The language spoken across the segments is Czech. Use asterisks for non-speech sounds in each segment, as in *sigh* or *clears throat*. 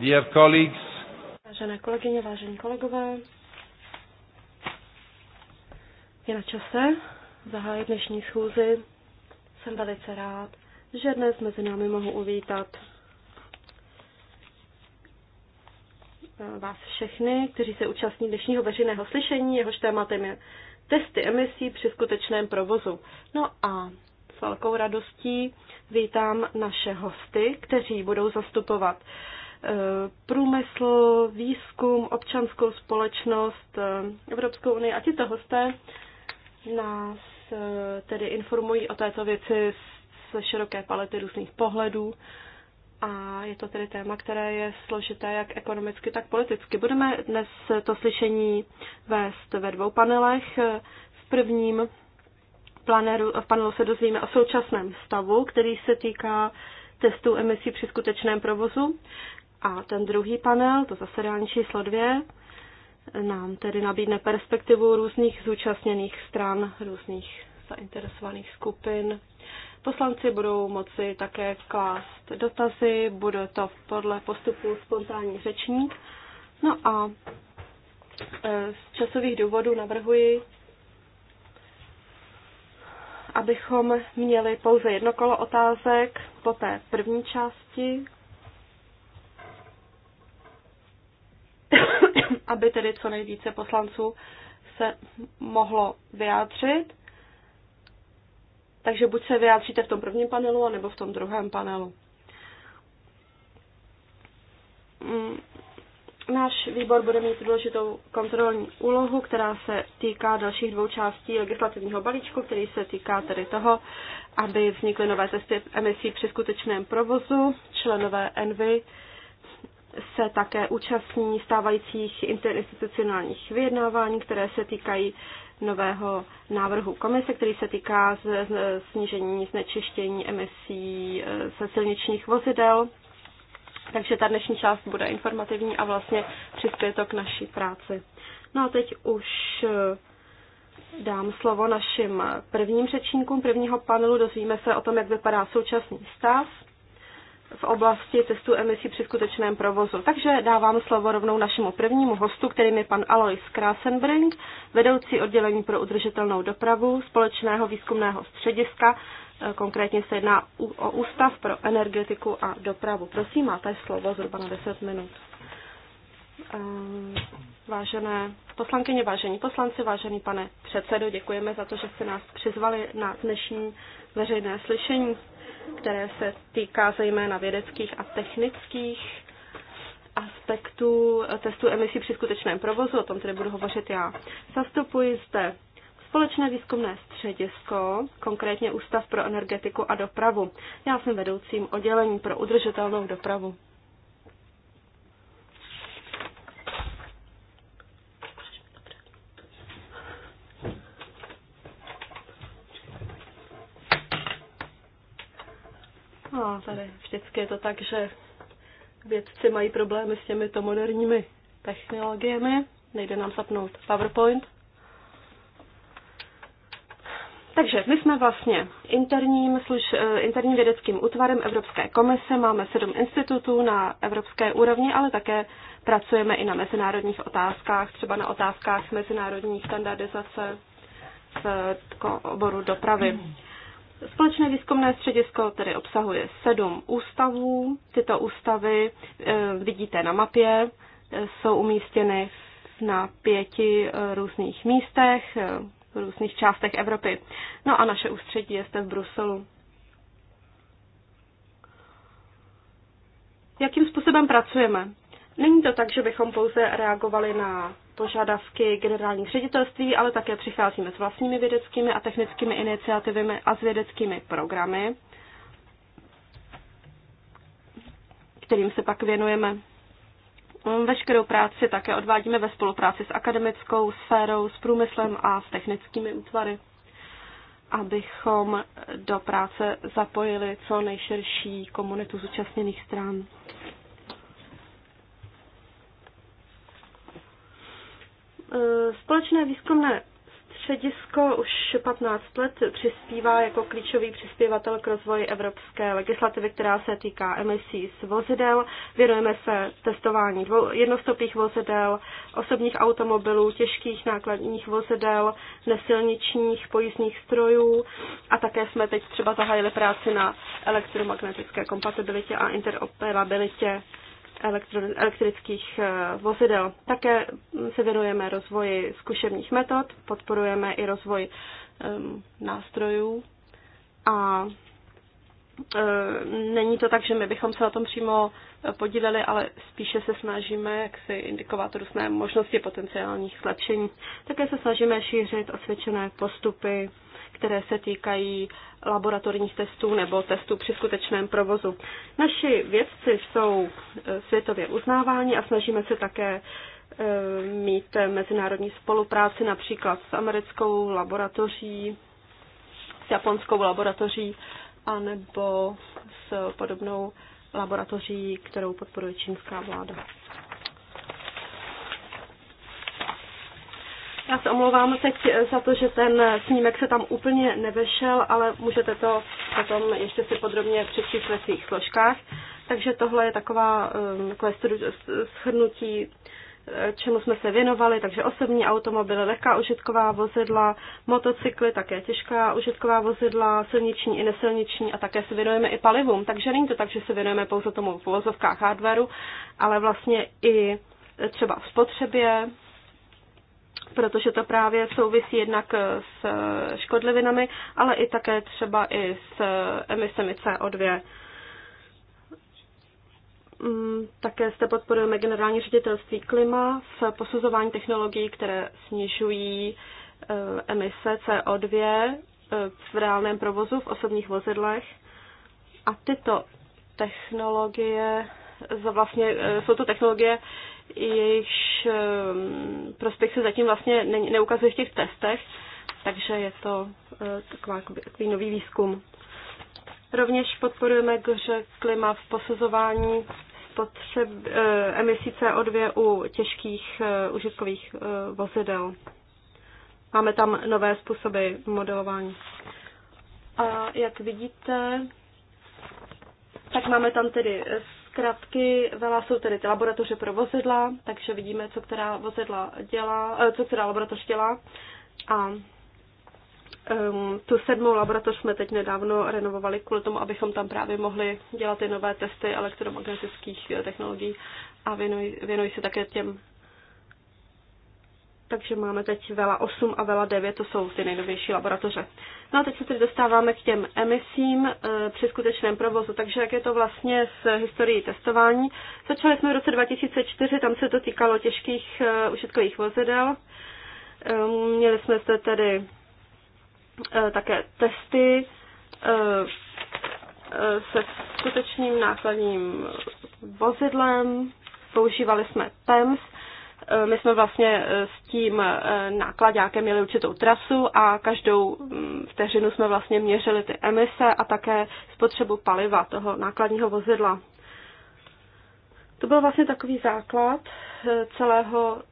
Dear colleagues. Vážené kolegyně, vážení kolegové. Je na čase zahájit dnešní schůzi. Jsem velice rád, že dnes mezi námi mohu uvítat eh, vás všechny, kteří se účastní dnešního veřejného slyšení, jehož tématem je testy emisí při skutečném provozu. No a s velkou radostí vítám naše hosty, kteří budou zastupovat průmysl, výzkum, občanskou společnost, eh, Evropskou unii a tyto hosté nás eh, tedy informují o této věci z široké palety různých pohledů a je to tedy téma, které je složité jak ekonomicky, tak politicky. Budeme dnes to slyšení vést ve dvou panelech. V prvním planeru, v panelu se dozvíme o současném stavu, který se týká testů emisí při skutečném provozu. A ten druhý panel, to reální číslo dvě, nám tedy nabídne perspektivu různých zúčastněných stran, různých zainteresovaných skupin. Poslanci budou moci také klást dotazy, bude to podle postupu spontánní řečník. No a e, z časových důvodů navrhuji, abychom měli pouze jedno kolo otázek po té první části *coughs* aby tedy co nejvíce poslanců se mohlo vyjádřit. Takže buď se vyjádříte v tom prvním panelu, nebo v tom druhém panelu. Mm, náš výbor bude mít důležitou kontrolní úlohu, která se týká dalších dvou částí legislativního balíčku, který se týká tedy toho, aby vznikly nové testy emisí při skutečném provozu. Členové Envy se také účastní stávajících interinstitucionálních vyjednávání, které se týkají nového návrhu komise, který se týká snížení znečištění emisí se eh, silničních vozidel. Takže ta dnešní část bude informativní a vlastně přispěje to k naší práci. No a teď už eh, dám slovo našim prvním řečníkům prvního panelu. Dozvíme se o tom, jak vypadá současný stav v oblasti testů emisí při skutečném provozu. Takže dávám slovo rovnou našemu prvnímu hostu, kterým je pan Alois Krasenbrink, vedoucí oddělení pro udržitelnou dopravu společného výzkumného střediska. Eh, konkrétně se jedná o Ústav pro energetiku a dopravu. Prosím, máte slovo zhruba na 10 minut. Eh, vážené poslankyně, vážení poslanci, vážený pane předsedo, děkujeme za to, že jste nás přizvali na dnešní veřejné slyšení které se týká zejména vědeckých a technických aspektů testů emisí při skutečném provozu, o tom tedy budu hovořit já. Zastupuji zde společné výzkumné středisko, konkrétně Ústav pro energetiku a dopravu. Já jsem vedoucím oddělení pro udržitelnou dopravu. No, tady vždycky je to tak, že vědci mají problémy s těmito moderními technologiemi. Nejde nám zapnout PowerPoint. Takže my jsme vlastně interním, služ, eh, interním vědeckým útvarem Evropské komise, máme sedm institutů na evropské úrovni, ale také pracujeme i na mezinárodních otázkách, třeba na otázkách mezinárodní standardizace v oboru dopravy. Společné výzkumné středisko tedy obsahuje sedm ústavů. Tyto ústavy eh, vidíte na mapě, eh, jsou umístěny na pěti eh, různých místech, v různých částech Evropy. No a naše ústředí je zde v Bruselu. Jakým způsobem pracujeme? Není to tak, že bychom pouze reagovali na požadavky generálních ředitelství, ale také přicházíme s vlastními vědeckými a technickými iniciativami a s vědeckými programy, kterým se pak věnujeme. Veškerou práci také odvádíme ve spolupráci s akademickou sférou, s průmyslem a s technickými útvary, abychom do práce zapojili co nejširší komunitu zúčastněných stran. Eh, společné výzkumné středisko už 15 let přispívá jako klíčový přispěvatel k rozvoji evropské legislativy, která se týká emisí z vozidel. Věnujeme se testování jednostopých vozidel, osobních automobilů, těžkých nákladních vozidel, nesilničních pojízdních strojů a také jsme teď třeba zahájili práci na elektromagnetické kompatibilitě a interoperabilitě elektrických eh, vozidel. Také mm, se věnujeme rozvoji zkušebních metod, podporujeme i rozvoj ehm, nástrojů a eh, není to tak, že my bychom se na tom přímo eh, podíleli, ale spíše se snažíme, jak si indikovat různé možnosti potenciálních zlepšení. Také se snažíme šířit osvědčené postupy které se týkají laboratorních testů nebo testů při skutečném provozu. Naši vědci jsou e, světově uznáváni a snažíme se také e, mít mezinárodní spolupráci například s americkou laboratoří, s japonskou laboratoří anebo s podobnou laboratoří, kterou podporuje čínská vláda. Já se omlouvám teď za to, že ten snímek se tam úplně nevešel, ale můžete to potom ještě si podrobně přečíst ve svých složkách. Takže tohle je taková, eh, takové shrnutí, eh, čemu jsme se věnovali, takže osobní automobily, lehká užitková vozidla, motocykly, také těžká užitková vozidla, silniční i nesilniční a také se věnujeme i palivům. Takže není to tak, že se věnujeme pouze tomu v vozovkách hardwareu, ale vlastně i třeba v spotřebě, protože to právě souvisí jednak s eh, škodlivinami, ale i také třeba i s eh, emisemi CO2. Mm, také zde podporujeme generální ředitelství klima v posuzování technologií, které snižují eh, emise CO2 v reálném provozu v osobních vozidlech. A tyto technologie, za vlastně, jsou to technologie, jejichž ehm, prospěch se zatím vlastně neukazuje v těch testech, takže je to eh, taková, takový nový výzkum. Rovněž podporujeme že klima v posuzování spotřeb, eh, emisí CO2 u těžkých eh, užitkových vozidel. Máme tam nové způsoby modelování. A jak vidíte, tak máme tam tedy Zkratky VELA jsou tedy ty laboratoře pro vozidla, takže vidíme, co která vozidla dělá, eh, co která laboratoř dělá. A um, tu sedmou laboratoř jsme teď nedávno renovovali kvůli tomu, abychom tam právě mohli dělat ty nové testy elektromagnetických eh, technologií a věnují, věnují se také těm takže máme teď Vela 8 a Vela 9, to jsou ty nejnovější laboratoře. No a teď se tedy dostáváme k těm emisím e, při skutečném provozu, takže jak je to vlastně s historií testování. Začali jsme v roce 2004, tam se to týkalo těžkých e, eh, užitkových vozidel. E, měli jsme zde tedy e, také testy e, e, se skutečným nákladním vozidlem, používali jsme PEMS, Eh, my jsme vlastně eh, s tím eh, nákladňákem měli určitou trasu a každou mm, vteřinu jsme vlastně měřili ty emise a také spotřebu paliva toho nákladního vozidla. To byl vlastně takový základ celého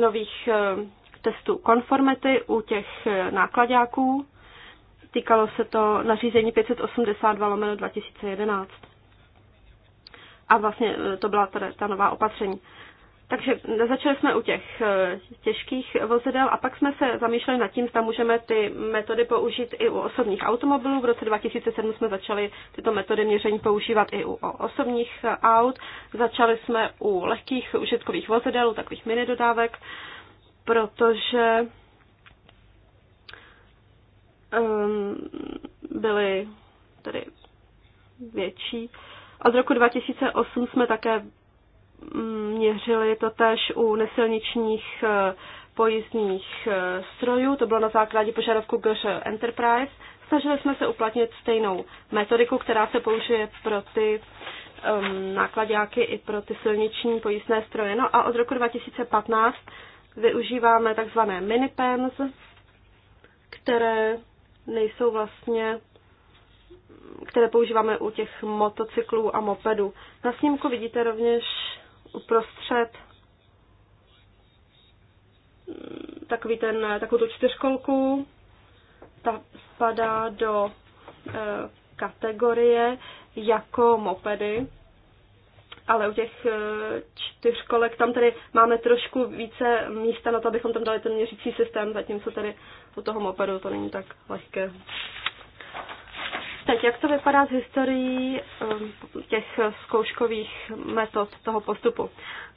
nových testů konformity u těch nákladňáků. Týkalo se to nařízení 582 lomeno 2011. A vlastně to byla tady ta nová opatření. Takže začali jsme u těch eh, těžkých vozidel a pak jsme se zamýšleli nad tím, zda můžeme ty metody použít i u osobních automobilů. V roce 2007 jsme začali tyto metody měření používat i u osobních aut. Začali jsme u lehkých užitkových vozidel, takových mini dodávek, protože um, byly tedy větší. Od roku 2008 jsme také měřili to tež u nesilničních eh, pojízdních eh, strojů, to bylo na základě požadavku GŘ Enterprise. Snažili jsme se uplatnit stejnou metodiku, která se použije pro ty um, nákladňáky i pro ty silniční pojistné stroje. No a od roku 2015 využíváme takzvané mini minipens, které nejsou vlastně které používáme u těch motocyklů a mopedů. Na snímku vidíte rovněž uprostřed takový ten, takovou tu čtyřkolku, ta spadá do e, kategorie jako mopedy, ale u těch e, čtyřkolek tam tedy máme trošku více místa na to, abychom tam dali ten měřící systém, zatímco tady u toho mopedu to není tak lehké. Teď, jak to vypadá z historií eh, těch zkouškových metod toho postupu?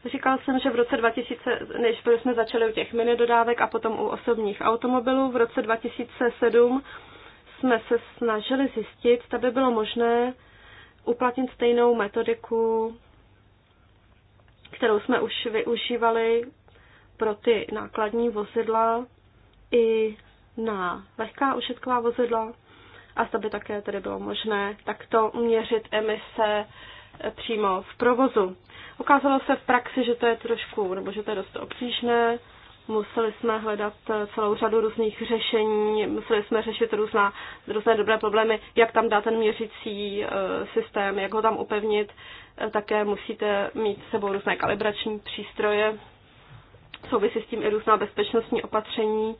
Říkal jsem, že v roce 2000, než jsme začali u těch dodávek a potom u osobních automobilů, v roce 2007 jsme se snažili zjistit, zda by bylo možné uplatnit stejnou metodiku, kterou jsme už využívali pro ty nákladní vozidla i na lehká ušetková vozidla a zda by také tedy bylo možné takto měřit emise přímo v provozu. Ukázalo se v praxi, že to je trošku, nebo že to je dost obtížné. Museli jsme hledat celou řadu různých řešení, museli jsme řešit různá, různé dobré problémy, jak tam dát ten měřící eh, systém, jak ho tam upevnit. Eh, také musíte mít s sebou různé kalibrační přístroje. Souvisí s tím i různá bezpečnostní opatření.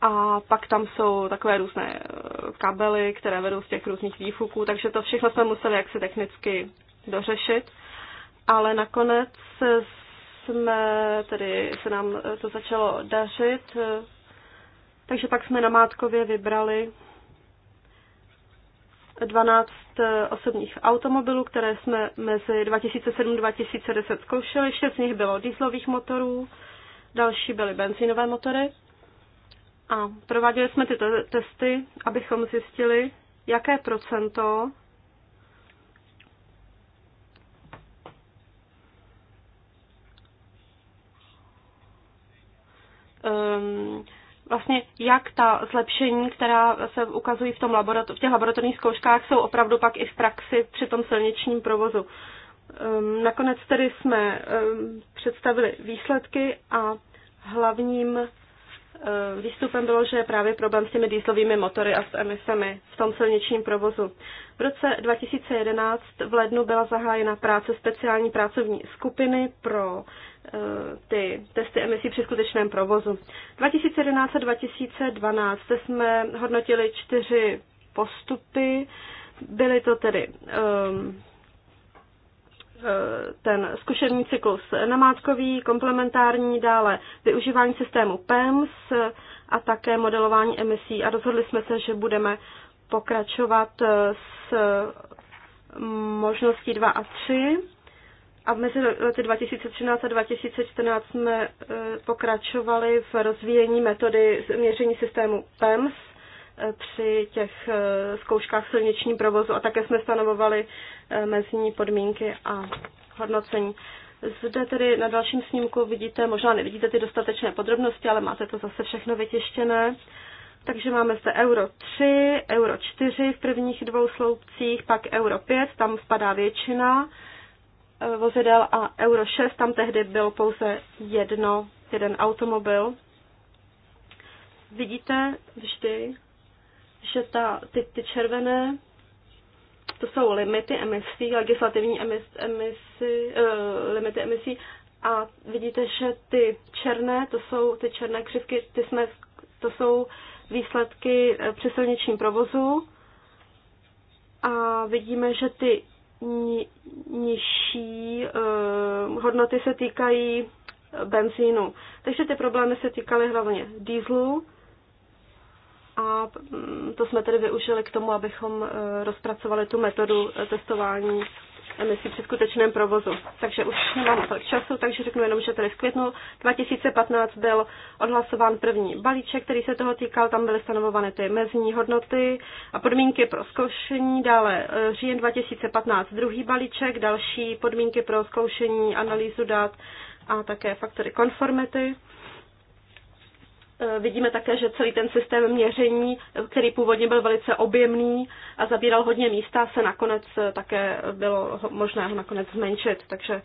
A pak tam jsou takové různé eh, kabely, které vedou z těch různých výfuků, takže to všechno jsme museli jaksi technicky dořešit. Ale nakonec jsme, tedy se nám eh, to začalo dařit, eh, takže pak jsme na Mátkově vybrali 12 osobních automobilů, které jsme mezi 2007-2010 zkoušeli. Šest z nich bylo dýzlových motorů, další byly benzínové motory. A prováděli jsme tyto testy, abychom zjistili, jaké procento um, vlastně jak ta zlepšení, která se ukazují v, tom laborato- v těch laboratorních zkouškách, jsou opravdu pak i v praxi při tom silničním provozu. Um, nakonec tedy jsme um, představili výsledky a hlavním Eh, výstupem bylo, že je právě problém s těmi dýzlovými motory a s emisemi v tom silničním provozu. V roce 2011 v lednu byla zahájena práce speciální pracovní skupiny pro eh, ty testy emisí při skutečném provozu. 2011 a 2012 jsme hodnotili čtyři postupy. Byly to tedy um, E, ten zkušební cyklus namátkový, komplementární, dále využívání systému PEMS a také modelování emisí. A rozhodli jsme se, že budeme pokračovat e, s možností 2 a 3. A mezi lety 2013 a 2014 jsme e, pokračovali v rozvíjení metody měření systému PEMS při těch eh, zkouškách silničním provozu a také jsme stanovovali eh, mezní podmínky a hodnocení. Zde tedy na dalším snímku vidíte, možná nevidíte ty dostatečné podrobnosti, ale máte to zase všechno vytěštěné. Takže máme zde euro 3, euro 4 v prvních dvou sloupcích, pak euro 5, tam spadá většina eh, vozidel a euro 6, tam tehdy byl pouze jedno, jeden automobil. Vidíte vždy, že ta, ty, ty červené, to jsou limity emisí, legislativní emis, emisí, uh, eh, limity emisí, a vidíte, že ty černé, to jsou ty černé křivky, ty jsme, to jsou výsledky eh, při silničním provozu. A vidíme, že ty ni, nižší uh, hodnoty se týkají benzínu. Takže ty problémy se týkaly hlavně dýzlu a to jsme tedy využili k tomu, abychom eh, rozpracovali tu metodu eh, testování emisí při skutečném provozu. Takže už nemám tolik času, takže řeknu jenom, že tady v květnu 2015 byl odhlasován první balíček, který se toho týkal, tam byly stanovovány ty mezní hodnoty a podmínky pro zkoušení, dále eh, říjen 2015 druhý balíček, další podmínky pro zkoušení, analýzu dat a také faktory konformity. Eh, vidíme také, že celý ten systém měření, eh, který původně byl velice objemný a zabíral hodně místa, se nakonec eh, také bylo možné ho nakonec zmenšit, takže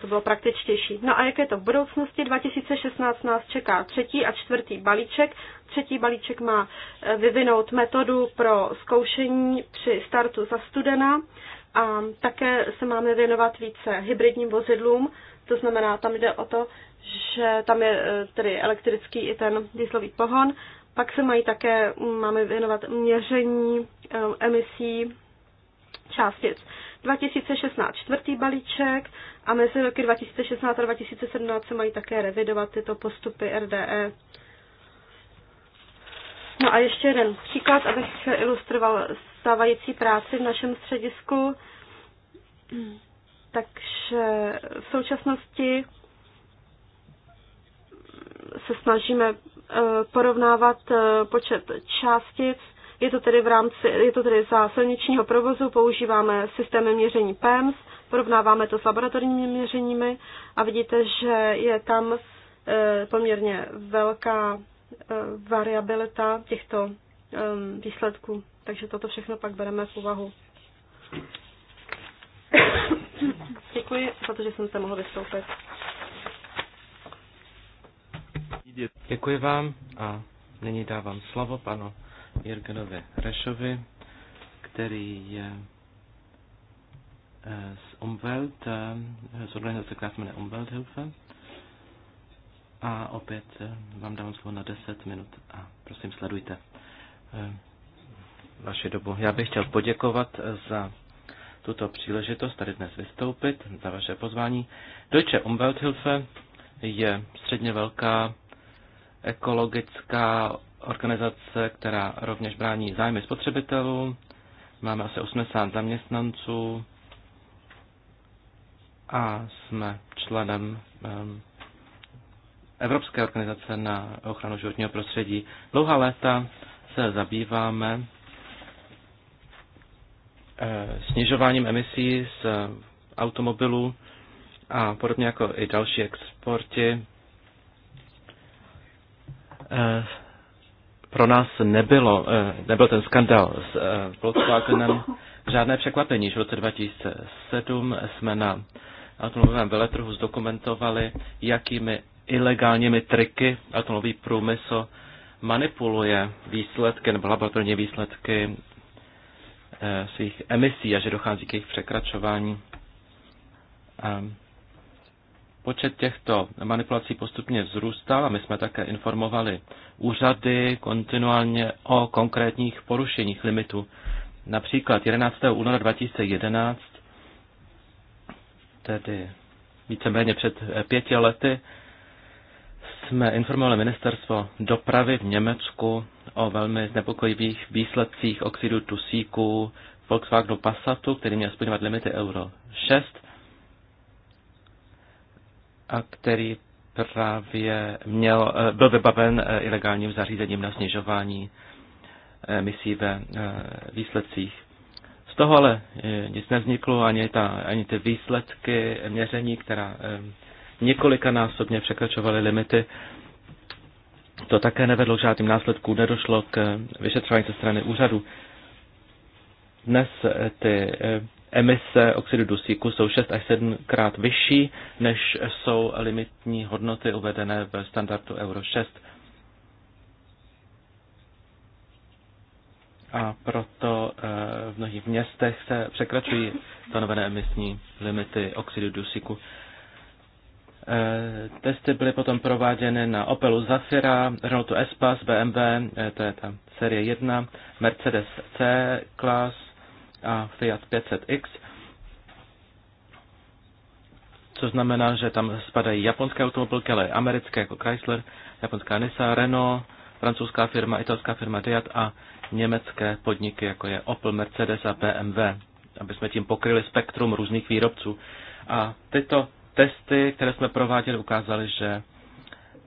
to bylo praktičtější. No a jak je to v budoucnosti? 2016 nás čeká třetí a čtvrtý balíček. Třetí balíček má vyvinout metodu pro zkoušení při startu za studena a také se máme věnovat více hybridním vozidlům, to znamená, tam jde o to, že tam je e, tedy elektrický i ten dieselový pohon. Pak se mají také, máme věnovat měření e, emisí částic. 2016 čtvrtý balíček a mezi roky 2016 a 2017 se mají také revidovat tyto postupy RDE. No a ještě jeden příklad, abych ilustroval stávající práci v našem středisku. Takže v současnosti se snažíme eh, porovnávat eh, počet částic. Je to tedy v rámci, je to tedy za silničního provozu, používáme systémy měření PEMS, porovnáváme to s laboratorními měřeními a vidíte, že je tam eh, poměrně velká variabilita těchto ehm, výsledků. Takže toto všechno pak bereme v úvahu. *coughs* Děkuji za to, že jsem se mohl vystoupit. Děkuji vám a nyní dávám slovo panu Jirgenovi Rešovi, který je eh, z Umwelt, eh, z organizace, která se jmenuje Umwelthilfe. A opět eh, vám dávám slovo na 10 minut a prosím sledujte vaši dobu. Já bych chtěl poděkovat za tuto příležitost tady dnes vystoupit, za vaše pozvání. Deutsche Umwelthilfe je středně velká ekologická organizace, která rovněž brání zájmy spotřebitelů. Máme asi 80 zaměstnanců a jsme členem ehm, Evropské organizace na ochranu životního prostředí. Dlouhá léta se zabýváme eh, snižováním emisí z automobilů a podobně jako i další exporty. Eh, pro nás nebylo, eh, nebyl ten skandal s eh, Volkswagenem žádné překvapení. Že v roce 2007 jsme na automobilovém veletrhu zdokumentovali, jakými ilegálními triky automobilový průmysl manipuluje výsledky nebo laboratorní výsledky svých emisí a že dochází k jejich překračování. Počet těchto manipulací postupně vzrůstal a my jsme také informovali úřady kontinuálně o konkrétních porušeních limitu. Například 11. února 2011, tedy víceméně před eh, pěti lety, jsme informovali ministerstvo dopravy v Německu o velmi znepokojivých výsledcích oxidu tusíku Volkswagenu Passatu, který měl splňovat limity Euro 6 a který právě měl, eh, byl vybaven eh, ilegálním zařízením na snižování eh, misí ve výsledcích. Z toho ale nic nevzniklo, ani, ta, ani ty výsledky měření, která několikanásobně překračovaly limity, to také nevedlo k žádným následkům, nedošlo k vyšetřování ze strany úřadu. Dnes ty emise oxidu dusíku jsou 6 až 7 krát vyšší, než jsou limitní hodnoty uvedené ve standardu Euro 6. A proto eh, v mnohých městech se překračují stanovené emisní limity oxidu dusíku. Eh, testy byly potom prováděny na Opelu Zafira, Renaultu Espas, BMW, eh, to je ta série 1, Mercedes C-Class, a Fiat 500X, což znamená, že tam spadají japonské automobilky, ale americké jako Chrysler, japonská Nissan, Renault, francouzská firma, italská firma Diat a německé podniky, jako je Opel, Mercedes a BMW, aby jsme tím pokryli spektrum různých výrobců. A tyto testy, které jsme prováděli, ukázaly, že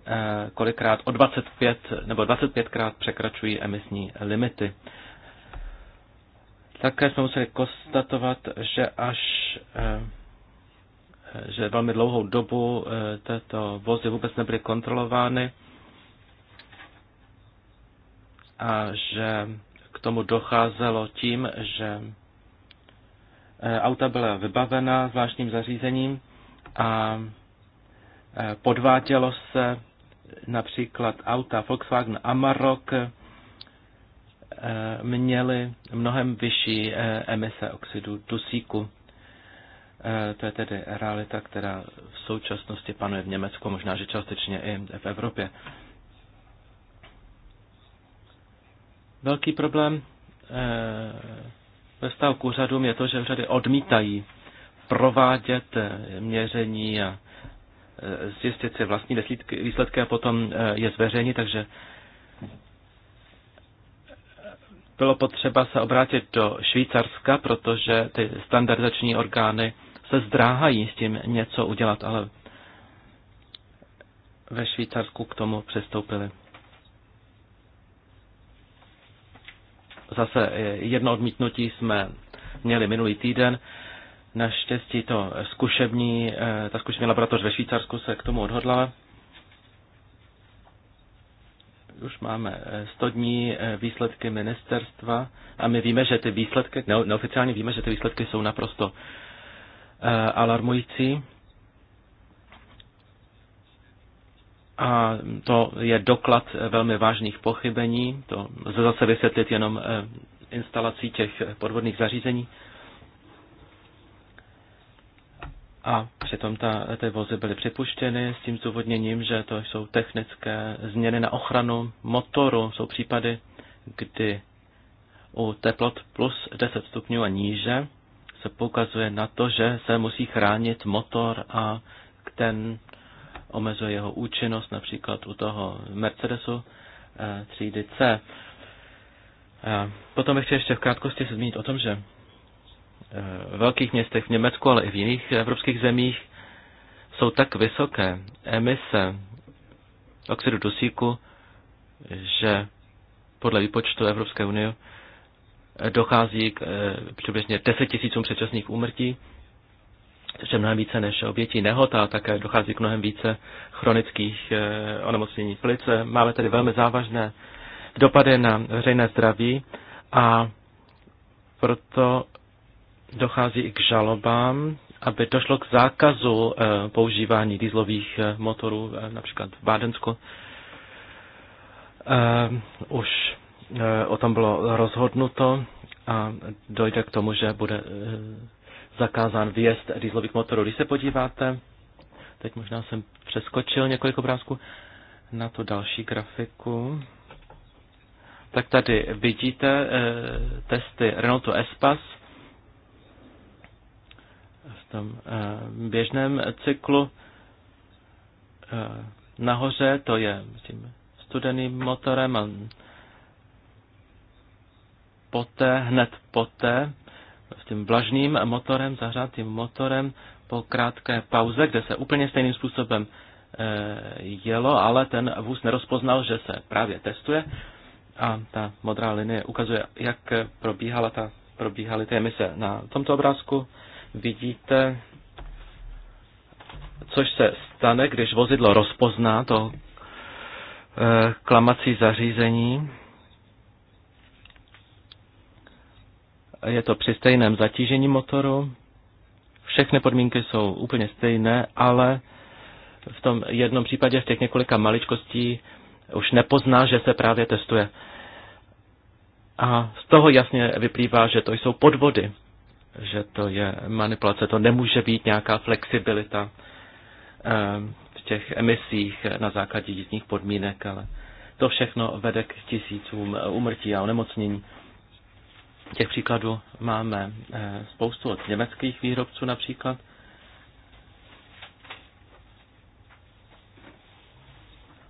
eh, kolikrát o 25 nebo 25krát překračují emisní limity také jsme museli konstatovat, že až eh, že velmi dlouhou dobu eh, této vozy vůbec nebyly kontrolovány a že k tomu docházelo tím, že eh, auta byla vybavena zvláštním zařízením a podvádělo se například auta Volkswagen Amarok Eh, měli mnohem vyšší eh, emise oxidu dusíku. Eh, to je tedy realita, která v současnosti panuje v Německu, možná, že částečně i v Evropě. Velký problém ve stavu k úřadům je to, že úřady odmítají provádět měření a zjistit si vlastní výsledky a potom je zveřejnit, takže bylo potřeba se obrátit do Švýcarska, protože ty standardizační orgány se zdráhají s tím něco udělat, ale ve Švýcarsku k tomu přistoupili. Zase jedno odmítnutí jsme měli minulý týden. Naštěstí to zkušební, eh, ta zkušební laboratoř ve Švýcarsku se k tomu odhodlala už máme 100 eh, dní eh, výsledky ministerstva a my víme, že ty výsledky, neoficiálně víme, že ty výsledky jsou naprosto eh, alarmující. A to je doklad velmi vážných pochybení. To zase vysvětlit jenom instalací těch podvodných zařízení. A přitom ta, ty vozy byly připuštěny s tím zúvodněním, že to jsou technické změny na ochranu motoru. Jsou případy, kdy u teplot plus 10 stupňů a níže se poukazuje na to, že se musí chránit motor a ten omezuje jeho účinnost, například u toho Mercedesu eh, třídy C. Eh, potom bych chtěl ještě v krátkosti se zmínit o tom, že velkých městech v Německu, ale i v jiných evropských zemích jsou tak vysoké emise oxidu dusíku, že podle výpočtu Evropské unie dochází k eh, přibližně 10 tisícům předčasných úmrtí, což je mnohem více než obětí nehod a také dochází k mnohem více chronických eh, onemocnění plice. Máme tedy velmi závažné dopady na veřejné zdraví a proto dochází i k žalobám, aby došlo k zákazu eh, používání dýzlových eh, motorů, eh, například v Bádensku. Už o tom bylo rozhodnuto a dojde k tomu, že bude zakázán výjezd dýzlových motorů. Když se podíváte, teď možná jsem přeskočil několik obrázků na tu další grafiku, tak tady vidíte testy Renaultu Espas, v uh, eh, běžném cyklu eh, nahoře, to je myslím, studeným motorem a poté, hned poté, s tím vlažným motorem, zahřátým motorem, po krátké pauze, kde se úplně stejným způsobem eh, jelo, ale ten vůz nerozpoznal, že se právě testuje a ta modrá linie ukazuje, jak probíhala ta, probíhaly ty emise na tomto obrázku vidíte, což se stane, když vozidlo rozpozná to eh, klamací zařízení. Je to při stejném zatížení motoru. Všechny podmínky jsou úplně stejné, ale v tom jednom případě z těch několika maličkostí už nepozná, že se právě testuje. A z toho jasně vyplývá, že to jsou podvody že to je manipulace, to nemůže být nějaká flexibilita eh, v těch emisích na základě jízdních podmínek, ale to všechno vede k tisícům umrtí a onemocnění. Těch příkladů máme eh, spoustu od německých výrobců například.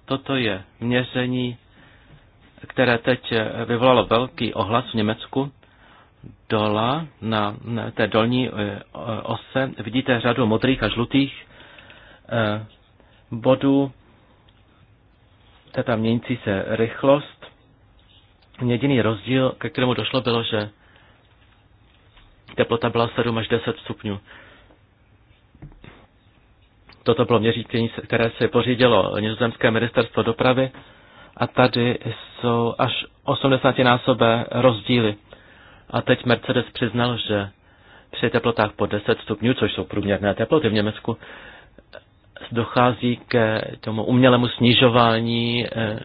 Toto je měření, které teď eh, vyvolalo velký ohlas v Německu dola, na té dolní eh, ose, vidíte řadu modrých a žlutých eh, bodů. Teda měnící se rychlost. Jediný rozdíl, ke kterému došlo, bylo, že teplota byla 7 až 10 stupňů. Toto bylo měřítí, které se pořídilo Nizozemské ministerstvo dopravy a tady jsou až 80 násobé rozdíly a teď Mercedes přiznal, že při teplotách po 10 stupňů, což jsou průměrné teploty v Německu, dochází k tomu umělému snižování eh,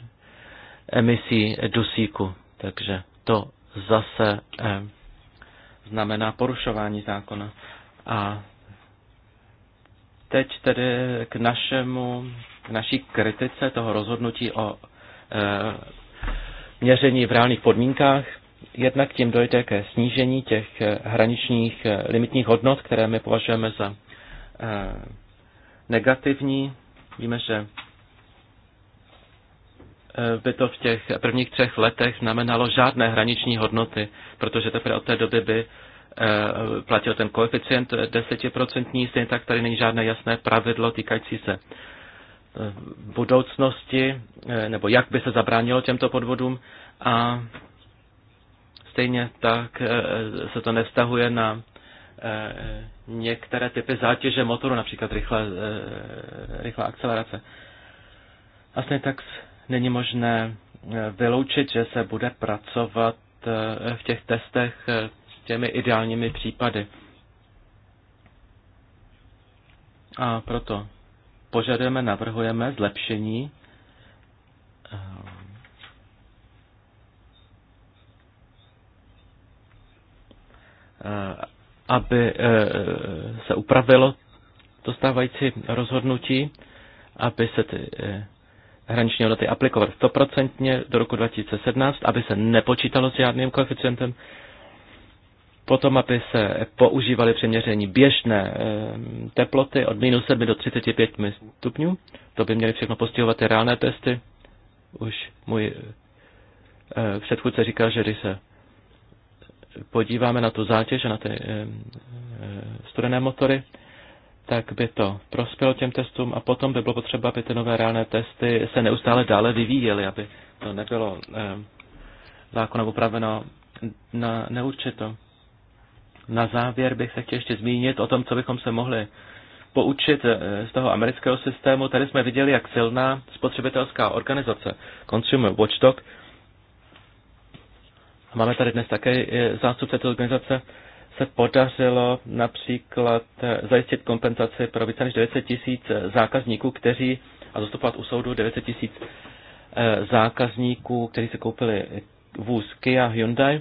emisí dusíku. Takže to zase eh, znamená porušování zákona. A teď tedy k našemu, k naší kritice toho rozhodnutí o eh, měření v reálných podmínkách. Jednak tím dojde ke snížení těch eh, hraničních eh, limitních hodnot, které my považujeme za eh, negativní. Víme, že by to v těch prvních třech letech znamenalo žádné hraniční hodnoty, protože teprve od té doby by platil ten koeficient desetiprocentní, stejně tak tady není žádné jasné pravidlo týkající se budoucnosti, nebo jak by se zabránilo těmto podvodům a Stejně tak eh, se to nevztahuje na eh, některé typy zátěže motoru, například rychlá eh, rychlá akcelerace. Vlastně tak není možné vyloučit, že se bude pracovat v těch testech s těmi ideálními případy. A proto požadujeme, navrhujeme zlepšení Eh, aby eh, se upravilo to stávající rozhodnutí, aby se ty eh, hraniční hodnoty aplikovaly stoprocentně do roku 2017, aby se nepočítalo s žádným koeficientem, potom, aby se používaly přeměření běžné teploty od minus 7 do 35 stupňů. To by měly všechno postihovat ty reálné testy. Už můj předchůdce říkal, že když se podíváme na tu zátěž a na ty eh, eh, studené motory, tak by to prospělo těm testům a potom by bylo potřeba, aby ty nové reálné testy se neustále dále vyvíjely, aby to nebylo eh, zákonem upraveno na neurčito. Na závěr bych se chtěl ještě zmínit o tom, co bychom se mohli poučit z toho amerického systému. Tady jsme viděli, jak silná spotřebitelská organizace Consumer Watchdog a máme tady dnes také eh, zástupce té organizace, se podařilo například eh, zajistit kompenzaci pro více než 900 tisíc eh, zákazníků, kteří, a zastupovat u soudu 900 tisíc zákazníků, kteří si koupili vůz Kia Hyundai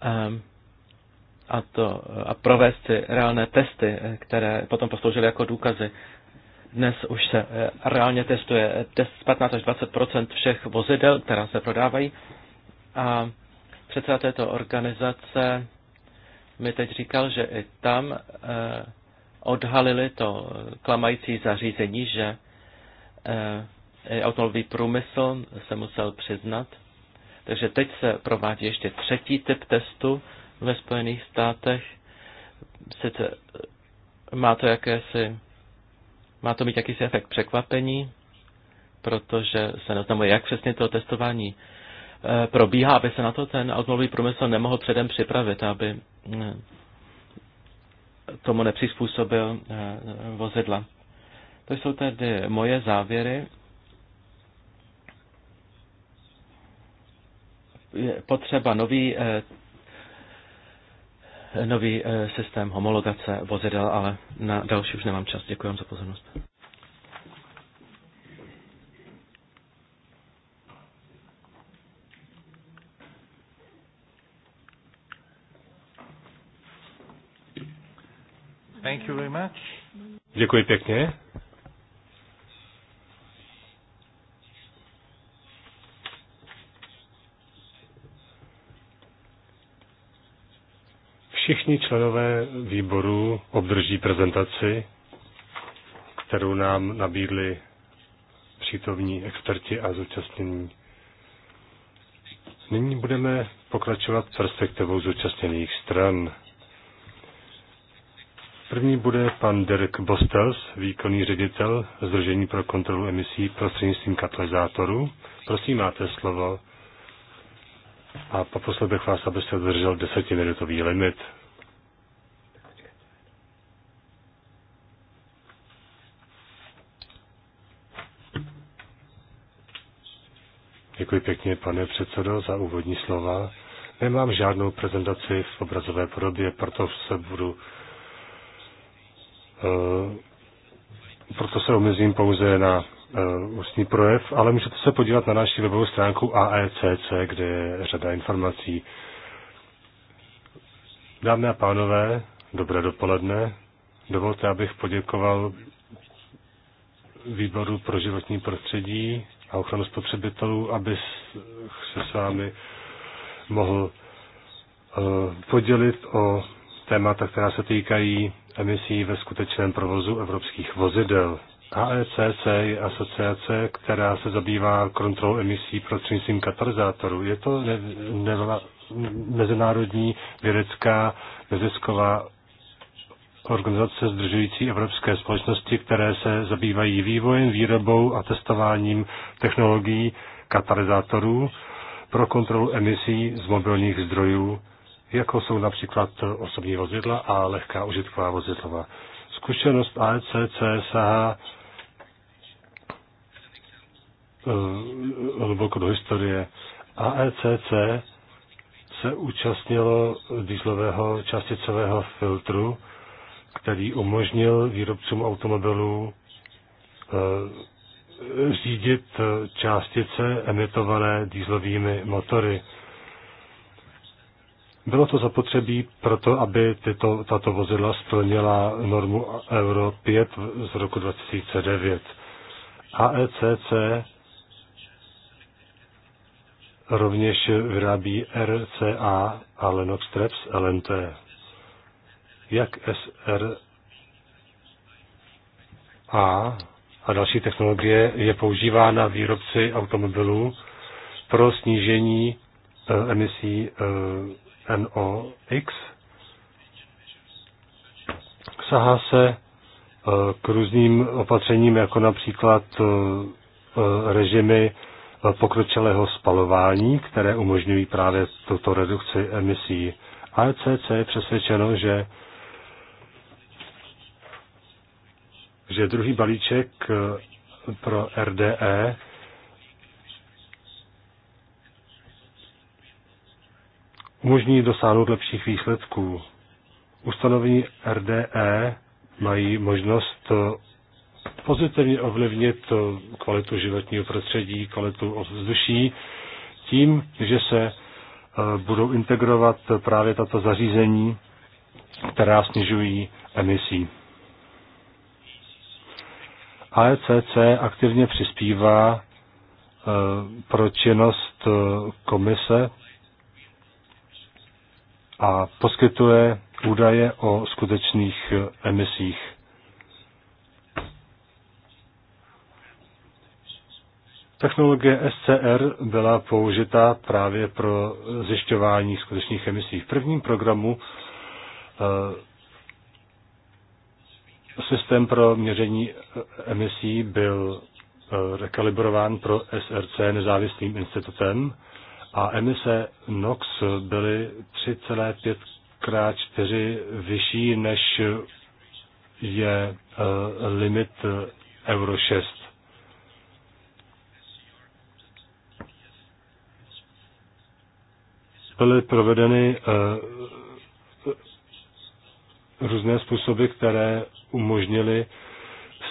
ehm, a, to, a provést si reálné testy, které potom posloužily jako důkazy. Dnes už se reálně testuje test 15 až 20 všech vozidel, která se prodávají. A Předseda této organizace mi teď říkal, že i tam eh, odhalili to klamající zařízení, že eh, automobilový průmysl se musel přiznat. Takže teď se provádí ještě třetí typ testu ve Spojených státech. Sice má to jakési, má to mít jakýsi efekt překvapení, protože se neznamuje, jak přesně to testování Eh, probíhá, aby se na to ten automobilový průmysl nemohl předem připravit, aby eh, tomu nepřizpůsobil eh, vozidla. To jsou tedy moje závěry. Je potřeba nový, nový systém homologace vozidel, ale na další už nemám čas. Děkuji vám za pozornost. Thank you very much. Děkuji pěkně. Všichni členové výboru obdrží prezentaci, kterou nám nabídli přítomní experti a zúčastnění. Nyní budeme pokračovat perspektivou zúčastněných stran. První bude pan Dirk Bostels, výkonný ředitel Združení pro kontrolu emisí prostřednictvím katalyzátorů. Prosím, máte slovo. A poprosil bych vás, abyste držel desetiminutový limit. Děkuji pěkně, pane předsedo, za úvodní slova. Nemám žádnou prezentaci v obrazové podobě, proto se budu Eh, proto se omezím pouze na eh, ústní projev, ale můžete se podívat na naši webovou stránku AECC, kde je řada informací. Dámy a pánové, dobré dopoledne. Dovolte, abych poděkoval výboru pro životní prostředí a ochranu spotřebitelů, aby se s vámi mohl eh, podělit o témata, která se týkají emisí ve skutečném provozu evropských vozidel. AECC je asociace, která se zabývá kontrolou emisí prostřednictvím katalyzátorů. Je to ne, ne, mezinárodní vědecká nezisková organizace združující evropské společnosti, které se zabývají vývojem, výrobou a testováním technologií katalyzátorů pro kontrolu emisí z mobilních zdrojů jako jsou například osobní vozidla a lehká užitková vozidla. Zkušenost AEC, CSH eh, hluboko do historie. AECC se účastnilo dýzlového částicového filtru, který umožnil výrobcům automobilů eh, řídit eh, částice emitované dýzlovými motory. Bylo to zapotřebí proto, aby tyto, tato vozidla splnila normu Euro 5 z roku 2009. AECC rovněž vyrábí RCA a Lenox Traps LNT. Jak SR a, a další technologie je používána výrobci automobilů pro snížení eh, emisí eh, NOx. Sahá se e, k různým opatřením, jako například e, e, režimy pokročilého spalování, které umožňují právě tuto redukci emisí. ACC je přesvědčeno, že že druhý balíček pro RDE umožní dosáhnout lepších výsledků. Ustanovení RDE mají možnost eh, pozitivně ovlivnit eh, kvalitu životního prostředí, kvalitu ovzduší tím, že se eh, budou integrovat právě tato zařízení, která snižují emisí. AECC aktivně přispívá pro činnost komise a poskytuje údaje o skutečných eh, emisích. Technologie SCR byla použita právě pro zjišťování skutečných emisí. V prvním programu eh, systém pro měření eh, emisí byl rekalibrován pro SRC nezávislým institutem a emise NOx byly 3,5 krát 4 vyšší, než je e, limit e, Euro 6. Byly provedeny e, různé způsoby, které umožnily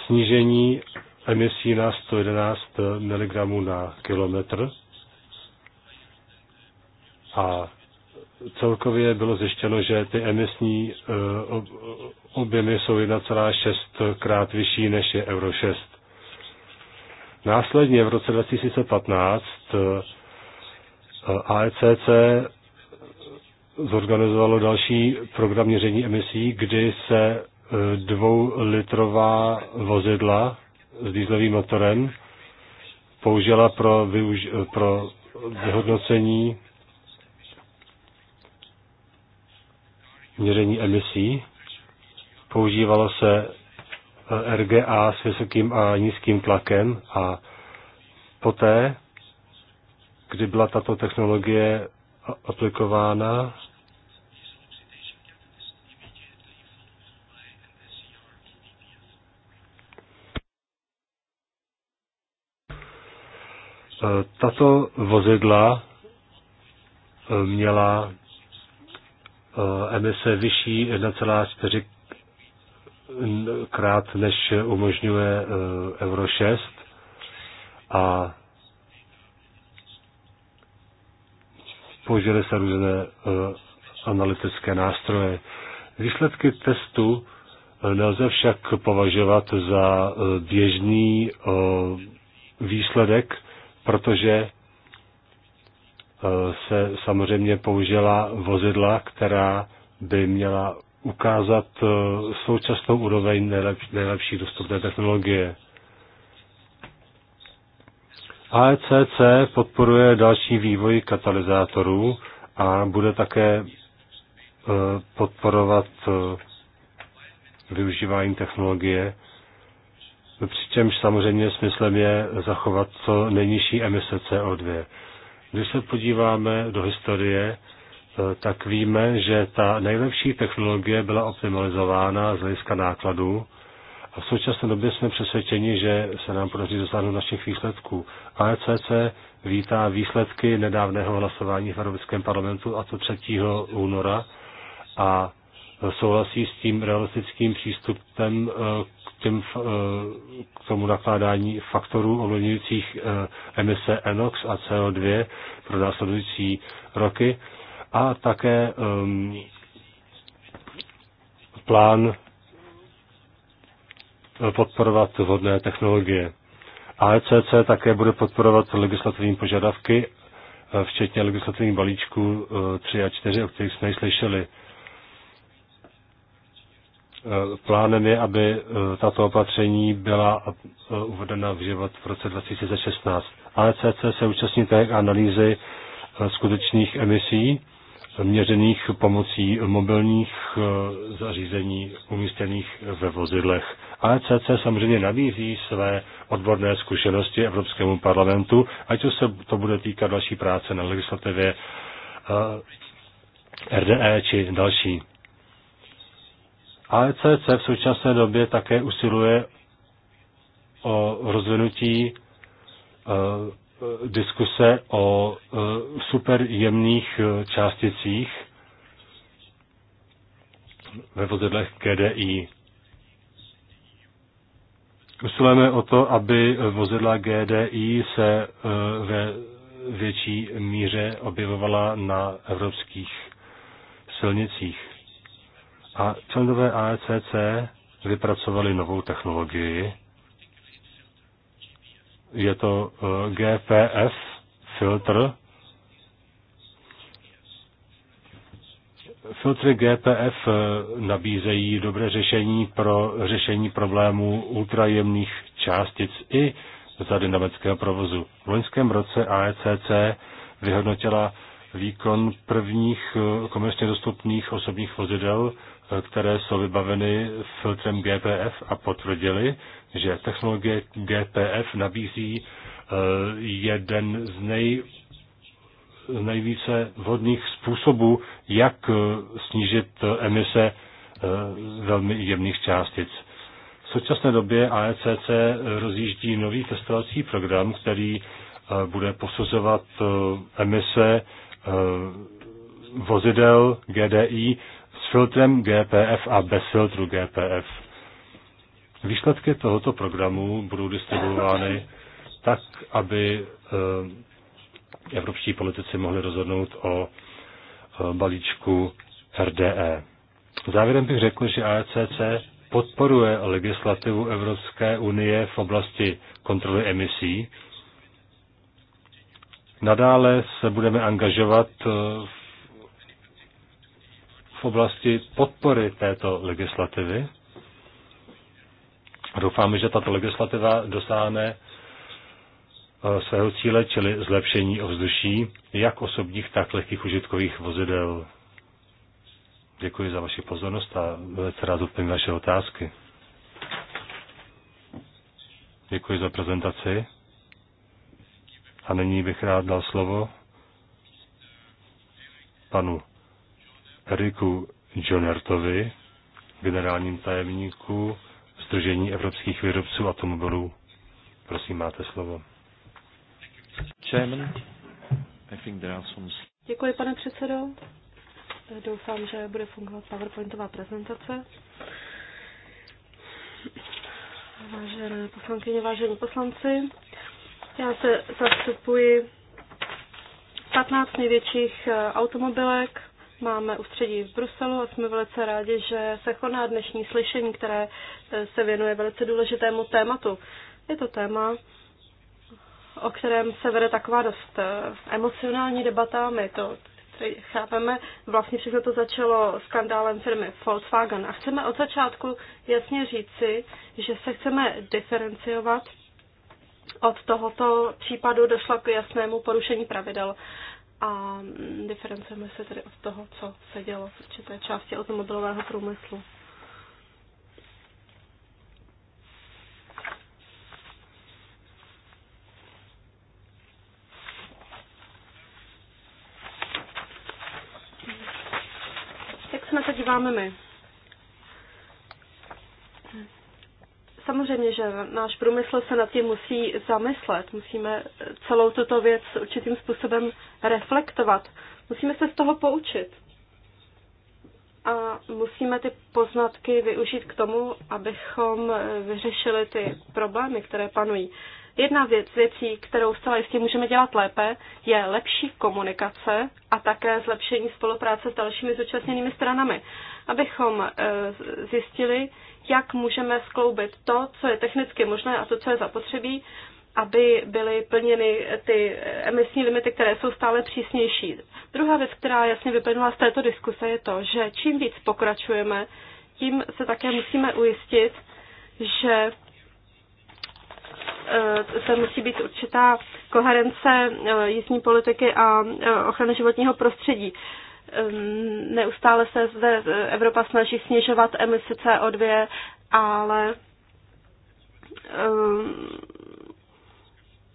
snížení emisí na 111 mg na kilometr. A celkově bylo zjištěno, že ty emisní eh, objemy jsou 1,6 krát vyšší než je Euro 6. Následně v roce 2015 eh, AECC zorganizovalo další program měření emisí, kdy se eh, dvoulitrová vozidla s dýzlovým motorem použila pro, využ- pro vyhodnocení měření emisí. Používalo se eh, RGA s vysokým a nízkým tlakem a poté, kdy byla tato technologie aplikována, eh, tato vozidla eh, měla Eh, emise vyšší 1,4 krát, než umožňuje eh, Euro 6 a použili se různé eh, analytické nástroje. Výsledky testu nelze však považovat za běžný výsledek, protože se samozřejmě použila vozidla, která by měla ukázat eh, současnou úroveň nejlepší dostupné technologie. AECC podporuje další vývoj katalyzátorů a bude také eh, podporovat eh, využívání technologie, přičemž samozřejmě smyslem je zachovat co nejnižší emise CO2. Když se podíváme do historie, eh, tak víme, že ta nejlepší technologie byla optimalizována z hlediska nákladů a v současné době jsme přesvědčeni, že se nám podaří dosáhnout našich výsledků. AECC vítá výsledky nedávného hlasování v Evropském parlamentu a to 3. února a souhlasí s tím realistickým přístupem eh, k, těm, eh, k tomu nakládání faktorů ovlivňujících eh, emise NOx a CO2 pro následující roky a také um, plán podporovat vhodné technologie. AECC také bude podporovat legislativní požadavky, včetně legislativních balíčků 3 a 4, o kterých jsme ji slyšeli. Eh, plánem je, aby eh, tato opatření byla eh, uvedena v život v roce 2016. ACC se účastní té analýzy skutečných emisí měřených pomocí mobilních zařízení umístěných ve vozidlech. ACC samozřejmě nabízí své odborné zkušenosti Evropskému parlamentu, ať už se to bude týkat další práce na legislativě RDE či další. AECC v současné době také usiluje o rozvinutí e, diskuse o e, superjemných e, částicích ve vozidlech GDI. Usilujeme o to, aby vozidla GDI se ve větší míře objevovala na evropských silnicích. A členové AECC vypracovali novou technologii. Je to eh, GPF filtr. Filtry GPF eh, nabízejí dobré řešení pro řešení problémů ultrajemných částic i za dynamického provozu. V loňském roce AECC vyhodnotila výkon prvních eh, komerčně dostupných osobních vozidel které jsou vybaveny filtrem GPF a potvrdili, že technologie GPF nabízí e, jeden z nej, nejvíce vhodných způsobů, jak e, snížit emise e, velmi jemných částic. V současné době AECC rozjíždí nový testovací program, který bude posuzovat emise vozidel GDI s filtrem GPF a bez filtru GPF. Výsledky tohoto programu budou distribuovány tak, aby eh, evropští politici mohli rozhodnout o eh, balíčku RDE. Závěrem bych řekl, že ACC podporuje legislativu Evropské unie v oblasti kontroly emisí. Nadále se budeme angažovat eh, v oblasti podpory této legislativy. Doufáme, že tato legislativa dosáhne eh, svého cíle, čili zlepšení ovzduší, jak osobních, tak lehkých užitkových vozidel. Děkuji za vaši pozornost a velice rád odpovím vaše otázky. Děkuji za prezentaci. A nyní bych rád dal slovo panu Eriku Johnertovi, generálním tajemníku Združení evropských výrobců automobilů. Prosím, máte slovo. Chairman, I think there are some... Děkuji, pane předsedo. Doufám, že bude fungovat PowerPointová prezentace. Vážené poslankyně, vážení poslanci, já se zastupuji 15 největších eh, automobilek Máme ústředí v Bruselu a jsme velice rádi, že se koná dnešní slyšení, které eh, se věnuje velice důležitému tématu. Je to téma, o kterém se vede taková dost eh, emocionální debata. My to chápeme, vlastně všechno to začalo skandálem firmy Volkswagen a chceme od začátku jasně říci, že se chceme diferenciovat od tohoto případu došlo k jasnému porušení pravidel a diferencujeme se tedy od toho, co se dělo v určité části automobilového průmyslu. Jak se na to díváme my? Samozřejmě, že náš průmysl se nad tím musí zamyslet. Musíme celou tuto věc určitým způsobem reflektovat. Musíme se z toho poučit. A musíme ty poznatky využít k tomu, abychom vyřešili ty problémy, které panují. Jedna věc, věcí, kterou zcela jistě můžeme dělat lépe, je lepší komunikace a také zlepšení spolupráce s dalšími zúčastněnými stranami, abychom eh, zjistili, jak můžeme skloubit to, co je technicky možné a to, co je zapotřebí, aby byly plněny ty emisní limity, které jsou stále přísnější. Druhá věc, která jasně vyplynula z této diskuse, je to, že čím víc pokračujeme, tím se také musíme ujistit, že eh, se musí být určitá koherence eh, jízdní politiky a eh, ochrany životního prostředí. Ehm, neustále se zde Evropa snaží snižovat emise CO2, ale ehm,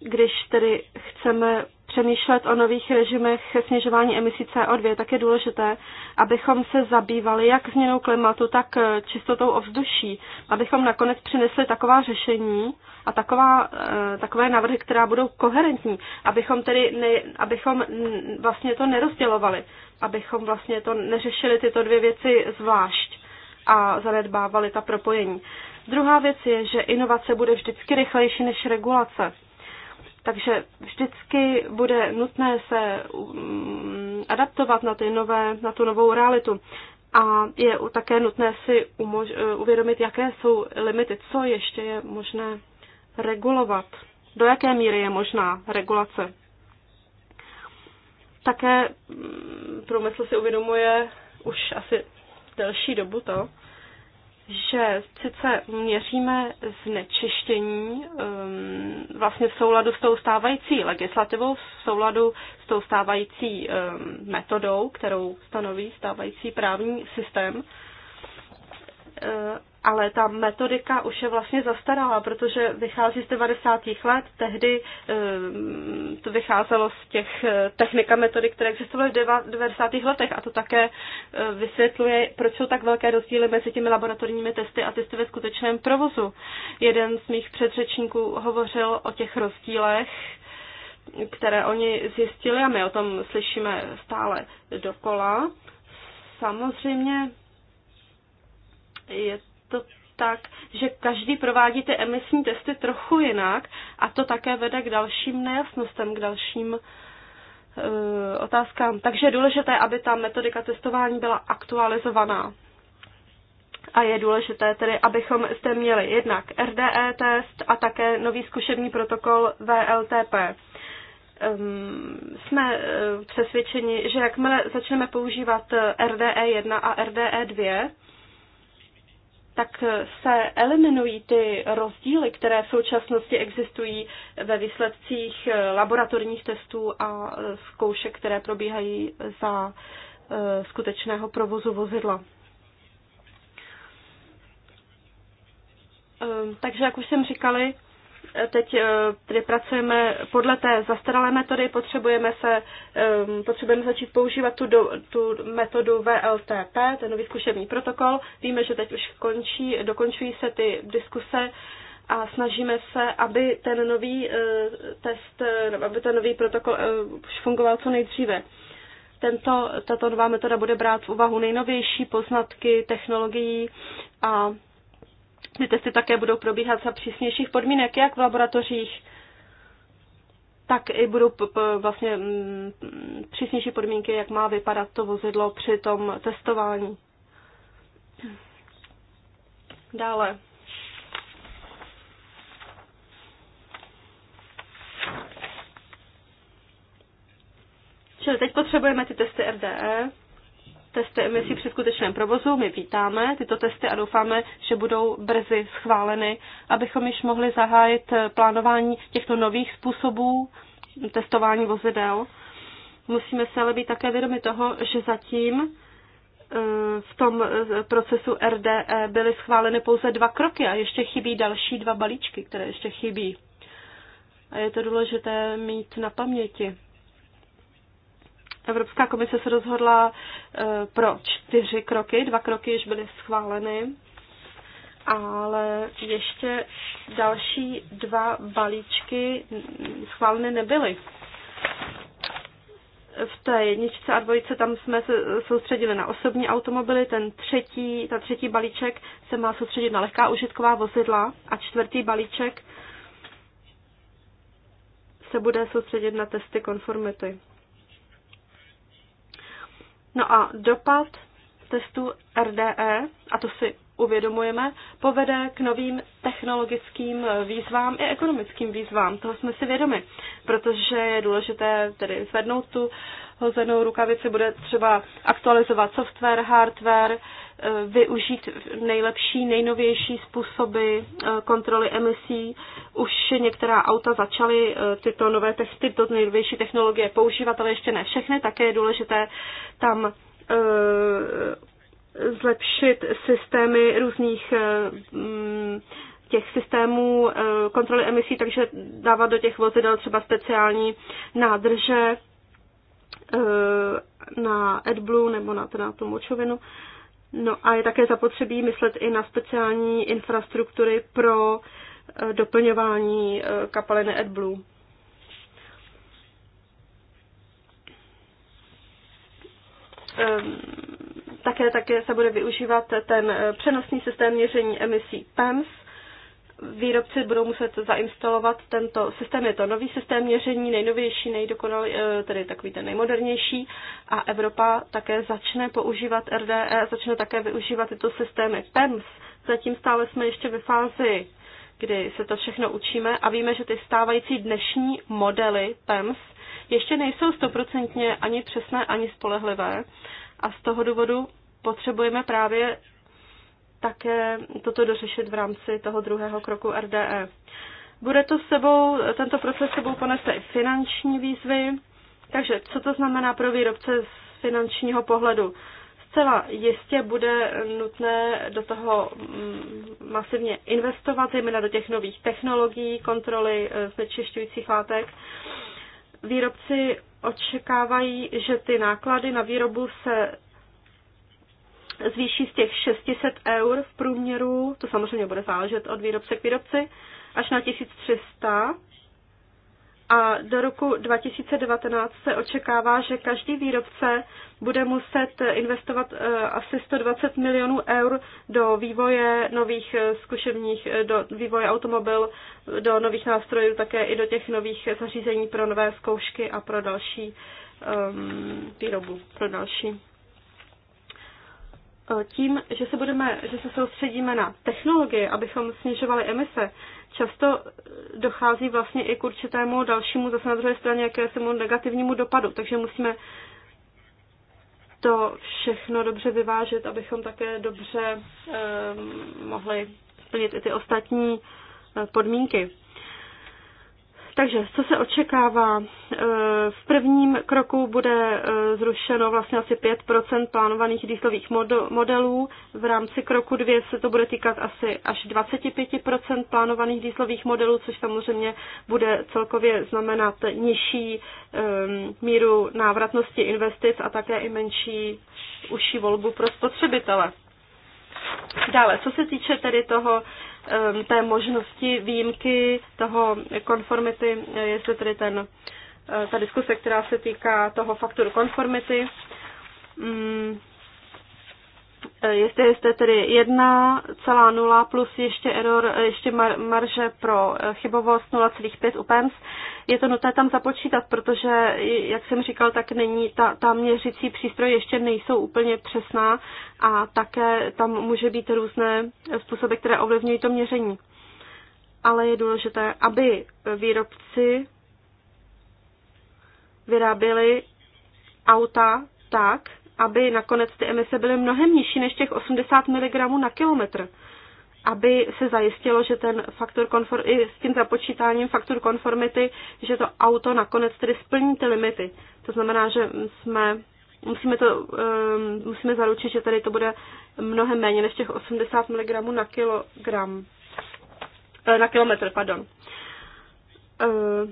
když tedy chceme přemýšlet o nových režimech snižování emisí CO2, tak je důležité, abychom se zabývali jak změnou klimatu, tak čistotou ovzduší, abychom nakonec přinesli taková řešení a taková, eh, takové návrhy, která budou koherentní, abychom tedy ne, abychom vlastně to nerozdělovali, abychom vlastně to neřešili tyto dvě věci zvlášť a zanedbávali ta propojení. Druhá věc je, že inovace bude vždycky rychlejší než regulace. Takže vždycky bude nutné se mm, adaptovat na, ty nové, na tu novou realitu. A je také nutné si umož- eh, uvědomit, jaké jsou limity, co ještě je možné regulovat, do jaké míry je možná regulace. Také mm, průmysl si uvědomuje už asi delší dobu to, že sice měříme znečištění um, vlastně v souladu s tou stávající legislativou, v souladu s tou stávající um, metodou, kterou stanoví stávající právní systém, Eh, ale ta metodika už je vlastně zastaralá, protože vychází z 90. let, tehdy eh, to vycházelo z těch eh, technik a metodik, které existovaly v 90. letech a to také vysvětluje, proč jsou tak velké rozdíly mezi těmi laboratorními testy a testy ve skutečném provozu. Jeden z mých předřečníků hovořil o těch rozdílech, které oni zjistili a my o tom slyšíme stále dokola. Samozřejmě je to tak, že každý provádí ty emisní testy trochu jinak a to také vede k dalším nejasnostem, k dalším eh, otázkám. Takže je důležité, aby ta metodika testování byla aktualizovaná. A je důležité tedy, abychom zde měli jednak RDE test a také nový zkušební protokol VLTP. Um, ehm, jsme uh, přesvědčeni, že jakmile začneme používat eh, RDE 1 a RDE 2, tak se eliminují ty rozdíly, které v současnosti existují ve výsledcích laboratorních testů a zkoušek, které probíhají za eh, skutečného provozu vozidla. Ehm, takže, jak už jsem říkali, teď eh, tedy pracujeme podle té zastaralé metody, potřebujeme, se, eh, potřebujeme začít používat tu, do, tu metodu VLTP, ten nový zkušební protokol. Víme, že teď už končí, dokončují se ty diskuse a snažíme se, aby ten nový eh, test, aby ten nový protokol už fungoval co nejdříve. Tento, tato nová metoda bude brát v úvahu nejnovější poznatky technologií a ty testy také budou probíhat za přísnějších podmínek, jak v laboratořích, tak i budou vlastně mm, přísnější podmínky, jak má vypadat to vozidlo při tom testování. Dále. Čili teď potřebujeme ty testy RDE testy emisí při skutečném provozu. My vítáme tyto testy a doufáme, že budou brzy schváleny, abychom již mohli zahájit plánování těchto nových způsobů testování vozidel. Musíme se ale být také vědomi toho, že zatím e, v tom e, procesu RDE byly schváleny pouze dva kroky a ještě chybí další dva balíčky, které ještě chybí. A je to důležité mít na paměti. Evropská komise se rozhodla eh, pro čtyři kroky, dva kroky již byly schváleny, ale ještě další dva balíčky schváleny nebyly. V té jedničce a dvojice tam jsme se soustředili na osobní automobily, ten třetí, ta třetí balíček se má soustředit na lehká užitková vozidla a čtvrtý balíček se bude soustředit na testy konformity. No a dopad testu RDE, a to si uvědomujeme, povede k novým technologickým výzvám i ekonomickým výzvám. Toho jsme si vědomi, protože je důležité tedy zvednout tu hozenou rukavici, bude třeba aktualizovat software, hardware, eh, využít nejlepší, nejnovější způsoby eh, kontroly emisí. Už některá auta začaly eh, tyto nové testy to nejnovější technologie používat, ale ještě ne všechny. Také je důležité tam zlepšit systémy různých eh, mm, těch systémů eh, kontroly emisí, takže dávat do těch vozidel třeba speciální nádrže eh, na AdBlue nebo na, na tu močovinu. No a je také zapotřebí myslet i na speciální infrastruktury pro doplňování kapaliny AdBlue. Ehm, také, také se bude využívat ten eh, přenosný systém měření emisí PEMS. Výrobci budou muset zainstalovat tento systém. Je to nový systém měření, nejnovější, nejdokonalý, eh, tedy takový ten nejmodernější. A Evropa také začne používat RDE, začne také využívat tyto systémy PEMS. Zatím stále jsme ještě ve fázi kdy se to všechno učíme a víme, že ty stávající dnešní modely PEMS ještě nejsou stoprocentně ani přesné, ani spolehlivé a z toho důvodu potřebujeme právě také toto dořešit v rámci toho druhého kroku RDE. Bude to sebou, tento proces sebou ponese i finanční výzvy, takže co to znamená pro výrobce z finančního pohledu? Zcela jistě bude nutné do toho mm, masivně investovat, zejména do těch nových technologií, kontroly e, znečišťujících látek výrobci očekávají, že ty náklady na výrobu se zvýší z těch 600 eur v průměru, to samozřejmě bude záležet od výrobce k výrobci, až na 1300 a do roku 2019 se očekává, že každý výrobce bude muset investovat eh, asi 120 milionů eur do vývoje nových eh, zkušebních, eh, do vývoje automobil, do nových nástrojů, také i do těch nových zařízení pro nové zkoušky a pro další um, výrobu, pro další. Tím, že se, budeme, že se soustředíme na technologie, abychom snižovali emise, často dochází vlastně i k určitému dalšímu, zase na druhé straně, jakému negativnímu dopadu. Takže musíme to všechno dobře vyvážet, abychom také dobře eh, mohli splnit i ty ostatní eh, podmínky. Takže co se očekává? E, v prvním kroku bude e, zrušeno vlastně asi 5 plánovaných dýchlových modelů. V rámci kroku 2 se to bude týkat asi až 25 plánovaných dýchlových modelů, což samozřejmě bude celkově znamenat nižší míru návratnosti investic a také i menší užší volbu pro spotřebitele. Dále, co se týče tedy toho, té možnosti výjimky, toho konformity, eh, jestli tedy ten, eh, ta diskuse, která se týká toho faktoru konformity, mm, Eh, jestli jste tedy 1,0 plus ještě error, eh, ještě mar, marže pro eh, chybovost 0,5 u PEMS, je to nutné tam započítat, protože, jak jsem říkal, tak není, ta, ta měřící přístroje ještě nejsou úplně přesná a také tam může být různé způsoby, které ovlivňují to měření. Ale je důležité, aby výrobci vyráběli auta tak, aby nakonec ty emise byly mnohem nižší než těch 80 mg na kilometr, aby se zajistilo, že ten faktor konform, i s tím započítáním faktor konformity, že to auto nakonec tedy splní ty limity. To znamená, že jsme musíme, to, um, musíme zaručit, že tady to bude mnohem méně než těch 80 mg na kilogram. Eh, na kilometr, pardon. Uh,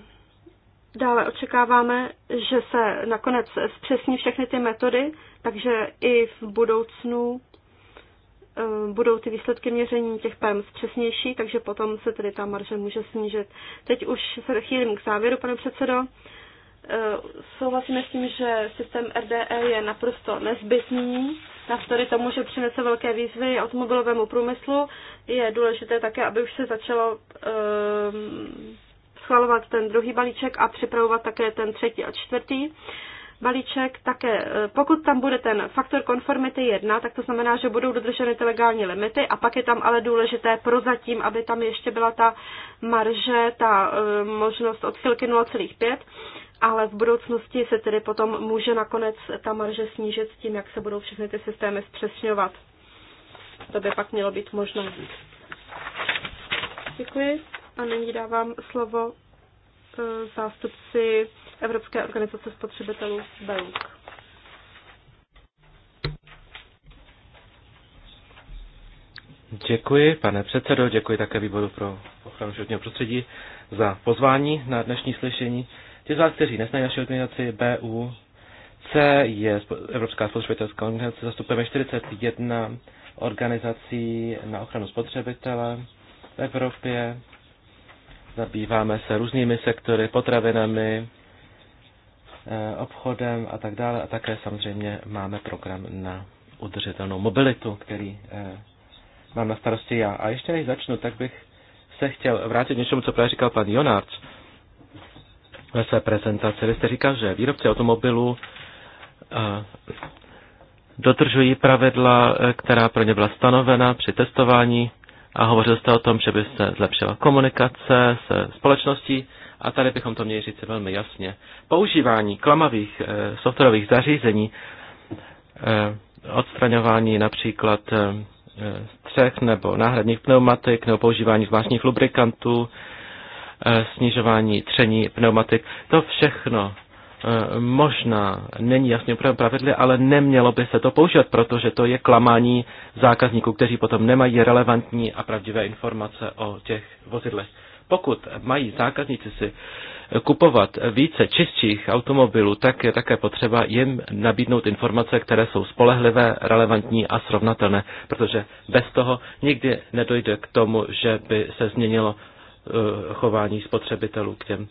Dále očekáváme, že se nakonec zpřesní všechny ty metody, takže i v budoucnu eh, budou ty výsledky měření těch PM přesnější, takže potom se tedy ta marže může snížit. Teď už se chýlím k závěru, pane předsedo. Eh, souhlasíme s tím, že systém RDE je naprosto nezbytný. Navzdory tomu, že přinese velké výzvy automobilovému průmyslu, je důležité také, aby už se začalo um, schvalovat ten druhý balíček a připravovat také ten třetí a čtvrtý balíček. Také e, pokud tam bude ten faktor konformity 1, tak to znamená, že budou dodrženy ty legální limity a pak je tam ale důležité prozatím, aby tam ještě byla ta marže, ta e, možnost odchylky 0,5 ale v budoucnosti se tedy potom může nakonec ta marže snížit s tím, jak se budou všechny ty systémy zpřesňovat. To by pak mělo být možné. Děkuji. A nyní dávám slovo e, zástupci Evropské organizace spotřebitelů Beluk. Děkuji, pane předsedo, děkuji také výboru pro ochranu životního prostředí za pozvání na dnešní slyšení. Ti z vás, kteří neznají naši organizaci BUC, je Evropská spotřebitelská organizace, zastupujeme 41 organizací na ochranu spotřebitele v Evropě. Zabýváme se různými sektory, potravinami, eh, obchodem a tak dále. A také samozřejmě máme program na udržitelnou mobilitu, který eh, mám na starosti já. A ještě než začnu, tak bych se chtěl vrátit něčemu, co právě říkal pan Jonárc ve své prezentaci. Vy jste říkal, že výrobci automobilů eh, dodržují pravidla, která pro ně byla stanovena při testování a hovořil jste o tom, že by se zlepšila komunikace se společností a tady bychom to měli říct velmi jasně. Používání klamavých e, softwarových zařízení, e, odstraňování například e, střech nebo náhradních pneumatik nebo používání zvláštních lubrikantů, e, snižování tření pneumatik, to všechno Eh, možná není jasně upraveno pravidly, ale nemělo by se to používat, protože to je klamání zákazníků, kteří potom nemají relevantní a pravdivé informace o těch vozidlech. Pokud mají zákazníci si kupovat více čistších automobilů, tak je také potřeba jim nabídnout informace, které jsou spolehlivé, relevantní a srovnatelné, protože bez toho nikdy nedojde k tomu, že by se změnilo eh, chování spotřebitelů k těm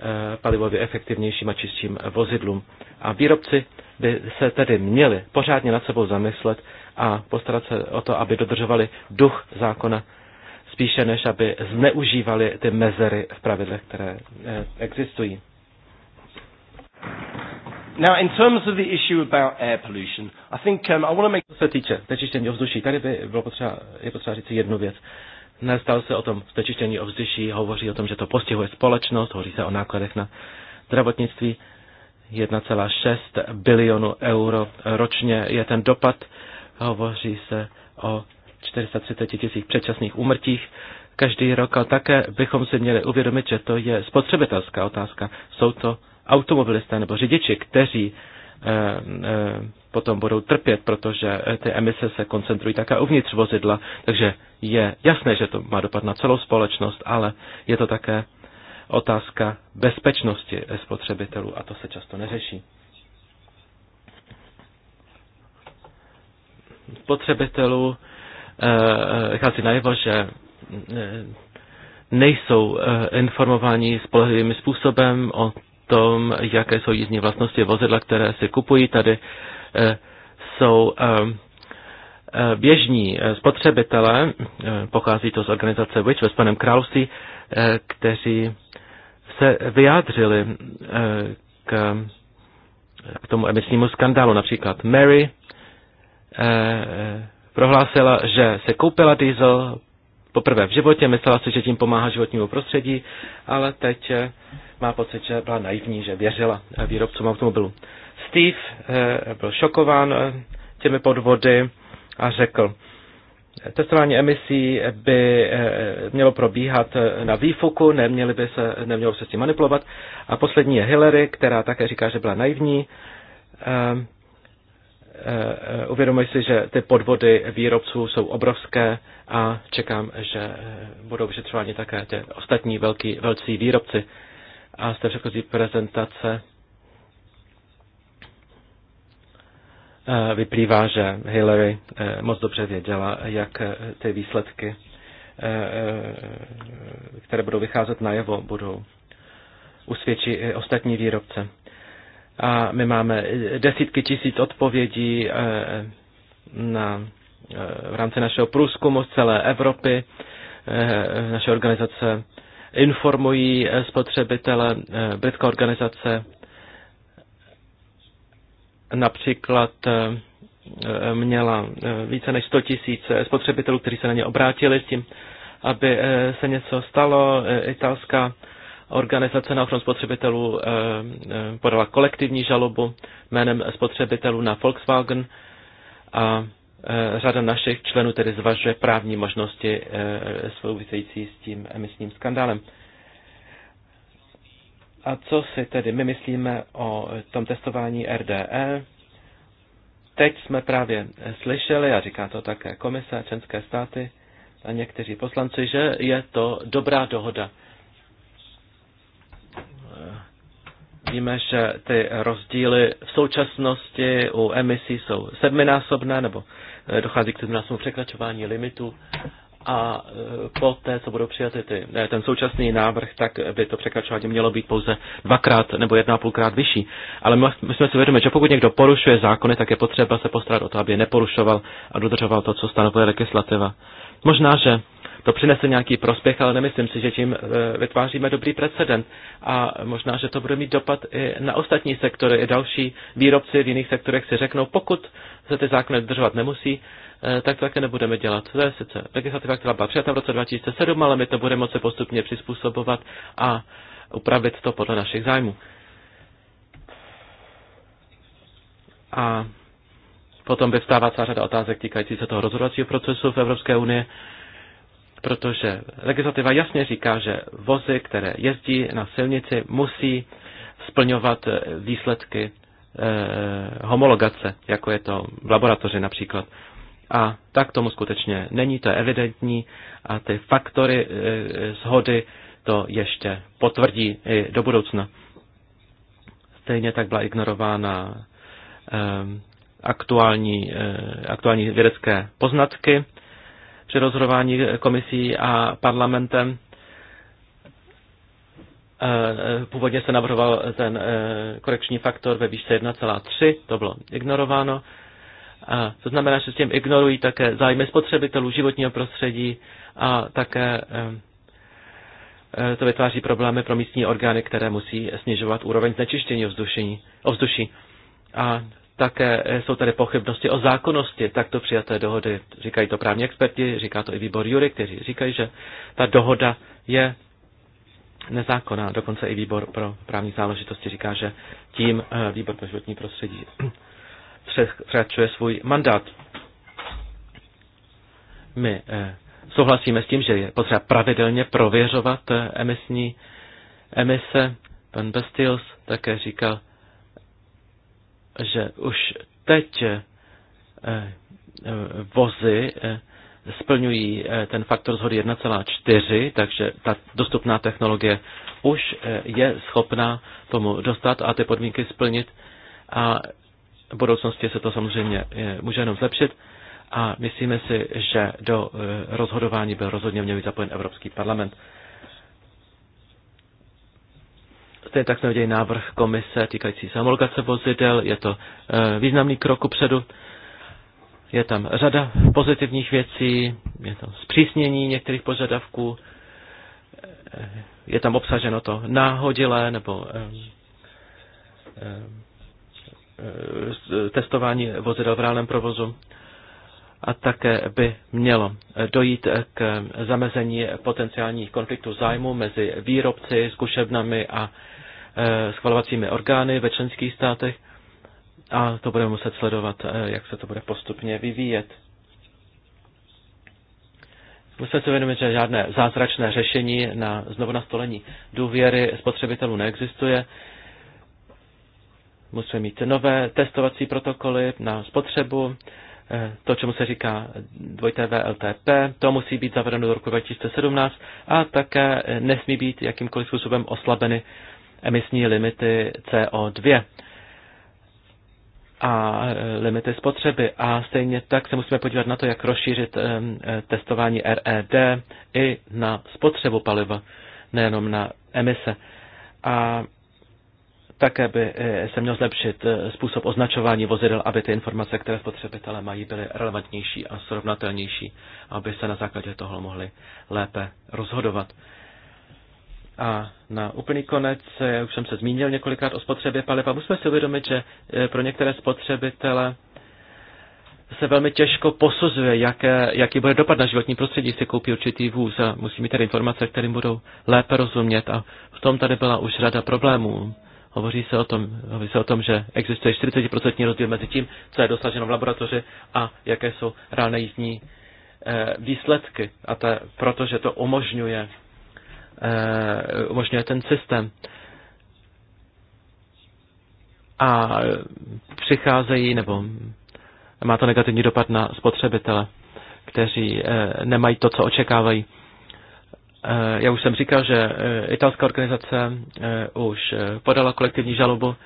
Eh, palivově efektivnějším a čistším vozidlům. A výrobci by se tedy měli pořádně nad sebou zamyslet a postarat se o to, aby dodržovali duch zákona, spíše než aby zneužívali ty mezery v pravidlech, které eh, existují. Now, in terms of the issue about air pollution, I think um, I want to make. Co se týče znečištění ovzduší, tady by bylo potřeba, je potřeba říct jednu věc. Uh, Neustále se o tom znečištění ovzduší, hovoří o tom, že to postihuje společnost, hovoří se o nákladech na zdravotnictví. 1,6 bilionu euro ročně je ten dopad. Hovoří se o 430 tisíc předčasných úmrtích každý rok, ale také bychom si měli uvědomit, že to je spotřebitelská otázka. Jsou to automobilisté nebo řidiči, kteří Eh, eh, potom budou trpět, protože eh, ty emise se koncentrují také uvnitř vozidla. Takže je jasné, že to má dopad na celou společnost, ale je to také otázka bezpečnosti spotřebitelů a to se často neřeší. Spotřebitelů chází najevo, že nejsou informováni spolehlivým způsobem o tom, jaké jsou jízdní vlastnosti vozidla, které si kupují. Tady eh, jsou ehm, eh, běžní eh, spotřebitelé, pochází to z organizace WITCH ve Spojeném království, kteří se vyjádřili k, k tomu emisnímu skandálu. Například Mary prohlásila, že se koupila diesel, poprvé v životě, myslela si, že tím pomáhá životnímu prostředí, ale teď eh, má pocit, že byla naivní, že věřila eh, výrobcům automobilů. Steve eh, byl šokován těmi podvody a řekl, testování emisí by mělo probíhat na výfuku, neměli by se, nemělo by se s tím manipulovat. A poslední je Hillary, která také říká, že byla naivní Eh, uvědomuji si, že ty podvody výrobců jsou obrovské a čekám, že eh, budou vyšetřováni také ty ostatní velký, velcí výrobci. A z té předchozí prezentace eh, vyplývá, že Hillary moc dobře věděla, jak ty výsledky, které budou vycházet najevo, budou usvědčí ostatní výrobce. A my máme desítky tisíc odpovědí eh, na, eh, v rámci našeho průzkumu z celé Evropy. Eh, naše organizace informují spotřebitele, britská organizace například měla více než 100 tisíc spotřebitelů, kteří se na ně obrátili s tím, aby se něco stalo. Italská Organizace na ochranu spotřebitelů eh, eh, podala kolektivní žalobu jménem spotřebitelů na Volkswagen a eh, řada našich členů tedy zvažuje právní možnosti související s tím emisním skandálem. A co si tedy my myslíme o tom testování RDE? Teď jsme právě slyšeli, a říká to také komise, členské státy a někteří poslanci, že je to dobrá dohoda Víme, že ty rozdíly v současnosti u emisí jsou sedminásobné, nebo eh, dochází k sedminásobnému překračování limitu a eh, poté, co budou přijaty ty, ten současný návrh, tak by to překračování mělo být pouze dvakrát nebo jedna a půlkrát vyšší. Ale my jsme si vědomi, že pokud někdo porušuje zákony, tak je potřeba se postarat o to, aby je neporušoval a dodržoval to, co stanovuje legislativa. Možná, že to přinese nějaký prospěch, ale nemyslím si, že tím eh, vytváříme dobrý precedent. A možná, že to bude mít dopad i na ostatní sektory, i další výrobci v jiných sektorech si řeknou, pokud se ty zákony držovat nemusí, eh, tak to také nebudeme dělat. To je sice legislativa, která byla přijata v roce 2007, ale my to budeme moci postupně přizpůsobovat a upravit to podle našich zájmů. A potom by vstává celá řada otázek týkající se toho rozhodovacího procesu v Evropské unii protože legislativa jasně říká, že vozy, které jezdí na silnici, musí splňovat eh, výsledky eh, homologace, jako je to v laboratoři například. A tak tomu skutečně není, to je evidentní a ty faktory zhody eh, to ještě potvrdí i do budoucna. Stejně tak byla ignorována aktuální, aktuální vědecké poznatky při rozhodování komisí a parlamentem. Eh, eh, původně se navrhoval ten eh, korekční faktor ve výšce 1,3, to bylo ignorováno. A to znamená, že s tím ignorují také zájmy spotřebitelů, životního prostředí a také to vytváří problémy pro místní orgány, které musí snižovat úroveň znečištění ovzduší. A také eh, jsou tady pochybnosti o zákonnosti takto přijaté dohody. Říkají to právní experti, říká to i výbor Jury, kteří říkají, že ta dohoda je nezákonná. Dokonce i výbor pro právní záležitosti říká, že tím eh, výbor pro životní prostředí *clears throat* překračuje svůj mandát. My eh, souhlasíme s tím, že je potřeba pravidelně prověřovat emisní emise. Pan Bestils také říkal, že už teď eh, eh, vozy eh, splňují ten faktor zhody 1,4, takže ta dostupná technologie už je schopná tomu dostat a ty podmínky splnit. A v budoucnosti se to samozřejmě může jenom zlepšit a myslíme si, že do rozhodování byl rozhodně měl zapojen Evropský parlament. Stejně tak jsme návrh komise týkající se homologace vozidel, je to eh, významný krok upředu. Je tam řada pozitivních věcí, je tam zpřísnění některých požadavků, eh, je tam obsaženo to náhodilé nebo eh, testování vozidel v reálném provozu a také by mělo dojít k zamezení potenciálních konfliktů zájmu mezi výrobci, zkušebnami a e, schvalovacími orgány ve členských státech a to budeme muset sledovat, e, jak se to bude postupně vyvíjet. Musíme se uvědomit, že žádné zázračné řešení na znovu nastolení důvěry spotřebitelů neexistuje. Musíme mít nové testovací protokoly na spotřebu, Eh, to, čemu se říká dvojité VLTP, to musí být zavedeno do roku 2017 a také eh, nesmí být jakýmkoliv způsobem oslabeny emisní limity CO2 a eh, limity spotřeby. A stejně tak se musíme podívat na to, jak rozšířit testování RED i na spotřebu paliva, nejenom na emise. A také by eh, se měl zlepšit eh, způsob označování vozidel, aby ty informace, které spotřebitelé mají, byly relevantnější a srovnatelnější, aby se na základě toho mohli lépe rozhodovat. A na úplný konec, já eh, už jsem se zmínil několikrát o spotřebě paliva, musíme si uvědomit, že pro některé spotřebitele se velmi těžko posuzuje, jaké, jaký bude dopad na životní prostředí, si koupí určitý vůz a musí mít tedy informace, kterým budou lépe rozumět a v tom tady byla už řada problémů Hovoří se o tom, hovoří se o tom že existuje 40% rozdíl mezi tím, co je dosaženo v laboratoři a jaké jsou reálné jízdní eh, výsledky. A to, protože to umožňuje, eh, umožňuje ten systém. A přicházejí, nebo má to negativní dopad na spotřebitele, kteří eh, nemají to, co očekávají. Eh, já už jsem říkal, že eh, italská organizace eh, už podala kolektivní žalobu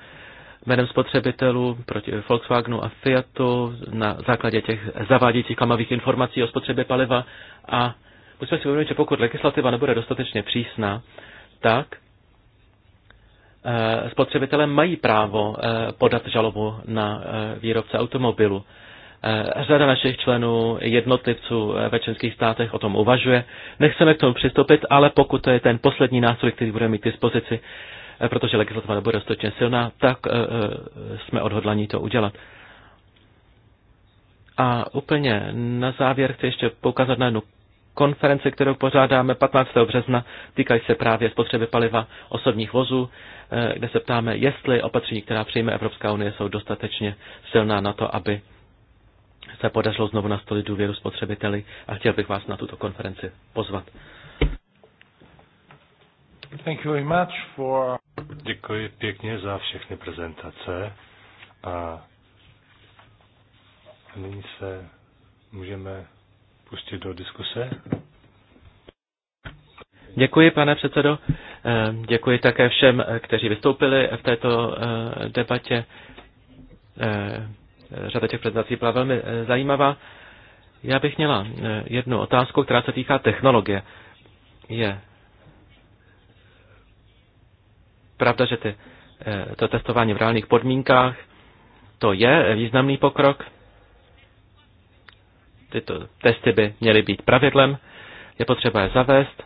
jménem spotřebitelů proti Volkswagenu a Fiatu na základě těch zavádějících klamavých informací o spotřebě paliva a musíme si uvědomit, že pokud legislativa nebude dostatečně přísná, tak spotřebitelé mají právo podat žalobu na výrobce automobilu. Eh, řada našich členů, jednotlivců eh, ve členských státech o tom uvažuje. Nechceme k tomu přistoupit, ale pokud to je ten poslední nástroj, který budeme mít k dispozici, eh, protože legislativa nebude dostatečně silná, tak jsme odhodlaní to udělat. A úplně na závěr chci ještě poukázat na jednu konferenci, kterou pořádáme 15. března, týkají se právě spotřeby paliva osobních vozů, kde se ptáme, jestli opatření, která přijme Evropská unie, jsou dostatečně silná na to, aby se podařilo znovu nastolit důvěru spotřebiteli a chtěl bych vás na tuto konferenci pozvat. Thank you very much for... Děkuji pěkně za všechny prezentace a nyní se můžeme pustit do diskuse. Děkuji, pane předsedo. Eh, děkuji také všem, eh, kteří vystoupili v této eh, debatě řada těch prezentací byla velmi eh, zajímavá. Já bych měla eh, jednu otázku, která se týká technologie. Je pravda, že ty, eh, to testování v reálných podmínkách, to je významný pokrok. Tyto testy by měly být pravidlem, je potřeba je zavést.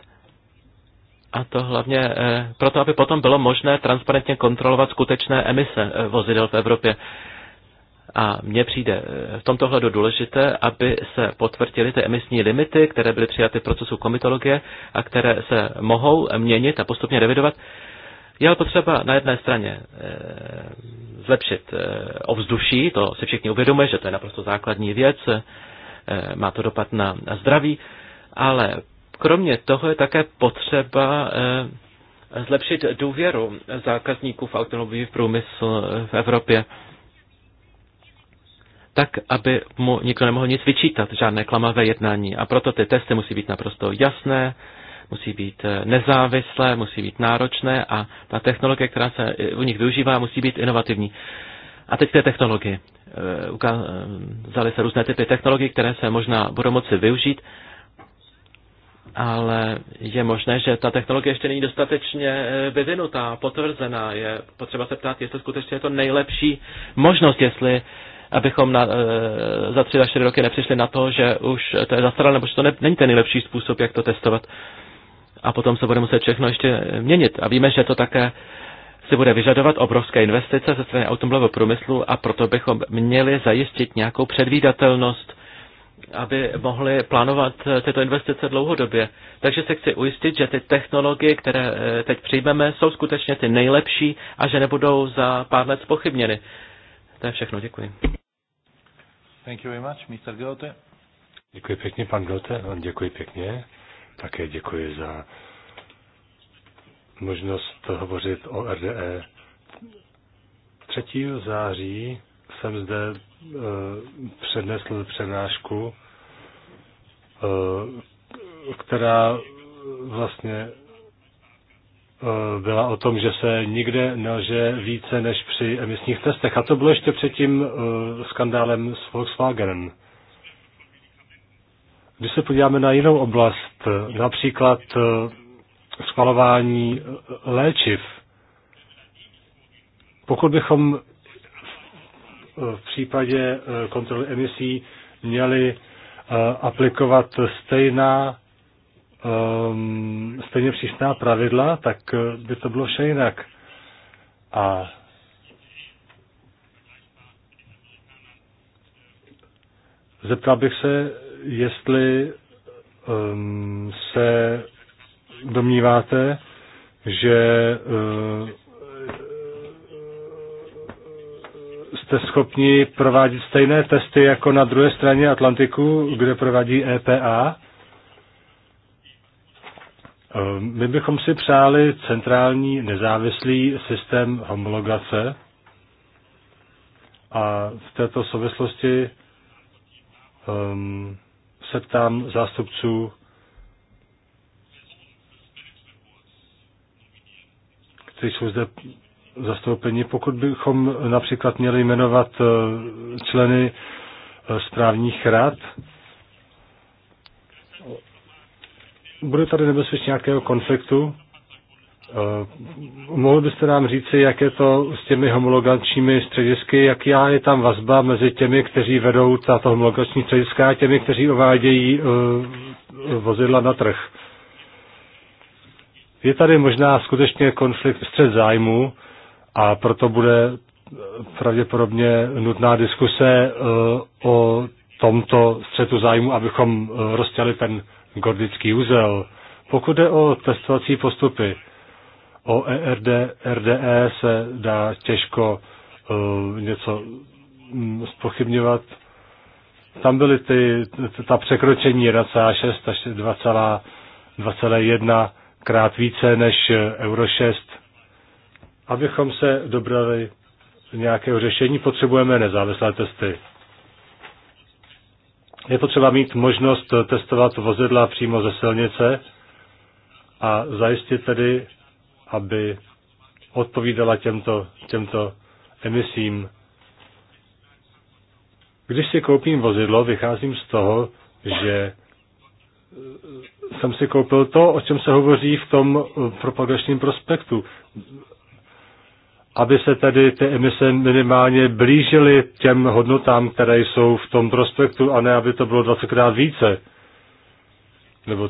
A to hlavně proto, aby potom bylo možné transparentně kontrolovat skutečné emise vozidel v Evropě. A mně přijde eh, v tomto hledu důležité, aby se potvrdily ty emisní limity, které byly přijaty v procesu komitologie a které se mohou měnit a postupně revidovat. Je ale potřeba na jedné straně eh, zlepšit eh, ovzduší, to si všichni uvědomuje, že to je naprosto základní věc, má to dopad na zdraví, ale kromě toho je také potřeba zlepšit důvěru zákazníků v automobilový průmysl v Evropě tak, aby mu nikdo nemohl nic vyčítat, žádné klamavé jednání. A proto ty testy musí být naprosto jasné, musí být eh, nezávislé, musí být náročné a ta technologie, která se eh, u nich využívá, musí být inovativní. A teď k té technologii. Eh, ukázaly se různé typy technologií, které se možná budou moci využít, ale je možné, že ta technologie ještě není dostatečně vyvinutá, potvrzená. Je potřeba se ptát, jestli skutečně je to nejlepší možnost, jestli abychom na, eh, za tři, a čtyři roky nepřišli na to, že už to je zastaral, nebo že to ne, není ten nejlepší způsob, jak to testovat. A potom se bude muset všechno ještě měnit. A víme, že to také si bude vyžadovat obrovské investice ze strany automobilového průmyslu a proto bychom měli zajistit nějakou předvídatelnost, aby mohli plánovat eh, tyto investice dlouhodobě. Takže se chci ujistit, že ty technologie, které eh, teď přijmeme, jsou skutečně ty nejlepší a že nebudou za pár let spochybněny. To je všechno, děkuji. Thank you very much, Mr. Grote. Děkuji pěkně, pan Grote. No, děkuji pěkně. Také děkuji za možnost hovořit o RDE. 3. září jsem zde e, přednesl přednášku, e, která vlastně Eh, byla o tom, že se nikde nelže více než při emisních testech. A to bylo ještě před tím eh, skandálem s Volkswagenem. Když se podíváme na jinou oblast, například eh, schvalování léčiv, pokud bychom v případě kontroly emisí měli aplikovat stejná um, stejně přísná pravidla, tak eh, by to bylo vše jinak. A zeptal bych se, jestli um, se domníváte, že uh, jste schopni provádět stejné testy jako na druhé straně Atlantiku, kde provádí EPA, Ehm, my bychom si přáli centrální nezávislý systém homologace a v této souvislosti um, se ptám zástupců kteří jsou zde zastoupeni. Pokud bychom například měli jmenovat eh, členy eh, správních rad, bude tady nebezpečí nějakého konfliktu? Eh, mohl byste nám říci, jak je to s těmi homologačními středisky, jaká je tam vazba mezi těmi, kteří vedou tato homologační střediska a těmi, kteří ovádějí eh, vozidla na trh? Je tady možná skutečně konflikt střed zájmu a proto bude eh, pravděpodobně nutná diskuse o tomto střetu zájmu, abychom rozstěli ten gordický úzel. Pokud jde o testovací postupy, o ERD, RDE se dá těžko uh, něco mm, spochybňovat. Tam byly ty, ta překročení 1,6 až 2,1 krát více než euro 6. Abychom se dobrali nějakého řešení, potřebujeme nezávislé testy. Je potřeba mít možnost testovat vozidla přímo ze silnice a zajistit tedy, aby odpovídala těmto, těmto emisím. Když si koupím vozidlo, vycházím z toho, že jsem si koupil to, o čem se hovoří v tom propagačním prospektu aby se tedy ty emise minimálně blížily těm hodnotám, které jsou v tom prospektu, a ne aby to bylo 20 krát více. Nebo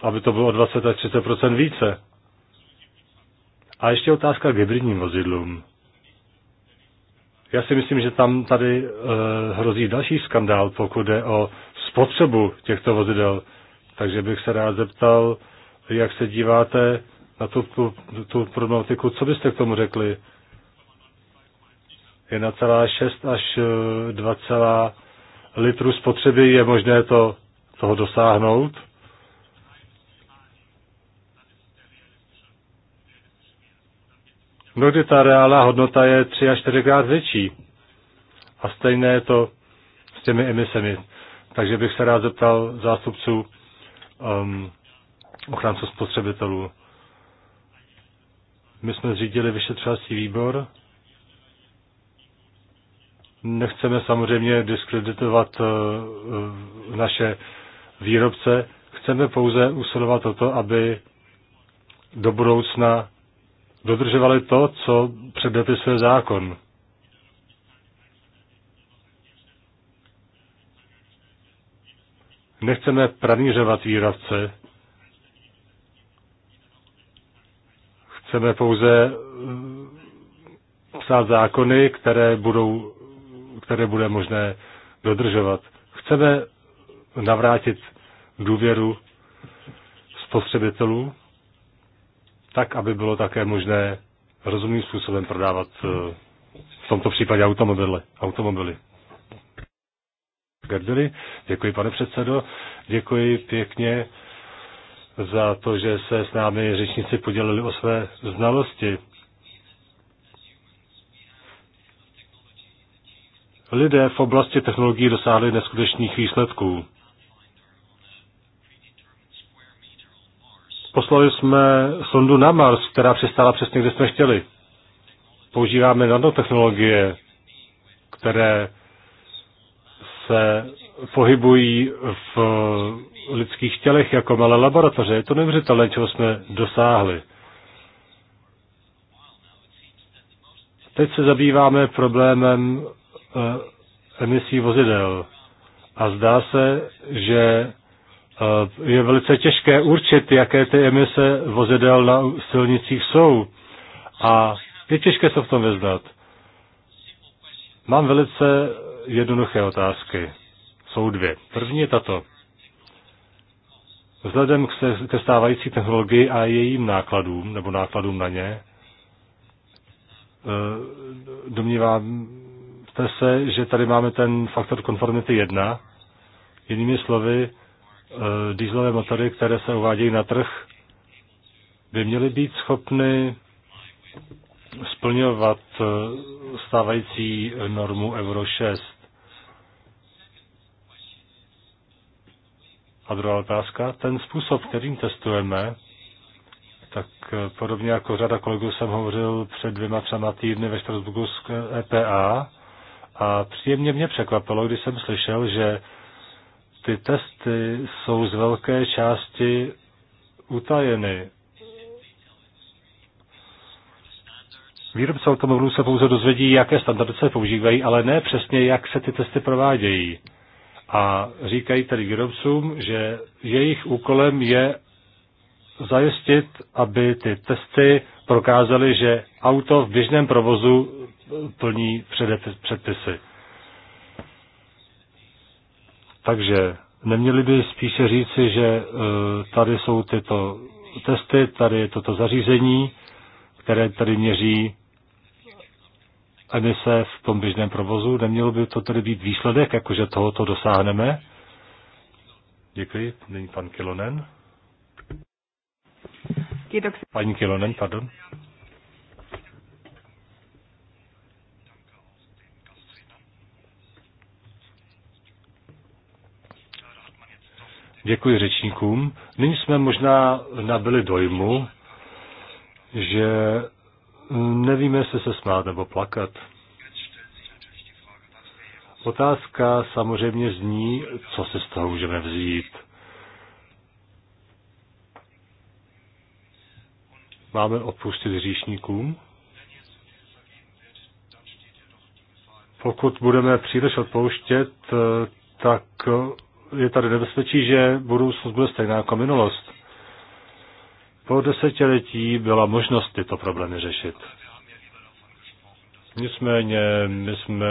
aby to bylo o 20 až 30 více. A ještě otázka k hybridním vozidlům. Já si myslím, že tam tady e, hrozí další skandál, pokud jde o spotřebu těchto vozidel. Takže bych se rád zeptal, jak se díváte na tu, tu, tu problematiku, co byste k tomu řekli? 1,6 až 2, eh, litru spotřeby. Je možné to, toho dosáhnout? Mnohdy ta reálná hodnota je 3 až 4 krát větší. A stejné je to s těmi emisemi. Takže bych se rád zeptal zástupců um, ehm, ochránců spotřebitelů. My jsme zřídili vyšetřovací výbor, Nechceme samozřejmě diskreditovat eh, naše výrobce, chceme pouze usilovat o to, aby do budoucna dodržovali to, co předepisuje zákon. Nechceme pranířovat výrobce, chceme pouze eh, psát zákony, které budou které bude možné dodržovat. Chceme navrátit důvěru spotřebitelů, tak, aby bylo také možné rozumným způsobem prodávat eh, v tomto případě automobily. automobily. Gerdery. Děkuji, pane předsedo. Děkuji pěkně za to, že se s námi řečníci podělili o své znalosti. lidé v oblasti technologií dosáhli neskutečných výsledků. Poslali jsme sondu na Mars, která přistála přesně, kde jsme chtěli. Používáme nanotechnologie, které se pohybují v lidských tělech jako malé laboratoře. Je to neuvěřitelné, čeho jsme dosáhli. Teď se zabýváme problémem Eh, emisí vozidel. A zdá se, že eh, je velice těžké určit, jaké ty emise vozidel na silnicích jsou. A je těžké se v tom vyznat. Mám velice jednoduché otázky. Jsou dvě. První je tato. Vzhledem ke stávající technologii a jejím nákladům, nebo nákladům na ně, eh, domnívám jste se, že tady máme ten faktor konformity 1. Jinými slovy, e, dýzlové motory, které se uvádějí na trh, by měly být schopny splňovat e, stávající normu Euro 6. A druhá otázka, ten způsob, kterým testujeme, tak e, podobně jako řada kolegů jsem hovořil před dvěma, třema týdny ve Štrasburgu z EPA, a příjemně mě překvapilo, když jsem slyšel, že ty testy jsou z velké části utajeny. Výrobce automobilů se pouze dozvědí, jaké standardy se používají, ale ne přesně, jak se ty testy provádějí. A říkají tedy výrobcům, že jejich úkolem je zajistit, aby ty testy prokázaly, že auto v běžném provozu plní předpisy. Takže neměli by spíše říci, že e, tady jsou tyto testy, tady je toto zařízení, které tady měří emise v tom běžném provozu. Nemělo by to tedy být výsledek, jakože tohoto dosáhneme? Děkuji. Nyní pan Kilonen. Paní Kilonen, pardon. Děkuji řečníkům. Nyní jsme možná nabili dojmu, že nevíme, jestli se smát nebo plakat. Otázka samozřejmě zní, co se z toho můžeme vzít. Máme odpustit říšníkům? Pokud budeme příliš odpouštět, tak je tady nebezpečí, že budoucnost bude stejná jako minulost. Po desetiletí byla možnost tyto problémy řešit. Nicméně my jsme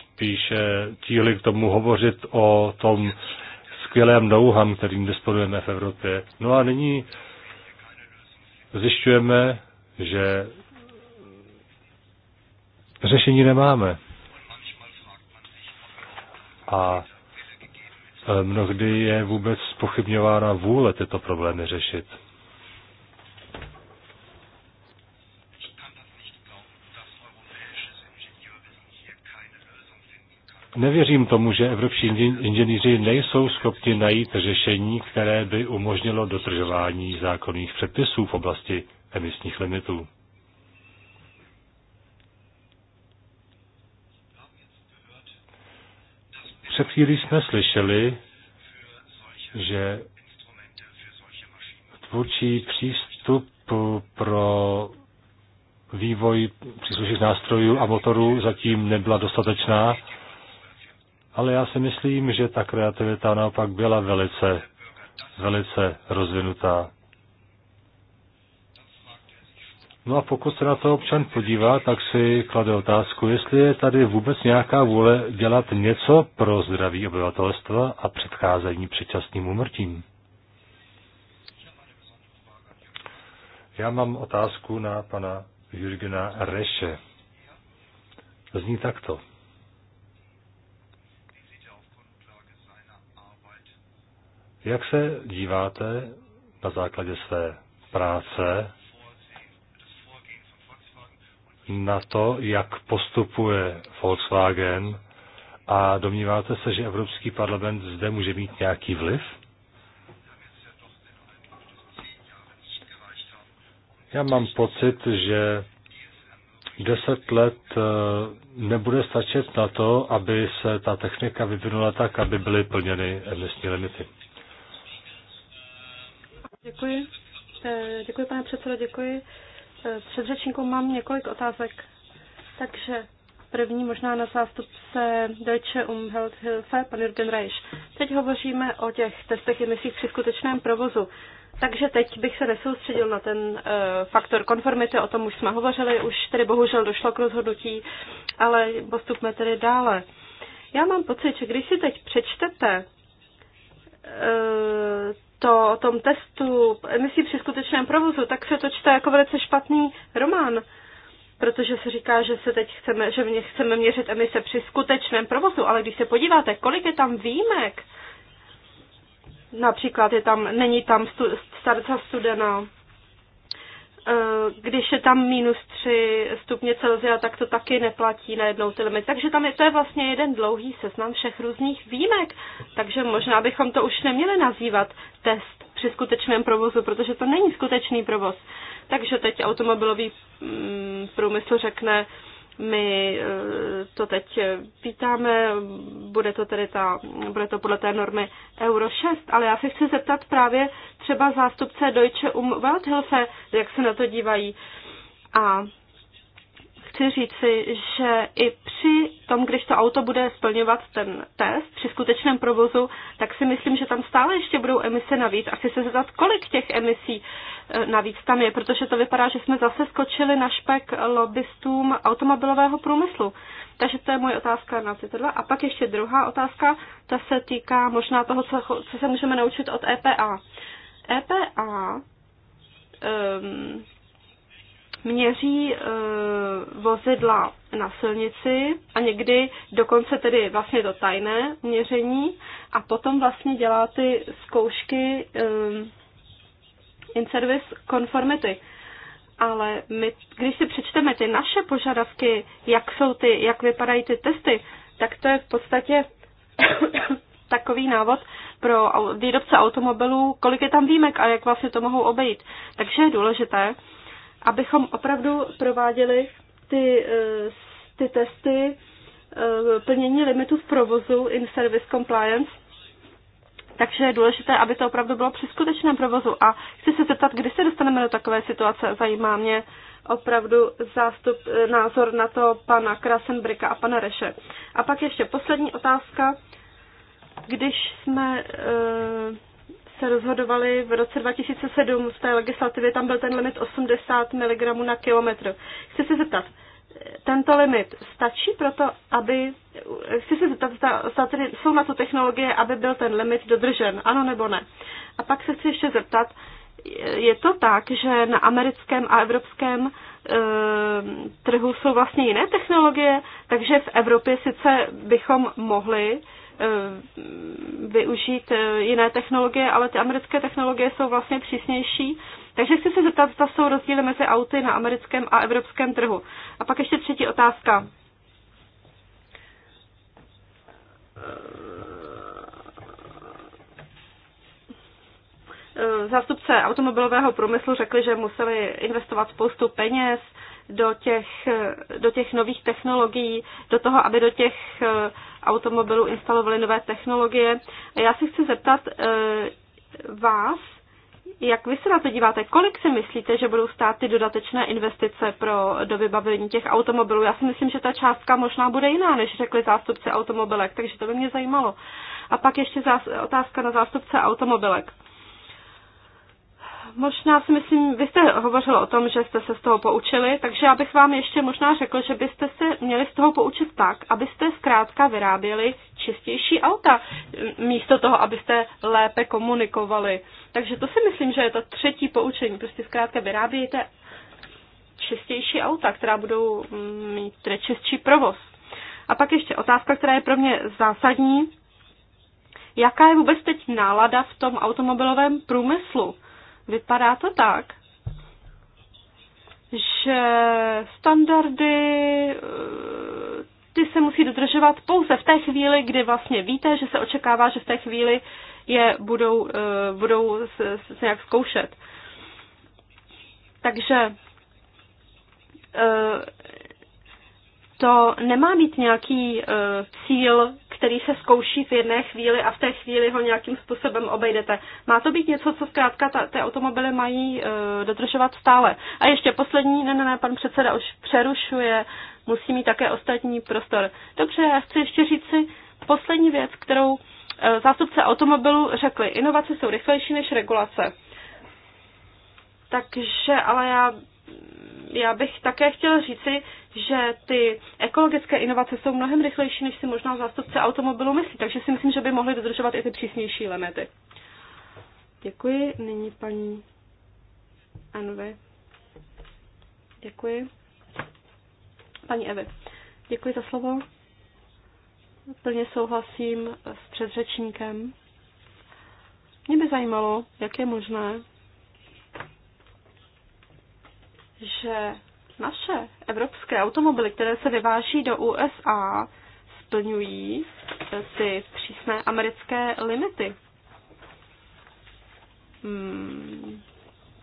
spíše tíhli k tomu hovořit o tom skvělém know kterým disponujeme v Evropě. No a nyní zjišťujeme, že řešení nemáme. A Eh, mnohdy je vůbec pochybňována vůle tyto problémy řešit. Nevěřím tomu, že evropští inženýři nejsou schopni najít řešení, které by umožnilo dotržování zákonných předpisů v oblasti emisních limitů. Před chvílí jsme slyšeli, že tvůrčí přístup pro vývoj příslušných nástrojů a motorů zatím nebyla dostatečná, ale já si myslím, že ta kreativita naopak byla velice, velice rozvinutá. No a pokud se na to občan podívá, tak si klade otázku, jestli je tady vůbec nějaká vůle dělat něco pro zdraví obyvatelstva a předcházení předčasným umrtím. Já mám otázku na pana Jurgena Reše. Zní takto. Jak se díváte na základě své práce na to, jak postupuje Volkswagen a domníváte se, že Evropský parlament zde může mít nějaký vliv? Já mám pocit, že deset let eh, nebude stačit na to, aby se ta technika vyvinula tak, aby byly plněny emisní limity. Děkuji. Eh, děkuji, pane předsedo, děkuji předřečníkům mám několik otázek. Takže první možná na zástupce Deutsche Umwelthilfe, pan Jürgen Reich. Teď hovoříme o těch testech emisích při skutečném provozu. Takže teď bych se nesoustředil na ten uh, faktor konformity, o tom už jsme hovořili, už tedy bohužel došlo k rozhodnutí, ale postupme tedy dále. Já mám pocit, že když si teď přečtete uh, to o tom testu emisí při skutečném provozu, tak se to čte jako velice špatný román, protože se říká, že se teď chceme, že mě chceme měřit emise při skutečném provozu, ale když se podíváte, kolik je tam výjimek, například je tam, není tam stu, starca studena, Eh, když je tam minus 3 stupně Celsia, tak to taky neplatí najednou ty limity. Takže tam je, to je vlastně jeden dlouhý seznam všech různých výjimek. Takže možná bychom to už neměli nazývat test při skutečném provozu, protože to není skutečný provoz. Takže teď automobilový mm, průmysl řekne, my eh, to teď vítáme, bude to tedy ta, bude to podle té normy Euro 6, ale já se chci zeptat právě třeba zástupce Deutsche Umwelthilfe, jak se na to dívají. A chci říci, že i při tom, když to auto bude splňovat ten test při skutečném provozu, tak si myslím, že tam stále ještě budou emise navíc. A chci se zeptat, kolik těch emisí e, navíc tam je, protože to vypadá, že jsme zase skočili na špek lobbystům automobilového průmyslu. Takže to je moje otázka na tyto dva. A pak ještě druhá otázka, ta se týká možná toho, co, co se můžeme naučit od EPA. EPA um, ehm, měří eh, vozidla na silnici a někdy dokonce tedy vlastně to tajné měření a potom vlastně dělá ty zkoušky eh, in service conformity. Ale my, když si přečteme ty naše požadavky, jak jsou ty, jak vypadají ty testy, tak to je v podstatě *coughs* takový návod pro výrobce automobilů, kolik je tam výjimek a jak vlastně to mohou obejít. Takže je důležité, abychom opravdu prováděli ty, eh, ty testy eh, plnění limitů v provozu in service compliance. Takže je důležité, aby to opravdu bylo při skutečném provozu. A chci se zeptat, kdy se dostaneme do takové situace. Zajímá mě opravdu zástup, eh, názor na to pana Krasenbrika a pana Reše. A pak ještě poslední otázka. Když jsme se rozhodovali v roce 2007 z té legislativy, tam byl ten limit 80 mg na kilometr. Chci se zeptat, tento limit stačí proto, aby, chci se zeptat, zda, zda tedy jsou na to technologie, aby byl ten limit dodržen, ano nebo ne. A pak se chci ještě zeptat, je to tak, že na americkém a evropském e, trhu jsou vlastně jiné technologie, takže v Evropě sice bychom mohli Eh, využít eh, jiné technologie, ale ty americké technologie jsou vlastně přísnější. Takže chci se zeptat, zda jsou rozdíly mezi auty na americkém a evropském trhu. A pak ještě třetí otázka. Eh, Zástupce automobilového průmyslu řekli, že museli investovat spoustu peněz do těch, do těch nových technologií, do toho, aby do těch eh, automobilů instalovali nové technologie. A já se chci zeptat eh, vás, jak vy se na to díváte? Kolik si myslíte, že budou stát ty dodatečné investice pro do vybavení těch automobilů? Já si myslím, že ta částka možná bude jiná, než řekli zástupci automobilek, takže to by mě zajímalo. A pak ještě zás, otázka na zástupce automobilek možná si myslím, vy jste hovořil o tom, že jste se z toho poučili, takže já bych vám ještě možná řekl, že byste se měli z toho poučit tak, abyste zkrátka vyráběli čistější auta, místo toho, abyste lépe komunikovali. Takže to si myslím, že je to třetí poučení. Prostě zkrátka vyrábějte čistější auta, která budou mm, mít čistší provoz. A pak ještě otázka, která je pro mě zásadní. Jaká je vůbec teď nálada v tom automobilovém průmyslu? Vypadá to tak, že standardy eh, ty se musí dodržovat pouze v té chvíli, kdy vlastně víte, že se očekává, že v té chvíli je budou, eh, budou se, se nějak zkoušet. Takže eh, to nemá mít nějaký uh, cíl, který se zkouší v jedné chvíli a v té chvíli ho nějakým způsobem obejdete. Má to být něco, co zkrátka ta, ty automobily mají uh, dodržovat stále. A ještě poslední, ne, ne, ne, pan předseda už přerušuje, musí mít také ostatní prostor. Dobře, já chci ještě říct si poslední věc, kterou uh, zástupce automobilů řekli. Inovace jsou rychlejší než regulace. Takže, ale já já bych také chtěl říci, že ty ekologické inovace jsou mnohem rychlejší, než si možná zástupce automobilů myslí, takže si myslím, že by mohly dodržovat i ty přísnější limity. Děkuji. Nyní paní Anve. Děkuji. Paní Evy. Děkuji za slovo. Plně souhlasím s předřečníkem. Mě by zajímalo, jak je možné, že naše evropské automobily, které se vyváží do USA, splňují eh, ty přísné americké limity. Hmm.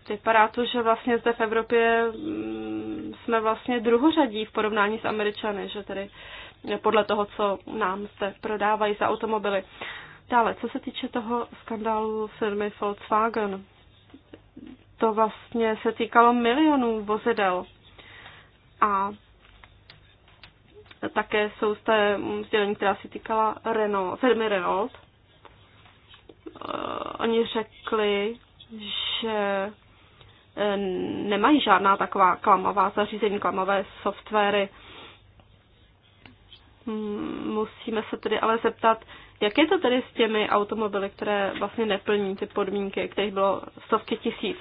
Vypadá to, že vlastně zde v Evropě hmm, jsme vlastně druhořadí v porovnání s Američany, že tedy eh, podle toho, co nám zde prodávají za automobily. Dále, co se týče toho skandálu firmy Volkswagen, to vlastně se týkalo milionů vozidel. A také jsou té mm, sdělení, která se týkala Renault, firmy Renault. E, oni řekli, že e, nemají žádná taková klamová zařízení, klamové softwary. Mm, musíme se tedy ale zeptat, jak je to tedy s těmi automobily, které vlastně neplní ty podmínky, kterých bylo stovky tisíc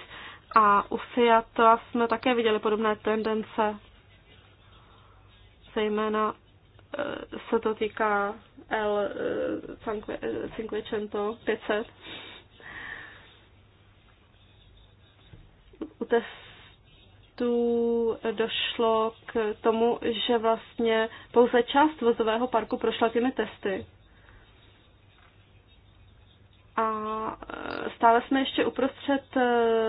a u Fiata jsme také viděli podobné tendence. Zejména eh, se to týká L eh, Cinquecento eh, 500. U testů došlo k tomu, že vlastně pouze část vozového parku prošla těmi testy. A e, stále jsme ještě uprostřed e,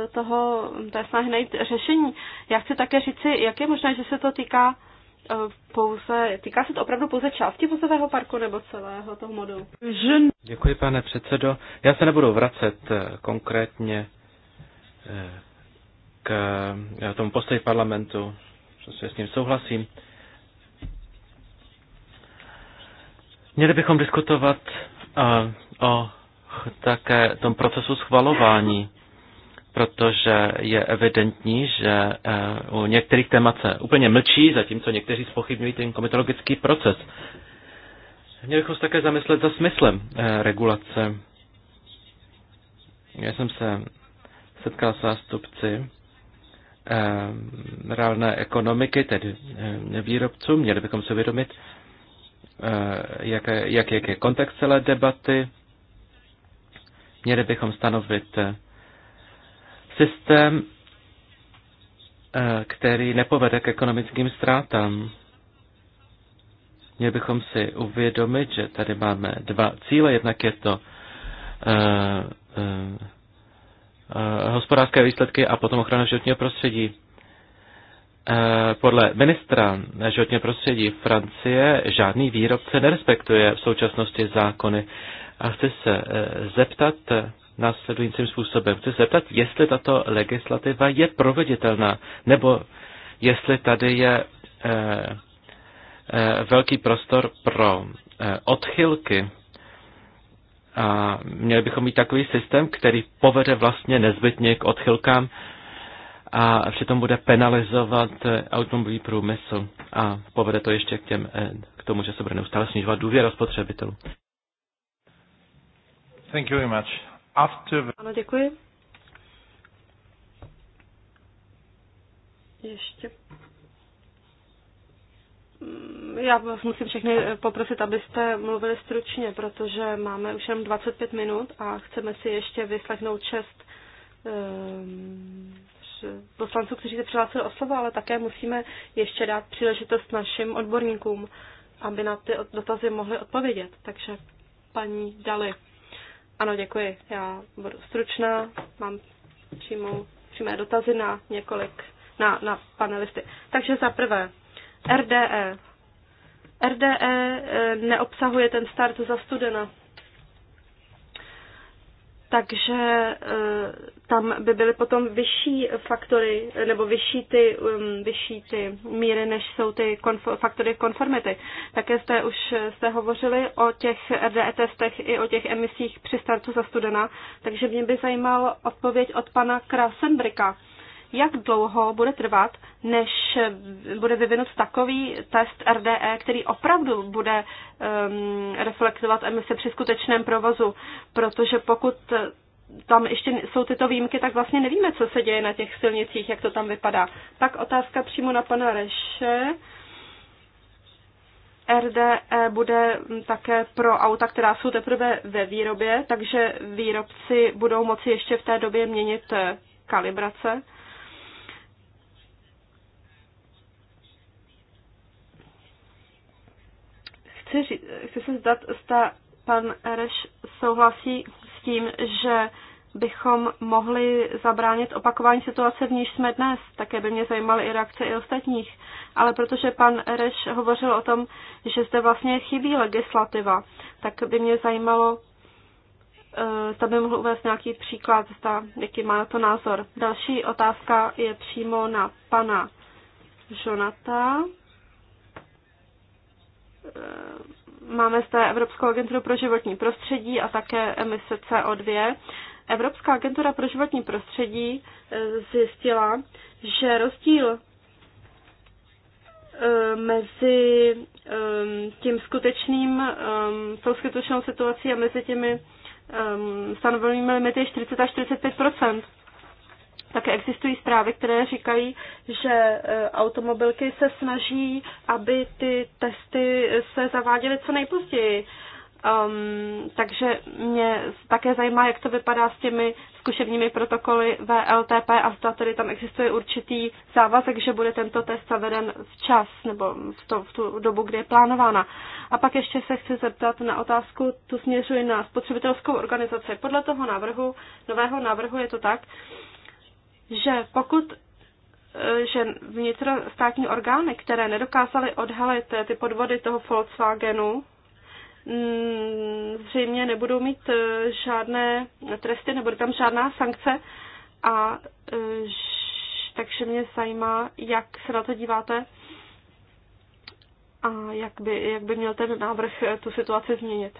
toho, té snahy najít řešení. Já chci také říci, jak je možné, že se to týká e, pouze, týká se to opravdu pouze části vozového parku nebo celého toho modelu? Děkuji, pane předsedo. Já se nebudu vracet konkrétně k tomu postoji parlamentu, protože s ním souhlasím. Měli bychom diskutovat o také tom procesu schvalování, protože je evidentní, že eh, u některých témat se úplně mlčí, zatímco někteří spochybňují ten komitologický proces. Měli bychom se také zamyslet za smyslem eh, regulace. Já jsem se setkal s zástupci eh, reálné ekonomiky, tedy výrobců. Měli bychom se uvědomit, jak, je, jak je kontext celé debaty, Měli bychom stanovit eh, systém, eh, který nepovede k ekonomickým ztrátám. Měli bychom si uvědomit, že tady máme dva cíle. Jednak je to eh, hospodářské výsledky a potom ochrana životního prostředí. Podle ministra životního prostředí Francie žádný výrobce nerespektuje v současnosti zákony a chci se eh, zeptat eh, následujícím způsobem. Chci se zeptat, jestli tato legislativa je proveditelná, nebo jestli tady je eh, velký prostor pro odchylky. A měli bychom mít takový systém, který povede vlastně nezbytně k odchylkám a přitom bude penalizovat automobilový průmysl a povede to ještě k, těm, k tomu, že se bude neustále snižovat důvěra spotřebitelů. Thank you very much. After... Ano, děkuji. Ještě. Mm, já vás musím všechny poprosit, abyste mluvili stručně, protože máme už jen 25 minut a chceme si ještě vyslechnout čest ehm, poslanců, kteří se přihlásili o slovo, ale také musíme ještě dát příležitost našim odborníkům, aby na ty dotazy mohli odpovědět. Takže paní Dali. Ano, děkuji. Já budu stručná, mám přímo, přímé dotazy na několik, na, na panelisty. Takže za prvé, RDE. RDE eh, neobsahuje ten start za studena, takže eh, tam by byly potom vyšší faktory, eh, nebo vyšší ty, um, vyšší ty míry, než jsou ty konf- faktory konformity. Také jste už eh, jste hovořili o těch RDE testech i o těch emisích při startu za studena, takže mě by zajímal odpověď od pana Krasenbrika jak dlouho bude trvat, než bude vyvinut takový test RDE, který opravdu bude um, reflektovat emise při skutečném provozu, protože pokud tam ještě jsou tyto výjimky, tak vlastně nevíme, co se děje na těch silnicích, jak to tam vypadá. Pak otázka přímo na pana Reše. RDE bude také pro auta, která jsou teprve ve výrobě, takže výrobci budou moci ještě v té době měnit kalibrace. Chci, říct, chci se zdat, zda pan Ereš souhlasí s tím, že bychom mohli zabránit opakování situace, v níž jsme dnes. Také by mě zajímaly i reakce i ostatních. Ale protože pan Reš hovořil o tom, že zde vlastně chybí legislativa, tak by mě zajímalo, eh, zda by mohl uvést nějaký příklad, zda, jaký má na to názor. Další otázka je přímo na pana Jonata. Eh, máme zde Evropskou agenturu pro životní prostředí a také emise CO2. Evropská agentura pro životní prostředí eh, zjistila, že rozdíl eh, mezi tím skutečným, tou skutečnou situací a mezi těmi stanovenými limity je 40 až 45 také existují zprávy, které říkají, že e, automobilky se snaží, aby ty testy se zaváděly co nejpozději. Um, takže mě také zajímá, jak to vypadá s těmi zkušebními protokoly VLTP a zda tedy tam existuje určitý závazek, že bude tento test zaveden včas nebo v, to, v tu dobu, kdy je plánována. A pak ještě se chci zeptat na otázku, tu směřuji na spotřebitelskou organizaci. Podle toho návrhu, nového návrhu je to tak, že pokud e, že vnitrostátní orgány, které nedokázaly odhalit e, ty podvody toho Volkswagenu, mm, zřejmě nebudou mít e, žádné tresty, nebude tam žádná sankce. A takže mě zajímá, jak se na to díváte a jak by, jak by měl ten návrh tu situaci změnit.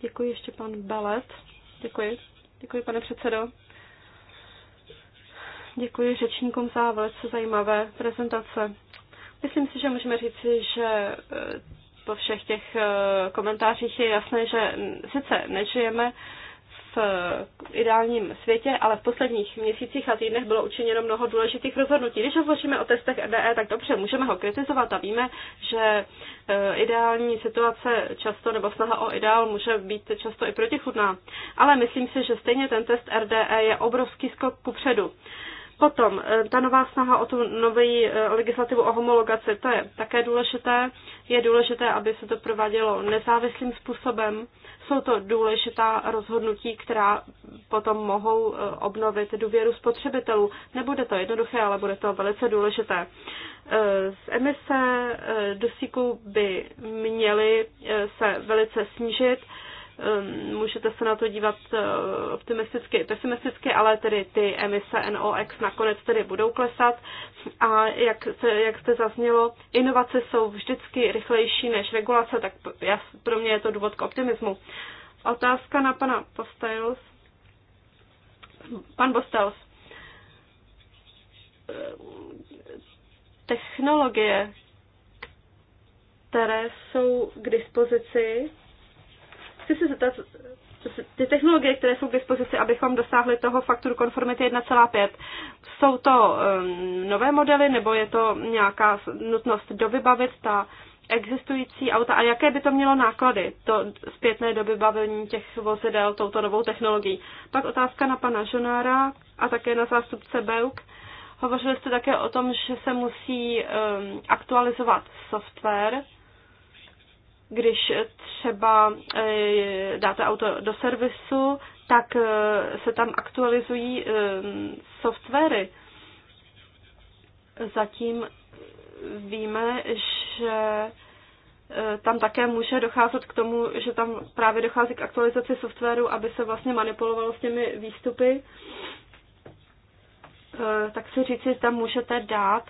Děkuji ještě pan Belet. Děkuji. Děkuji, pane předsedo. Děkuji řečníkům za velice zajímavé prezentace. Myslím si, že můžeme říci, že e, po všech těch e, komentářích je jasné, že sice nežijeme v e, ideálním světě, ale v posledních měsících a týdnech bylo učiněno mnoho důležitých rozhodnutí. Když hovoříme o testech RDE, tak dobře, můžeme ho kritizovat a víme, že ideální situace často nebo snaha o ideál může být často i protichudná. Ale myslím si, že stejně ten test RDE je obrovský skok kupředu. předu Potom eh, ta nová snaha o tu nový eh, legislativu o homologaci, to je také důležité. Je důležité, aby se to provádělo nezávislým způsobem. Jsou to důležitá rozhodnutí, která potom mohou eh, obnovit důvěru spotřebitelů. Nebude to jednoduché, ale bude to velice důležité. Z emise dusíku by měly se velice snížit Ehm, můžete se na to dívat eh, optimisticky, pesimisticky, ale tedy ty emise NOx nakonec tedy budou klesat a jak, se, jak jste zaznělo, inovace jsou vždycky rychlejší než regulace, tak pro mě je to důvod k optimismu. Otázka na pana Postels. Pan Bostels. Eh, technologie, které jsou k dispozici, chci se zeptat, ty technologie, které jsou k dispozici, abychom dosáhli toho fakturu konformity 1,5, jsou to um, nové modely nebo je to nějaká nutnost dovybavit ta existující auta a jaké by to mělo náklady, to zpětné dovybavení těch vozidel touto novou technologií. Pak otázka na pana Žonára a také na zástupce Beuk. Hovořili jste také o tom, že se musí um, aktualizovat software když třeba eh, dáte auto do servisu, tak eh, se tam aktualizují eh, softwary. Zatím víme, že tam také může docházet k tomu, že tam právě dochází k aktualizaci softwaru, aby se vlastně manipulovalo s těmi výstupy. Tak si říci, tam můžete dát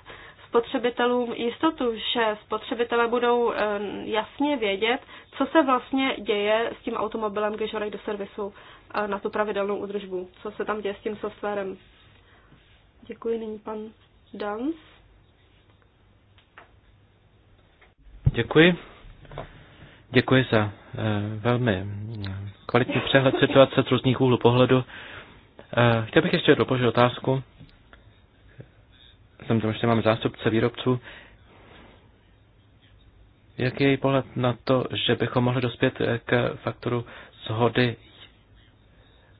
spotřebitelům jistotu, že spotřebitelé budou eh, jasně vědět, co se vlastně děje s tím automobilem, když ho do servisu eh, na tu pravidelnou údržbu, co se tam děje s tím softwarem. Děkuji, nyní pan Dans. Děkuji. Děkuji za eh, velmi kvalitní přehled situace z různých úhlů pohledu. Chtěl bych ještě doplnit otázku tom, že máme zástupce výrobců. Jak je její pohled na to, že bychom mohli dospět eh, k faktoru shody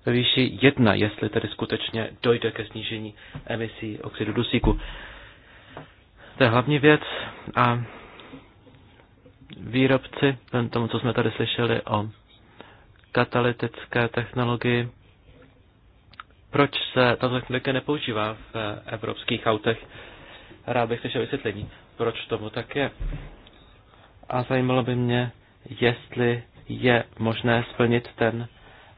ve výši jedna, jestli tedy skutečně dojde ke snížení emisí oxidu dusíku? To je hlavní věc a výrobci, tomu, co jsme tady slyšeli o katalytické technologii, proč se ta technika nepoužívá v eh, evropských autech. Rád bych slyšel vysvětlení, proč tomu tak je. A zajímalo by mě, jestli je možné splnit ten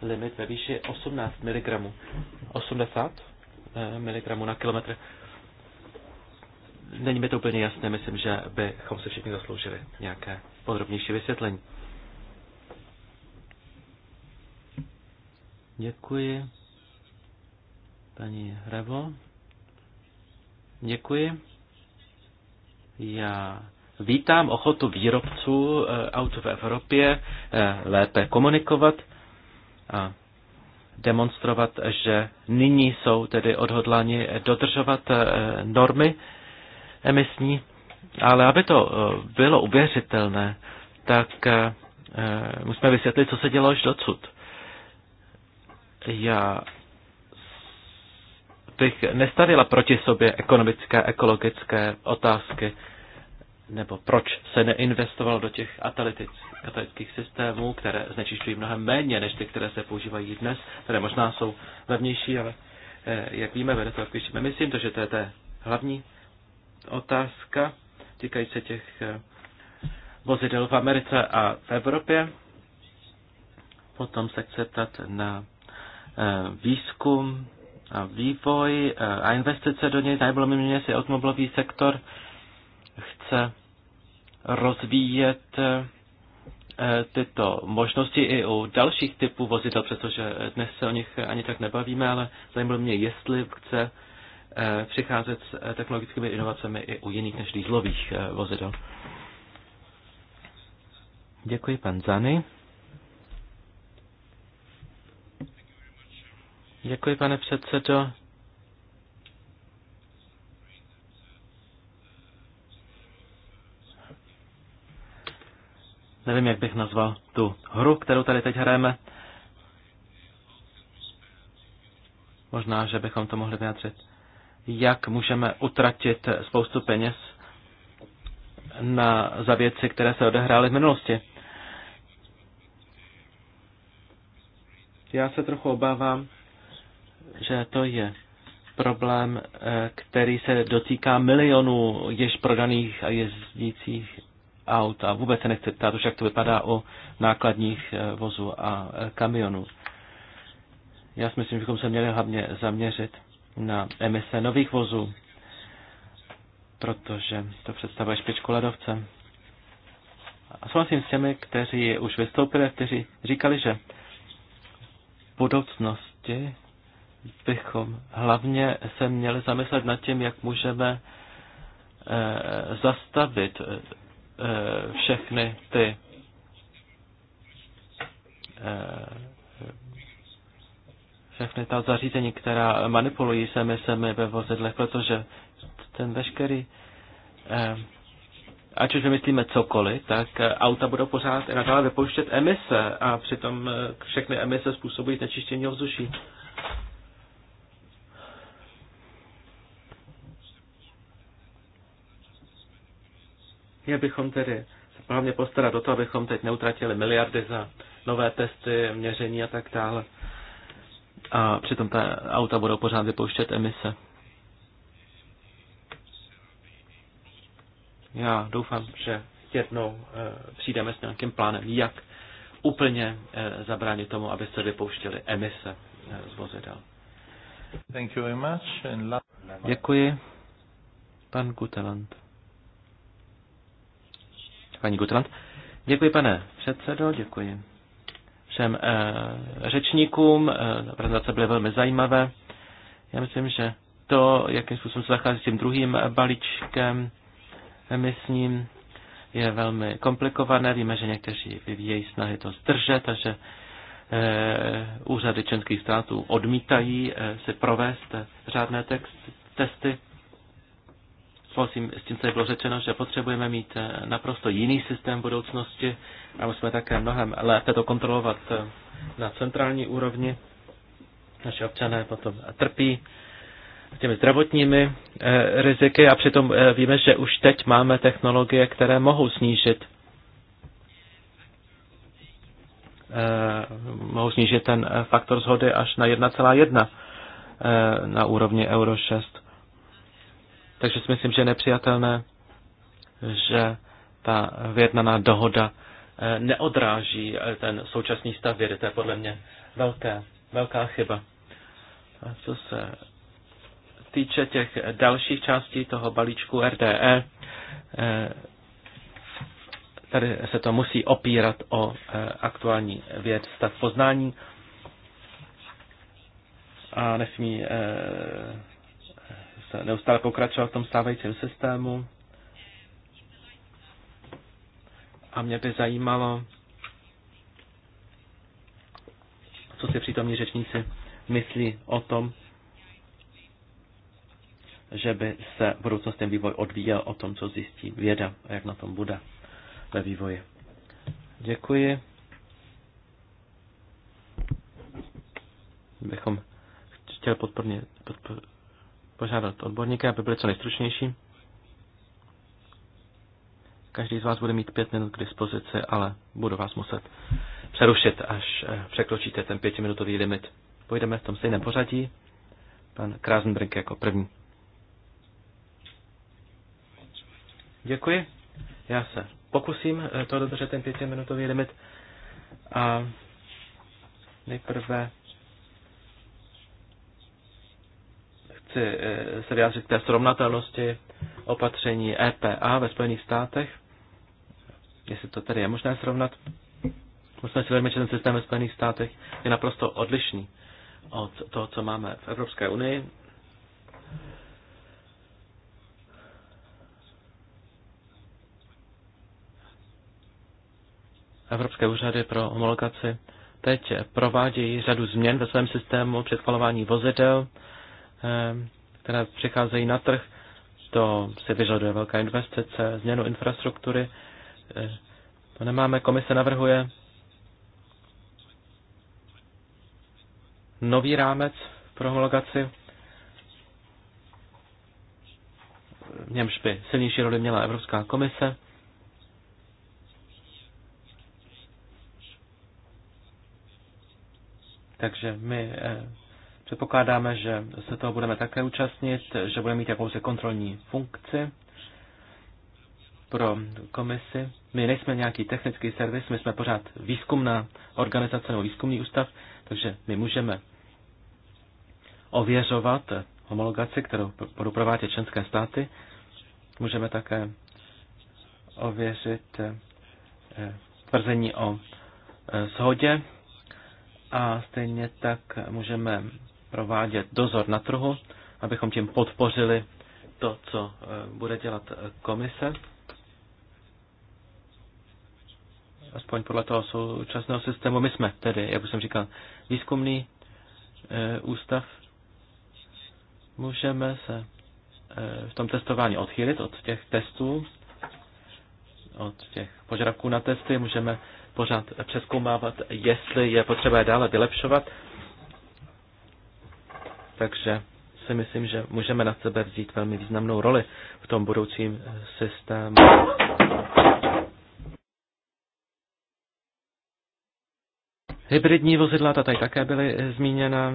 limit ve výši 18 mg. 80 mg na kilometr. Není mi to úplně jasné, myslím, že bychom se všichni zasloužili nějaké podrobnější vysvětlení. Děkuji. Paní Revo, děkuji. Já vítám ochotu výrobců eh, aut v Evropě eh, lépe komunikovat a demonstrovat, že nyní jsou tedy odhodláni dodržovat eh, normy emisní, ale aby to bylo uvěřitelné, tak musíme vysvětlit, co se dělo až docud. Já bych nestavila proti sobě ekonomické, ekologické otázky, nebo proč se neinvestovalo do těch katalytických systémů, které znečišťují mnohem méně než ty, které se používají dnes, které možná jsou levnější, ale eh, jak víme, vede to k myslím, to, že to je ta hlavní otázka týkající se těch eh, vozidel v Americe a v Evropě. Potom se chce ptat na eh, výzkum vývoj e, a investice do něj. Zajímalo by mě, jestli automobilový sektor chce rozvíjet e, e, tyto možnosti i u dalších typů vozidel, přestože dnes se o nich ani tak nebavíme, ale zajímalo mě, jestli chce přicházet s technologickými inovacemi i u jiných než dýzlových vozidel. Děkuji, pan Zany. Děkuji, pane předsedo. Nevím, jak bych nazval tu hru, kterou tady teď hrajeme. Možná, že bychom to mohli vyjádřit. Jak můžeme utratit spoustu peněz na, za věci, které se odehrály v minulosti. Já se trochu obávám, že to je problém, eh, který se dotýká milionů jež prodaných a jezdících aut a vůbec se nechce ptát už, jak to vypadá o nákladních eh, vozů a eh, kamionů. Já si myslím, že bychom se měli hlavně zaměřit na emise nových vozů, protože to představuje špičku ledovce. A souhlasím s těmi, kteří už vystoupili, kteří říkali, že v budoucnosti bychom hlavně se měli zamyslet nad tím, jak můžeme eh, zastavit eh, všechny ty eh, všechny ta zařízení, která manipulují s emisemi ve vozidlech, protože ten veškerý ať už vymyslíme cokoliv, tak auta budou pořád i nadále vypouštět emise a přitom všechny emise způsobují znečištění ovzduší. Měli bychom tedy se hlavně postarat o to, abychom teď neutratili miliardy za nové testy, měření a tak dále. A přitom ta auta budou pořád vypouštět emise. Já doufám, že jednou eh, přijdeme s nějakým plánem, jak úplně eh, zabránit tomu, aby se vypouštěly emise eh, z vozidel. Děkuji. Pan Guteland paní Gutland. Děkuji, pane předsedo, děkuji všem e, řečníkům. E, prezentace byly velmi zajímavé. Já myslím, že to, jakým způsobem se zachází s tím druhým balíčkem emisním, je velmi komplikované. Víme, že někteří vyvíjejí snahy to zdržet a že eh, úřady členských států odmítají e, si provést řádné text, testy souhlasím s tím, co je bylo řečeno, že potřebujeme mít eh, naprosto jiný systém v budoucnosti a musíme také mnohem lépe to kontrolovat eh, na centrální úrovni. Naše občané potom trpí těmi zdravotními eh, riziky a přitom víme, že už teď máme technologie, které mohou snížit mohou snížit ten faktor zhody až na 1,1 na úrovni Euro 6. Takže si myslím, že je nepřijatelné, že ta vyjednaná dohoda eh, neodráží eh, ten současný stav vědy. To je podle mě velké, velká chyba. A co se týče těch dalších částí toho balíčku RDE, eh, tady se to musí opírat o aktuální věd stav poznání a nesmí neustále pokračoval v tom stávajícím systému. A mě by zajímalo, co si přítomní řečníci myslí o tom, že by se v budoucnosti ten vývoj odvíjel o tom, co zjistí věda a jak na tom bude ve vývoji. Děkuji. Bychom chtěl podporně, podpor, požádat odborníky, aby byli co nejstručnější. Každý z vás bude mít pět minut k dispozici, ale budu vás muset přerušit, až eh, překročíte ten pětiminutový limit. Pojdeme v tom stejném pořadí. Pan Krasenbrink jako první. Děkuji. Já se pokusím eh, to dodržet ten pětiminutový limit. A nejprve chci eh, se vyjádřit k té srovnatelnosti opatření EPA ve Spojených státech, jestli to tady je možné srovnat. Musíme si uvědomit, že ten systém ve Spojených státech je naprosto odlišný od toho, co máme v Evropské unii. Evropské úřady pro homologaci teď provádějí řadu změn ve svém systému předkolování vozidel Eh, které přicházejí na trh. To si vyžaduje velká investice, změnu infrastruktury. Eh, to nemáme. Komise navrhuje nový rámec pro homologaci, v němž by silnější roli měla Evropská komise. Takže my eh, Předpokládáme, že se toho budeme také účastnit, že budeme mít jakousi kontrolní funkci pro komisi. My nejsme nějaký technický servis, my jsme pořád výzkumná organizace nebo výzkumný ústav, takže my můžeme ověřovat homologaci, kterou budou provádět členské státy. Můžeme také ověřit eh, tvrzení o eh, shodě a stejně tak můžeme provádět dozor na trhu, abychom tím podpořili to, co eh, bude dělat eh, komise. Aspoň podle toho současného systému. My jsme tedy, jak už jsem říkal, výzkumný eh, ústav. Můžeme se v tom testování odchýlit od těch testů, od těch požadavků na testy. Můžeme pořád přeskoumávat, jestli je potřeba je dále vylepšovat takže si myslím, že můžeme na sebe vzít velmi významnou roli v tom budoucím systému. Hybridní vozidla, ta tady také byly zmíněna.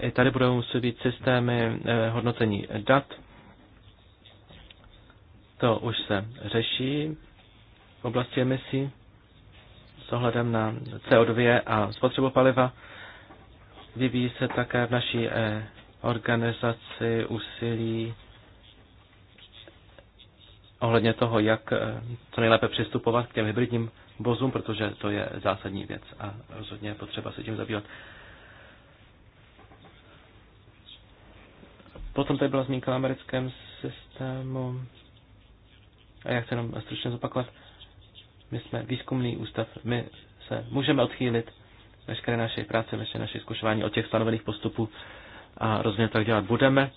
I tady budou muset být systémy eh, hodnocení dat. To už se řeší v oblasti emisí s ohledem na CO2 a spotřebu paliva. Vyvíjí se také v naší eh, organizaci úsilí ohledně toho, jak eh, co nejlépe přistupovat k těm hybridním vozům, protože to je zásadní věc a rozhodně je potřeba se tím zabývat. Potom tady byla zmínka o americkém systému a já chci jenom stručně zopakovat. My jsme výzkumný ústav, my se můžeme odchýlit veškeré naše práce, veškeré naše zkušování od těch stanovených postupů a rozhodně tak dělat budeme.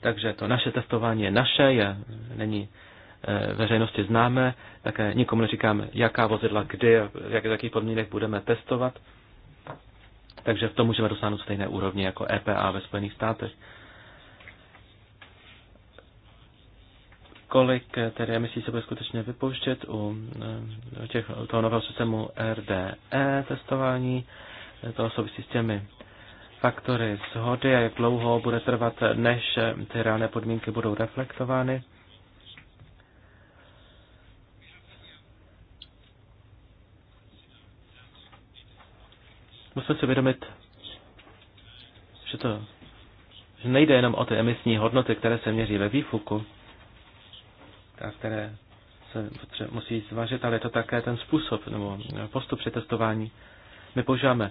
Takže to naše testování je naše, je, není eh, veřejnosti známe, také nikomu neříkáme, jaká vozidla, kdy jak, v jakých podmínek budeme testovat. Takže v tom můžeme dosáhnout stejné úrovně jako EPA ve Spojených státech. kolik eh, tedy emisí se bude skutečně vypouštět u, eh, těch, u toho nového systému RDE testování. Eh, to souvisí s těmi faktory shody a jak dlouho bude trvat, než ty reálné podmínky budou reflektovány. Musíme si uvědomit, že to že nejde jenom o ty emisní hodnoty, které se měří ve výfuku, a které se musí zvažit, ale je to také ten způsob nebo postup při testování. My používáme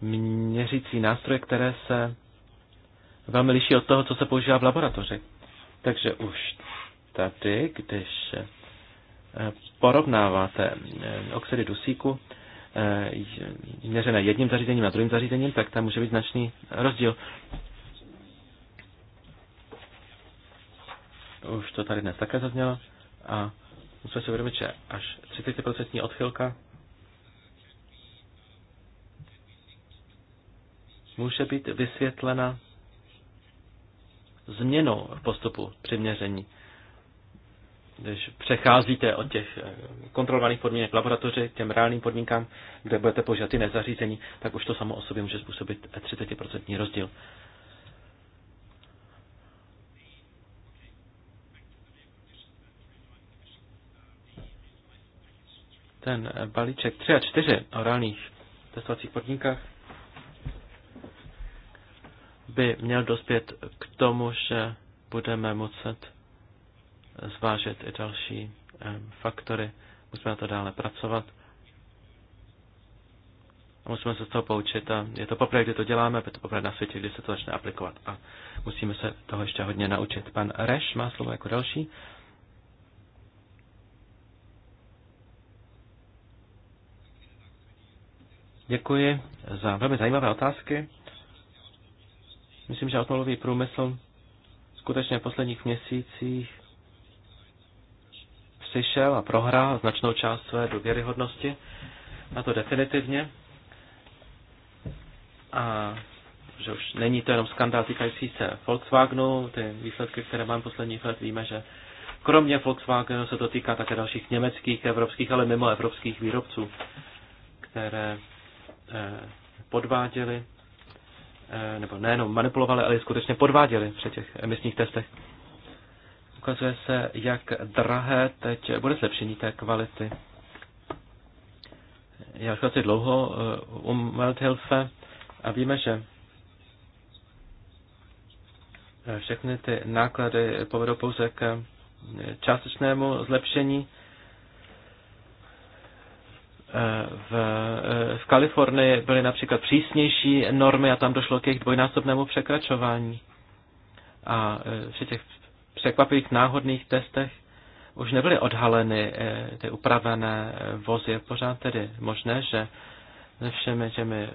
měřící nástroje, které se velmi liší od toho, co se používá v laboratoři. Takže už tady, když eh, porovnáváte eh, oxidy dusíku eh, měřené jedním zařízením a druhým zařízením, tak tam může být značný rozdíl. Už to tady dnes také zaznělo. A musíme si uvědomit, že až 30% odchylka může být vysvětlena změnou postupu přiměření. Když přecházíte od těch eh, kontrolovaných podmínek laboratoře laboratoři k těm reálným podmínkám, kde budete používat jiné zařízení, tak už to samo o sobě může způsobit 30% rozdíl. ten eh, balíček 3 a 4 o reálných testovacích podmínkách by měl dospět k tomu, že budeme muset zvážit i další eh, faktory. Musíme na to dále pracovat a musíme se z toho poučit. A je to poprvé, kdy to děláme, je to poprvé na světě, kdy se to začne aplikovat a musíme se toho ještě hodně naučit. Pan Reš má slovo jako další. Děkuji za velmi zajímavé otázky. Myslím, že automobilový průmysl skutečně v posledních měsících přišel a prohrál značnou část své důvěryhodnosti, a to definitivně. A že už není to jenom skandál týkající se Volkswagenu, ty výsledky, které mám posledních let, víme, že kromě Volkswagenu se to týká také dalších německých, evropských, ale mimo evropských výrobců, které Eh, podváděli, eh, nebo nejenom manipulovali, ale skutečně podváděli při těch emisních testech. Ukazuje se, jak drahé teď bude zlepšení té kvality. Já jsem asi dlouho eh, u Melthilfe a víme, že všechny ty náklady povedou pouze k částečnému zlepšení Eh, v, eh, v Kalifornii byly například přísnější normy a tam došlo k jejich dvojnásobnému překračování. A eh, při těch překvapivých náhodných testech už nebyly odhaleny ty upravené vozy. Je pořád tedy možné, že ze všemi těmi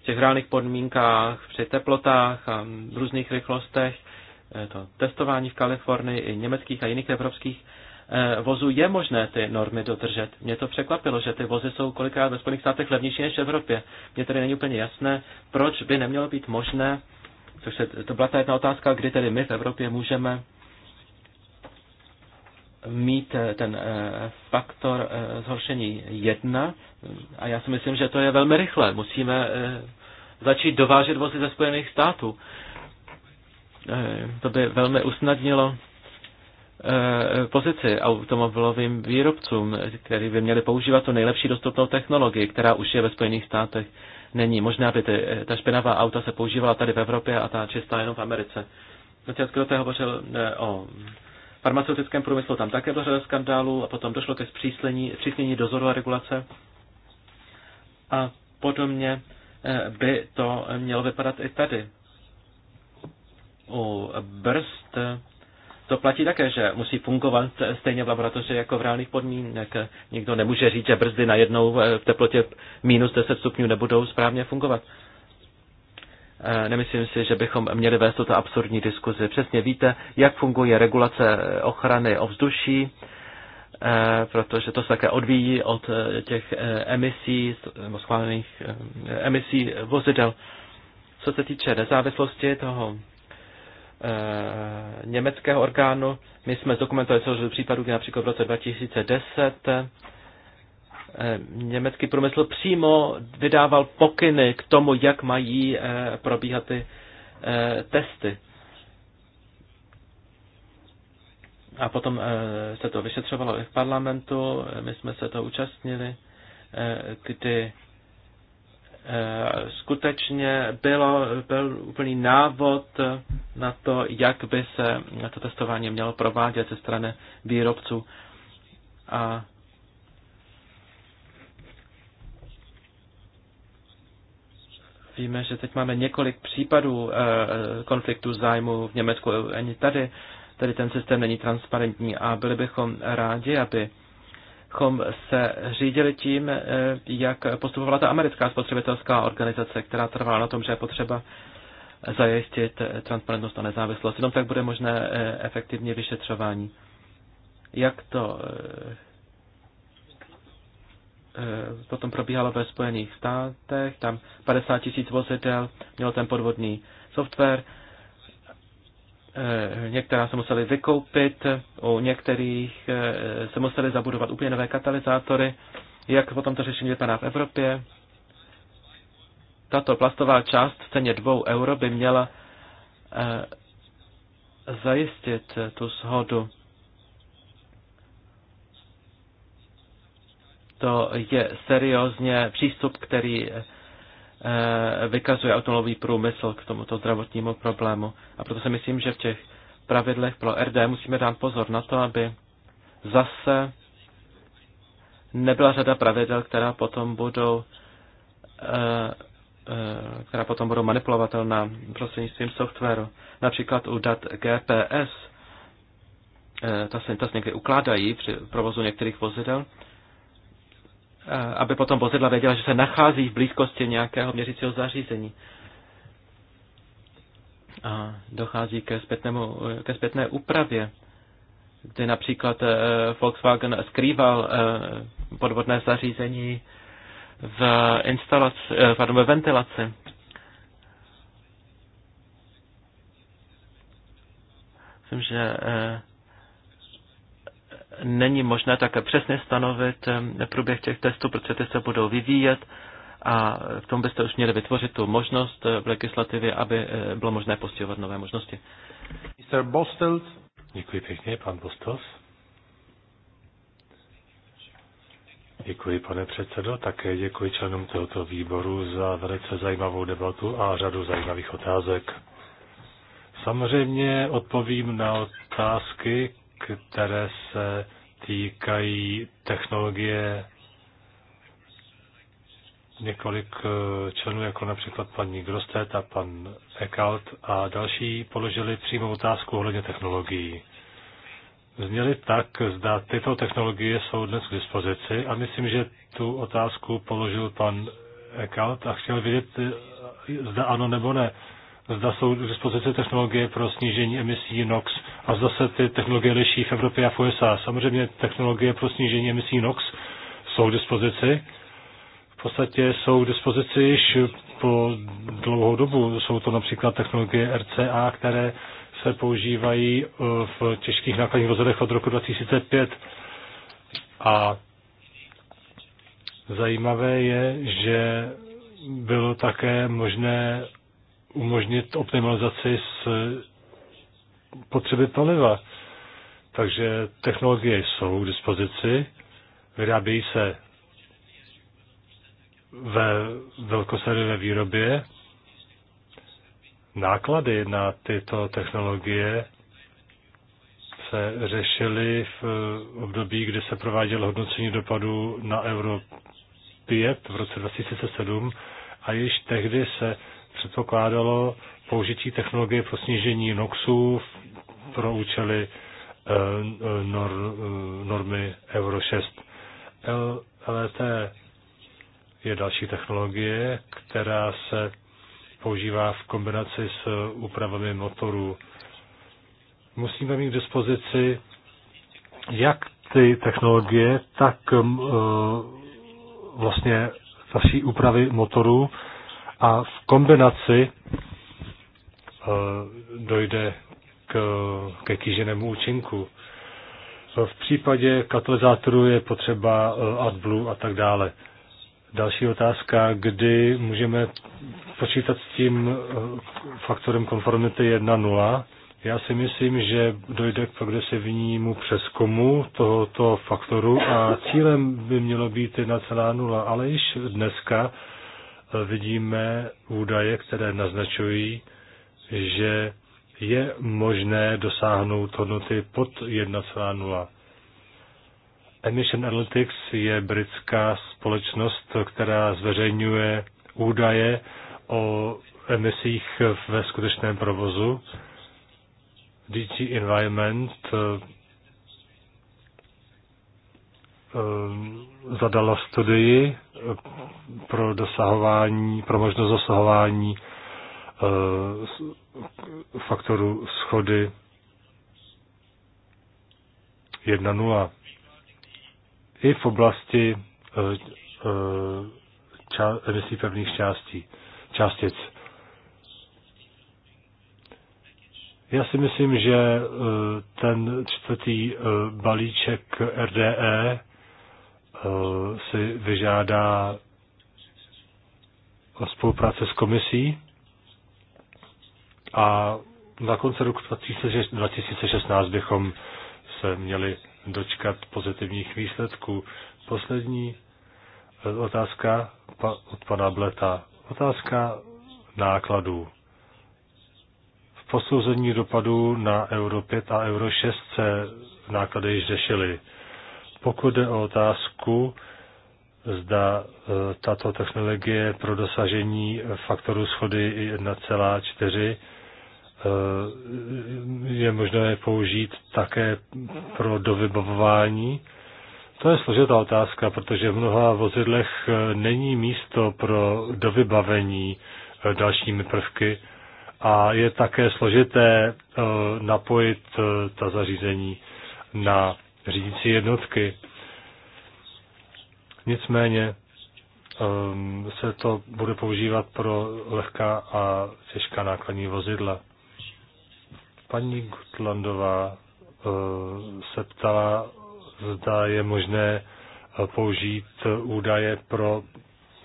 v těch reálných podmínkách, při teplotách a různých rychlostech, to testování v Kalifornii i německých a jiných evropských Eh, vozů je možné ty normy dodržet. Mě to překvapilo, že ty vozy jsou kolikrát ve Spojených státech levnější než v Evropě. Mně tedy není úplně jasné, proč by nemělo být možné, což se, to byla ta jedna otázka, kdy tedy my v Evropě můžeme mít eh, ten eh, faktor zhoršení jedna a já si myslím, že to je velmi rychle. Musíme začít dovážet vozy ze Spojených států. To by velmi usnadnilo Eh, pozici automobilovým výrobcům, který by měli používat tu nejlepší dostupnou technologii, která už je ve Spojených státech. Není možné, aby ty, eh, ta špinavá auta se používala tady v Evropě a ta čistá jenom v Americe. do Skroté hovořil eh, o farmaceutickém průmyslu, tam také bylo řada skandálů a potom došlo ke zpřísnění, zpřísnění dozoru a regulace. A podobně by to mělo vypadat i tady. U brzd to platí také, že musí fungovat stejně v laboratoři jako v reálných podmínek. Nikdo nemůže říct, že brzdy najednou v teplotě minus 10 stupňů nebudou správně fungovat. E, nemyslím si, že bychom měli vést tuto absurdní diskuzi. Přesně víte, jak funguje regulace ochrany ovzduší, e, protože to se také odvíjí od e, těch emisí, nebo schválených emisí vozidel. Co se týče nezávislosti toho Eh, německého orgánu. My jsme zdokumentovali celou řadu případů, kdy například v roce 2010 eh, německý průmysl přímo vydával pokyny k tomu, jak mají eh, probíhat ty testy. A potom se to vyšetřovalo i v parlamentu, my jsme se to účastnili, kdy Eh, skutečně bylo, byl úplný návod na to, jak by se to testování mělo provádět ze strany výrobců. A víme, že teď máme několik případů eh, konfliktu zájmu v Německu, ani tady, tady ten systém není transparentní a byli bychom rádi, aby bychom se řídili tím, eh, jak postupovala ta americká spotřebitelská organizace, která trvala na tom, že je potřeba zajistit transparentnost a nezávislost. Jenom tak bude možné eh, efektivně vyšetřování. Jak to eh, potom probíhalo ve Spojených státech, tam 50 tisíc vozidel mělo ten podvodný software, Eh, některá se museli vykoupit, u některých eh, se museli zabudovat úplně nové katalyzátory. Jak potom to řešení vypadá v Evropě? Tato plastová část v ceně dvou euro by měla eh, zajistit tu shodu. To je seriózně přístup, který Eh, vykazuje automobilový průmysl k tomuto zdravotnímu problému. A proto si myslím, že v těch pravidlech pro RD musíme dát pozor na to, aby zase nebyla řada pravidel, která potom budou eh, eh, která potom budou manipulovatelná prostřednictvím softwaru. Například u dat GPS, ta se, ta se někdy ukládají při provozu některých vozidel Eh, aby potom vozidla věděla, že se nachází v blízkosti nějakého měřícího zařízení. A dochází ke, zpětnému, eh, ke zpětné úpravě, kdy například eh, Volkswagen skrýval podvodné zařízení v instalaci, pardon, ve ventilaci. Myslím, že není možné také přesně stanovit eh, průběh těch testů, protože ty se budou vyvíjet a v tom byste už měli vytvořit tu možnost eh, v legislativě, aby eh, bylo možné postihovat nové možnosti. Mr. Bostels. Děkuji pěkně, pan Bostels. Děkuji, pane předsedo. Také děkuji členům tohoto výboru za velice zajímavou debatu a řadu zajímavých otázek. Samozřejmě odpovím na otázky, které se týkají technologie několik eh, členů, jako například paní Grostet a pan Eckhout a další, položili přímou otázku ohledně technologií. Zněli tak, zda tyto technologie jsou dnes k dispozici a myslím, že tu otázku položil pan Eckhout a chtěl vědět, eh, zda ano nebo ne zda jsou k dispozici technologie pro snížení emisí NOx a zda se ty technologie liší v Evropě a v USA. Samozřejmě technologie pro snížení emisí NOx jsou k dispozici. V podstatě jsou k dispozici již po dlouhou dobu. Jsou to například technologie RCA, které se používají e, v těžkých nákladních vozidlech od roku 2005. A zajímavé je, že bylo také možné umožnit optimalizaci s eh, potřeby paliva. Takže technologie jsou k dispozici, vyrábějí se ve velkoseriové výrobě. Náklady na tyto technologie se řešily v eh, období, kdy se prováděl hodnocení dopadu na Euro 5 v roce 2007 a již tehdy se předpokládalo použití technologie pro snížení NOXů pro účely eh, nor, eh, normy Euro 6. LET je další technologie, která se používá v kombinaci s úpravami motorů. Musíme mít k dispozici jak ty technologie, tak eh, vlastně další úpravy motorů, a v kombinaci eh, dojde k, ke kýženému účinku. V případě katalyzátoru je potřeba eh, AdBlue a tak dále. Další otázka, kdy můžeme počítat s tím eh, faktorem konformity 1.0. Já si myslím, že dojde k progresivnímu přeskumu tohoto faktoru a cílem by mělo být 1.0, ale již dneska vidíme údaje, které naznačují, že je možné dosáhnout hodnoty pod 1,0. Emission Analytics je britská společnost, která zveřejňuje údaje o emisích ve skutečném provozu. DG Environment Eh, zadala studii eh, pro dosahování, pro možnost dosahování eh, faktoru schody 1.0. I v oblasti emisí pevných částí, částic. Já si myslím, že ten čtvrtý balíček RDE Eh, si vyžádá spolupráce s komisí a na konci roku 2016 bychom se měli dočkat pozitivních výsledků. Poslední eh, otázka od pana Bleta. Otázka nákladů. V posouzení dopadů na Euro 5 a Euro 6 se náklady již řešily. Pokud jde o otázku, zda e, tato technologie pro dosažení faktoru schody 1,4 e, je možné použít také pro dovybavování. To je složitá otázka, protože v mnoha vozidlech e, není místo pro dovybavení dalšími prvky a je také složité napojit ta zařízení na řídící jednotky. Nicméně um, se to bude používat pro lehká a těžká nákladní vozidla. Paní Gutlandová uh, se ptala, zda je možné uh, použít údaje pro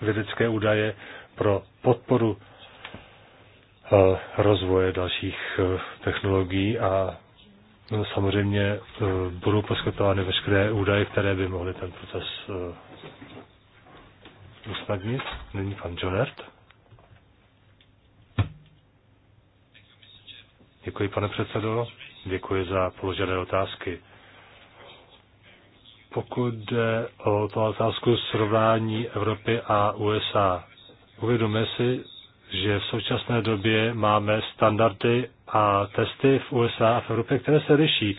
vědecké údaje pro podporu uh, rozvoje dalších technologií a No, samozřejmě eh, budou poskytovány veškeré údaje, které by mohly ten proces eh, usnadnit. Není pan Jonert. Děkuji, pane předsedo. Děkuji za položené otázky. Pokud jde o tu otázku srovnání Evropy a USA, uvědomme si, že v současné době máme standardy a testy v USA a v Evropě, které se liší.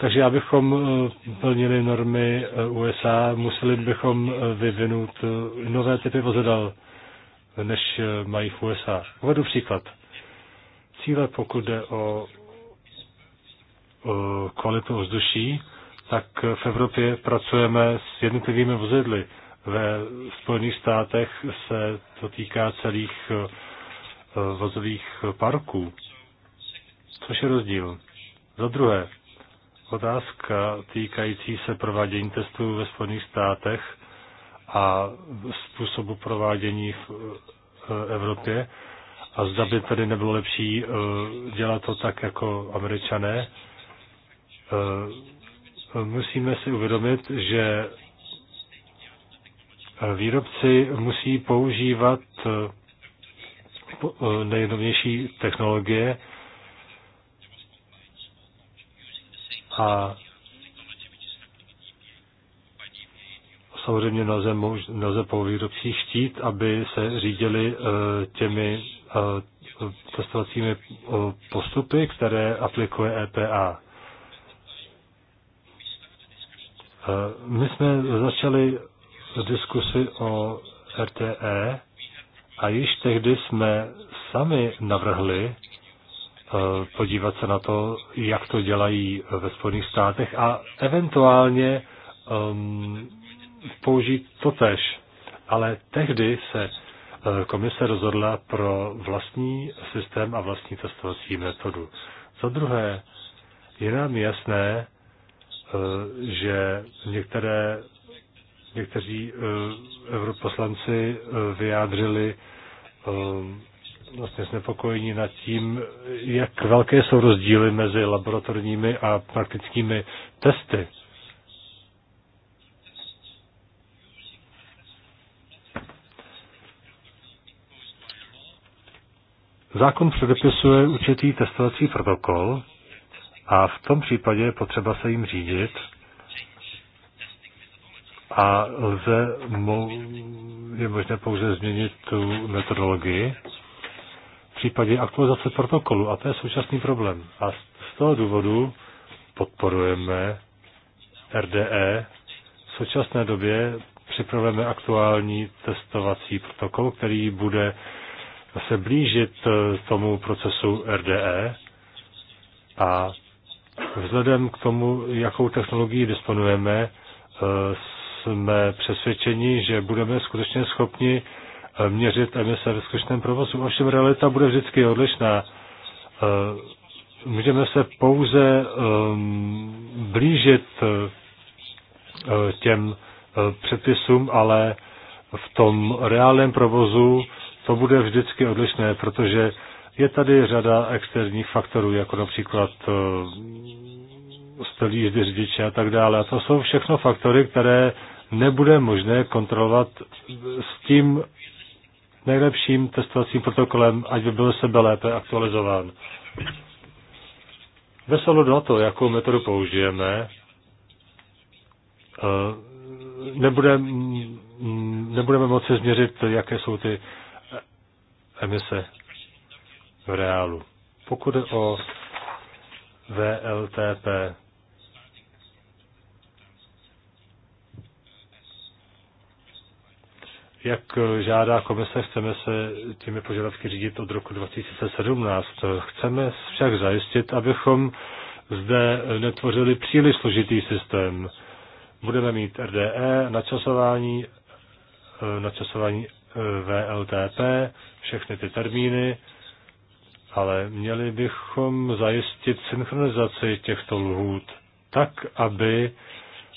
Takže abychom eh, plnili normy eh, USA, museli bychom eh, vyvinout nové typy vozidel, než mají v USA. Uvedu příklad. Cíle, pokud jde o kvalitu ovzduší, tak v Evropě pracujeme s jednotlivými vozidly. Ve Spojených státech se to týká celých eh, vozových parků. Což je rozdíl. Za druhé, otázka týkající se provádění testů ve Spojených státech a způsobu provádění v eh, Evropě. A zda by tedy nebylo lepší eh, dělat to tak jako američané. Musíme si uvědomit, že Výrobci musí používat eh, nejnovější technologie a samozřejmě nelze, nelze po výrobcích chtít, aby se řídili eh, těmi eh, testovacími postupy, které aplikuje EPA. My jsme začali diskusi o RTE a již tehdy jsme sami navrhli e, podívat se na to, jak to dělají ve Spojených státech a eventuálně použít to tež. Ale tehdy se e, komise rozhodla pro vlastní systém a vlastní testovací metodu. Za druhé, je nám jasné, e, že některé Někteří eh, europoslanci eh, vyjádřili eh, vlastně znepokojení nad tím, jak velké jsou rozdíly mezi laboratorními a praktickými testy. Zákon předepisuje určitý testovací protokol a v tom případě je potřeba se jim řídit a lze, je možné pouze změnit tu metodologii v případě aktualizace protokolu a to je současný problém. A z toho důvodu podporujeme RDE. V současné době připravujeme aktuální testovací protokol, který bude se blížit eh, tomu procesu RDE a vzhledem k tomu, jakou technologií disponujeme, eh, jsme přesvědčeni, že budeme skutečně schopni eh, měřit emise ve skutečném provozu. Ovšem realita bude vždycky odlišná. Eh, můžeme se pouze ehm, blížit eh, těm předpisům, ale v tom reálném provozu to bude vždycky odlišné, protože je tady řada externích faktorů, jako například styl jízdy řidiče a tak dále. A to jsou všechno faktory, které nebude možné kontrolovat s tím nejlepším testovacím protokolem, ať by byl sebe lépe aktualizován. Veselo do to, jakou metodu použijeme, eh, nebude, mm, nebudeme moci změřit, jaké jsou ty emise v reálu. Pokud o VLTP, Jak žádá komise, chceme se těmi požadavky řídit od roku 2017. Chceme však zajistit, abychom zde netvořili příliš složitý systém. Budeme mít RDE, načasování, načasování eh, VLTP, všechny ty termíny, ale měli bychom zajistit synchronizaci těchto lhůt tak, aby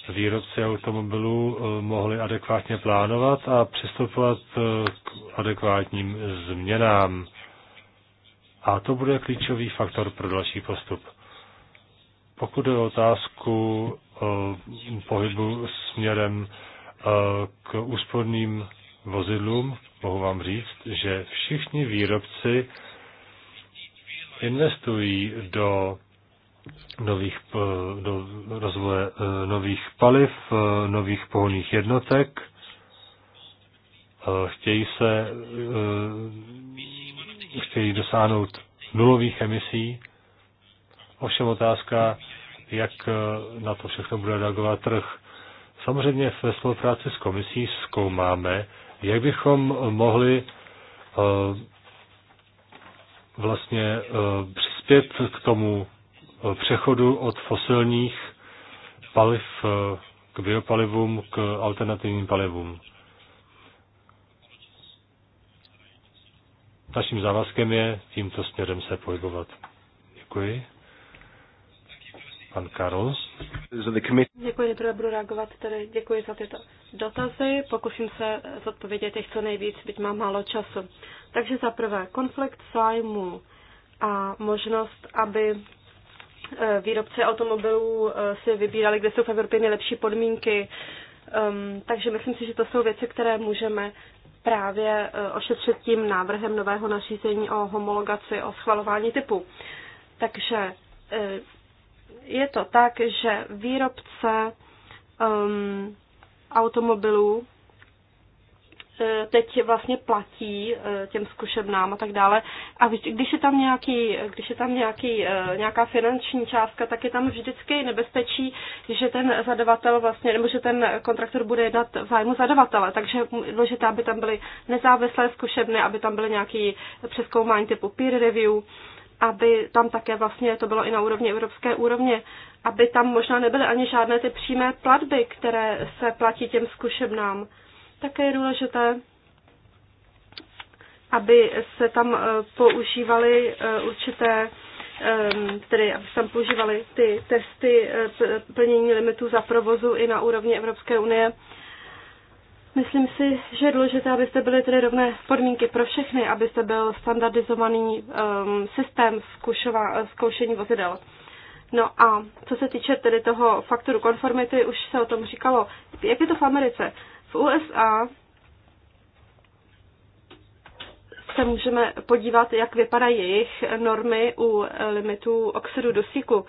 výrobci automobilů eh, mohli adekvátně plánovat a přistupovat eh, k adekvátním změnám. A to bude klíčový faktor pro další postup. Pokud je otázku eh, pohybu směrem k úsporným vozidlům, mohu vám říct, že všichni výrobci investují do nových, eh, do rozvoje eh, nových paliv, eh, nových pohonných jednotek. Chtějí se chtějí dosáhnout nulových emisí. Ovšem otázka, jak na to všechno bude reagovat trh. Samozřejmě ve spolupráci s komisí zkoumáme, jak bychom mohli vlastně přispět k tomu přechodu od fosilních paliv eh, k biopalivům, k alternativním palivům. Naším závazkem je tímto směrem se pohybovat. Děkuji. Pan Karol. Děkuji, nejprve budu reagovat Tady. Děkuji za tyto dotazy. Pokusím se zodpovědět těch, co nejvíc, byť mám málo času. Takže za prvé, konflikt zájmu a možnost, aby Eh, výrobce automobilů eh, si vybírali, kde jsou v Evropě nejlepší podmínky. Ehm, takže myslím si, že to jsou věci, které můžeme právě eh, ošetřit tím návrhem nového nařízení o homologaci, o schvalování typu. Takže je to tak, že výrobce um, automobilů E, teď vlastně platí e, těm zkušebnám a tak dále. A když je tam, nějaký, když je tam nějaký, e, nějaká finanční částka, tak je tam vždycky nebezpečí, že ten zadavatel vlastně, nebo že ten kontraktor bude jednat v zájmu zadavatele. Takže důležité, aby tam byly nezávislé zkušebny, aby tam byly nějaké přeskoumání typu peer review, aby tam také vlastně to bylo i na úrovni evropské úrovně, aby tam možná nebyly ani žádné ty přímé platby, které se platí těm zkušebnám. Také je důležité, aby se tam eh, používaly eh, určité ehm, tedy aby se tam používaly ty testy eh, plnění limitů za provozu i na úrovni Evropské unie. Myslím si, že je důležité, abyste byly tedy rovné podmínky pro všechny, abyste byl standardizovaný um, systém zkušova, zkoušení vozidel. No a co se týče tedy toho faktoru konformity, už se o tom říkalo, jak je to v Americe? V USA se můžeme podívat, jak vypadají jejich normy u limitů oxidu dusíku.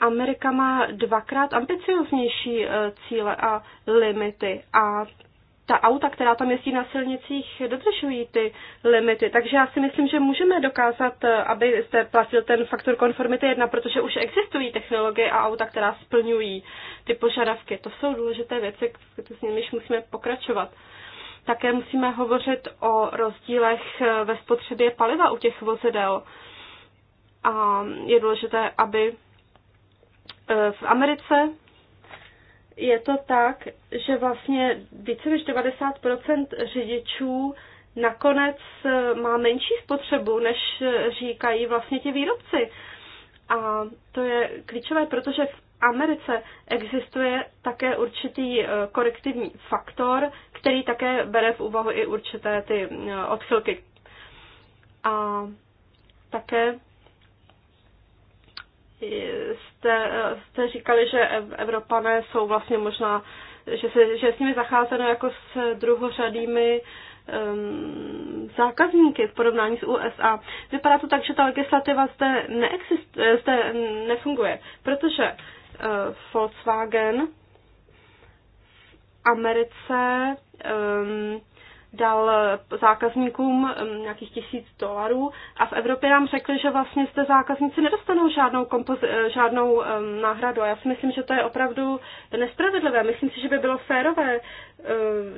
Amerika má dvakrát ambicioznější eh, cíle a limity a ta auta, která tam jezdí na silnicích, dodržují ty limity. Takže já si myslím, že můžeme dokázat, eh, aby jste platil ten faktor konformity jedna, protože už existují technologie a auta, která splňují ty požadavky. To jsou důležité věci, s nimiž musíme pokračovat. Také musíme hovořit o rozdílech eh, ve spotřebě paliva u těch vozidel. A je důležité, aby eh, v Americe je to tak, že vlastně více než 90% řidičů nakonec eh, má menší spotřebu, než eh, říkají vlastně ti výrobci. A to je klíčové, protože v Americe existuje také určitý eh, korektivní faktor, který také bere v úvahu i určité ty odchylky. A také jste, jste říkali, že Evropané jsou vlastně možná, že, se, že s nimi zacházeno jako s druhořadými um, zákazníky v porovnání s USA. Vypadá to tak, že ta legislativa zde, neexist, zde nefunguje, protože uh, Volkswagen v Americe um, dal zákazníkům mm, nějakých tisíc dolarů a v Evropě nám řekli, že vlastně zde zákazníci nedostanou žádnou, kompoz- eh, žádnou um, náhradu. A já si myslím, že to je opravdu nespravedlivé. Myslím si, že by bylo férové uh,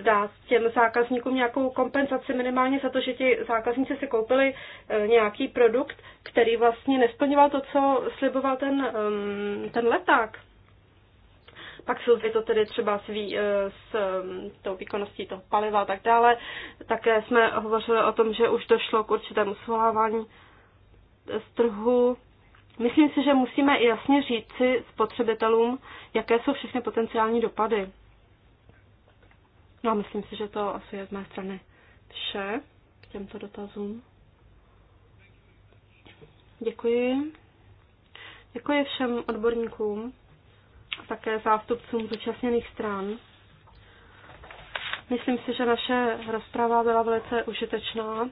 dát těm zákazníkům nějakou kompenzaci minimálně za to, že ti zákazníci si koupili uh, nějaký produkt, který vlastně nesplňoval to, co sliboval ten, um, ten leták. Pak souvisí to tedy třeba s, vý, eh, s eh, tou výkonností toho paliva a tak dále. Také jsme hovořili o tom, že už došlo k určitému svolávání eh, z trhu. Myslím si, že musíme jasně říct si spotřebitelům, jaké jsou všechny potenciální dopady. No a myslím si, že to asi je z mé strany vše k těmto dotazům. Děkuji. Děkuji všem odborníkům a také zástupcům zúčastněných stran. Myslím si, že naše rozprava byla velice užitečná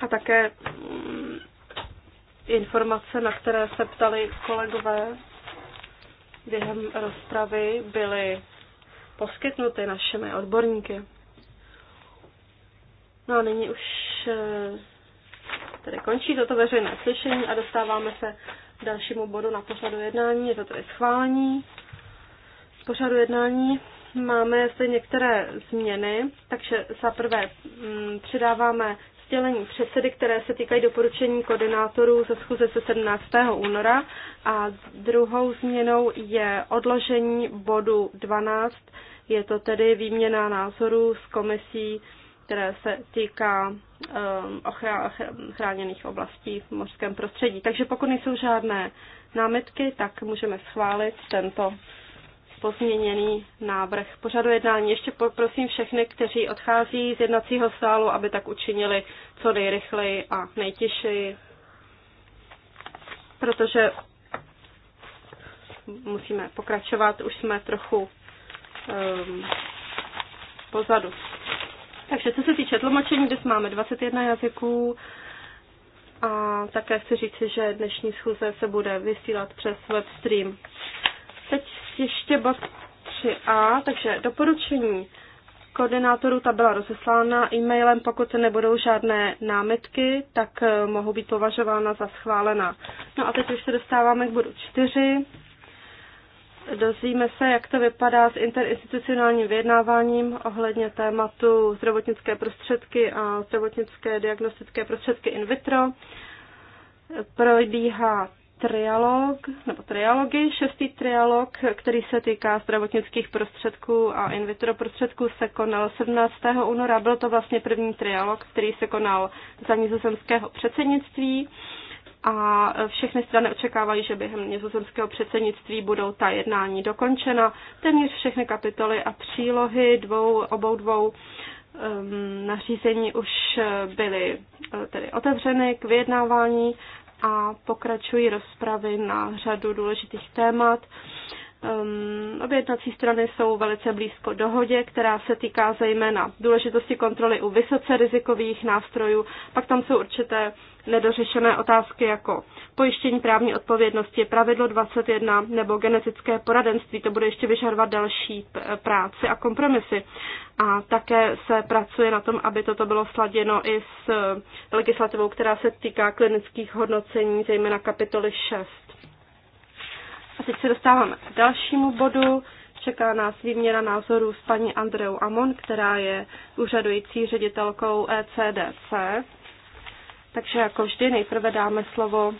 a také mm, informace, na které se ptali kolegové během rozpravy, byly poskytnuty našimi odborníky. No a nyní už eh, tedy končí toto veřejné slyšení a dostáváme se dalšímu bodu na pořadu jednání, je to tedy schválení. Z pořadu jednání máme zde některé změny, takže za prvé mm, přidáváme sdělení předsedy, které se týkají doporučení koordinátorů ze schůze ze 17. února a druhou změnou je odložení bodu 12, je to tedy výměna názorů s komisí které se týká ehm, chráněných oblastí v mořském prostředí. Takže pokud nejsou žádné námitky, tak můžeme schválit tento pozměněný návrh pořadu jednání. Ještě poprosím všechny, kteří odchází z jednacího sálu, aby tak učinili co nejrychleji a nejtěžší, protože musíme pokračovat, už jsme trochu um, pozadu. Takže co se týče tlumočení, dnes máme 21 jazyků a také chci říci, že dnešní schůze se bude vysílat přes webstream. Teď ještě bod 3a, takže doporučení koordinátorů ta byla rozeslána e-mailem. Pokud nebudou žádné námitky, tak eh, mohou být považována za schválená. No a teď už se dostáváme k bodu 4. Dozvíme se, jak to vypadá s interinstitucionálním vyjednáváním ohledně tématu zdravotnické prostředky a zdravotnické diagnostické prostředky in vitro. Probíhá trialog, nebo trialogy, šestý trialog, který se týká zdravotnických prostředků a in vitro prostředků, se konal 17. února. Byl to vlastně první trialog, který se konal za nizozemského předsednictví a všechny strany očekávají, že během nizozemského předsednictví budou ta jednání dokončena. Téměř všechny kapitoly a přílohy dvou, obou dvou um, nařízení už eh, byly eh, tedy otevřeny k vyjednávání a pokračují rozpravy na řadu důležitých témat. Um, obě jednací strany jsou velice blízko dohodě, která se týká zejména důležitosti kontroly u vysoce rizikových nástrojů. Pak tam jsou určité nedořešené otázky jako pojištění právní odpovědnosti, pravidlo 21 nebo genetické poradenství. To bude ještě vyžadovat další práci a kompromisy. A také se pracuje na tom, aby toto bylo sladěno i s eh, legislativou, která se týká klinických hodnocení, zejména kapitoly 6. A teď se dostáváme k dalšímu bodu. Čeká nás výměna názorů s paní Andreou Amon, která je úřadující ředitelkou ECDC. Takže jako vždy nejprve dáme slovo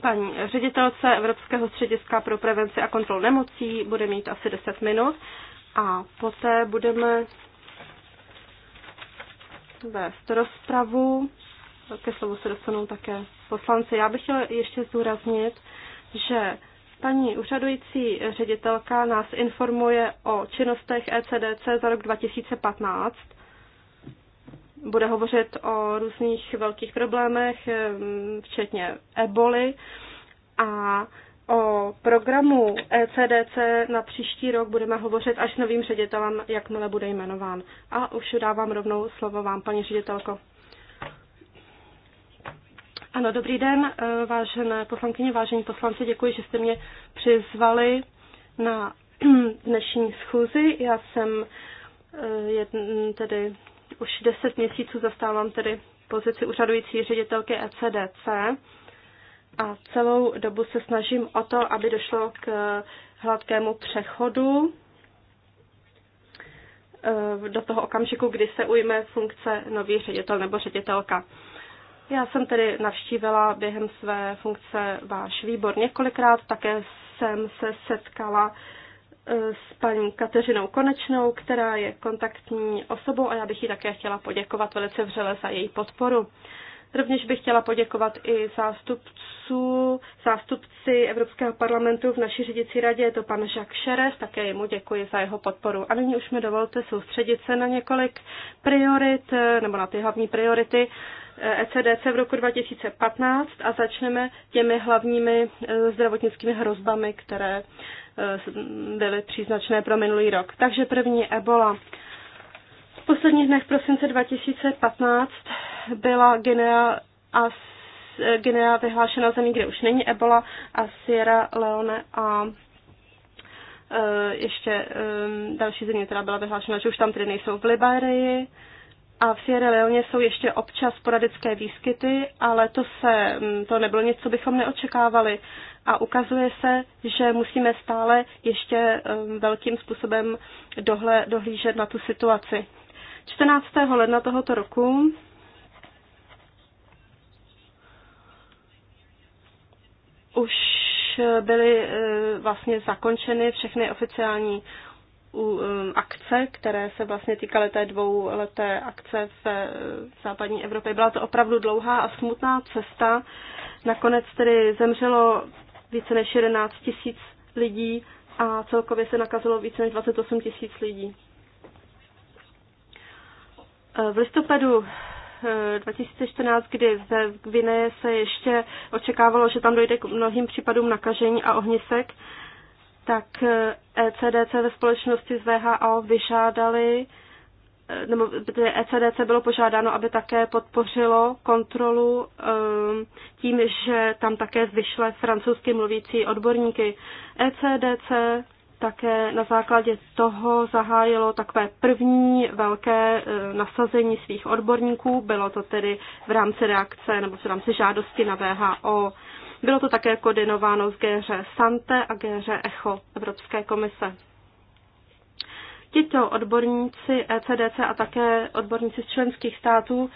paní ředitelce Evropského střediska pro prevenci a kontrolu nemocí, bude mít asi 10 minut a poté budeme vést rozpravu. Ke slovu se dostanou také poslanci. Já bych chtěla ještě zdůraznit, že paní úřadující ředitelka nás informuje o činnostech ECDC za rok 2015 bude hovořit o různých velkých problémech, včetně eboli a o programu ECDC na příští rok budeme hovořit až s novým ředitelem, jakmile bude jmenován. A už dávám rovnou slovo vám, paní ředitelko. Ano, dobrý den, eh, vážené poslankyně, vážení poslanci, děkuji, že jste mě přizvali na *clears throat* dnešní schůzi. Já jsem eh, jedn, tedy už deset měsíců zastávám tedy pozici úřadující ředitelky ECDC a celou dobu se snažím o to, aby došlo k hladkému přechodu eh, do toho okamžiku, kdy se ujme funkce nový ředitel nebo ředitelka. Já jsem tedy navštívila během své funkce váš výbor několikrát, také jsem se setkala s paní Kateřinou Konečnou, která je kontaktní osobou a já bych jí také chtěla poděkovat velice vřele za její podporu. Rovněž bych chtěla poděkovat i zástupců, zástupci Evropského parlamentu v naší řídící radě, je to pan Jacques Šerez, také jemu děkuji za jeho podporu. A nyní už mi dovolte soustředit se na několik priorit, eh, nebo na ty hlavní priority ECDC eh, e v roku 2015 a začneme těmi hlavními eh, zdravotnickými hrozbami, které byly příznačné pro minulý rok. Takže první ebola posledních dnech prosince 2015 byla Guinea a Guinea vyhlášena zemí, kde už není Ebola a Sierra Leone a e, ještě e, další země, která byla vyhlášena, že už tam tedy nejsou v Liberii a v Sierra Leone jsou ještě občas sporadické výskyty, ale to, se, to nebylo nic, co bychom neočekávali. A ukazuje se, že musíme stále ještě e, velkým způsobem dohle, dohlížet na tu situaci. 14. ledna tohoto roku už byly eh, vlastně zakončeny všechny oficiální eh, akce, které se vlastně týkaly té dvouleté akce eh, v západní Evropě. Byla to opravdu dlouhá a smutná cesta. Nakonec tedy zemřelo více než 11 tisíc lidí a celkově se nakazilo více než 28 tisíc lidí. Eh, v listopadu 2014, eh, kdy ve Gvineje se ještě očekávalo, že tam dojde k mnohým případům nakažení a ohnisek, tak ECDC eh, e ve společnosti s VHO vyžádali, nebo ECDC e bylo požádáno, aby také podpořilo kontrolu ehm, tím, že tam také vyšle francouzsky mluvící odborníky. ECDC také na základě toho zahájilo takové první velké e, nasazení svých odborníků. Bylo to tedy v rámci reakce nebo v rámci žádosti na VHO. Bylo to také koordinováno s géře Sante a géře ECHO Evropské komise. Tito odborníci ECDC a také odborníci z členských států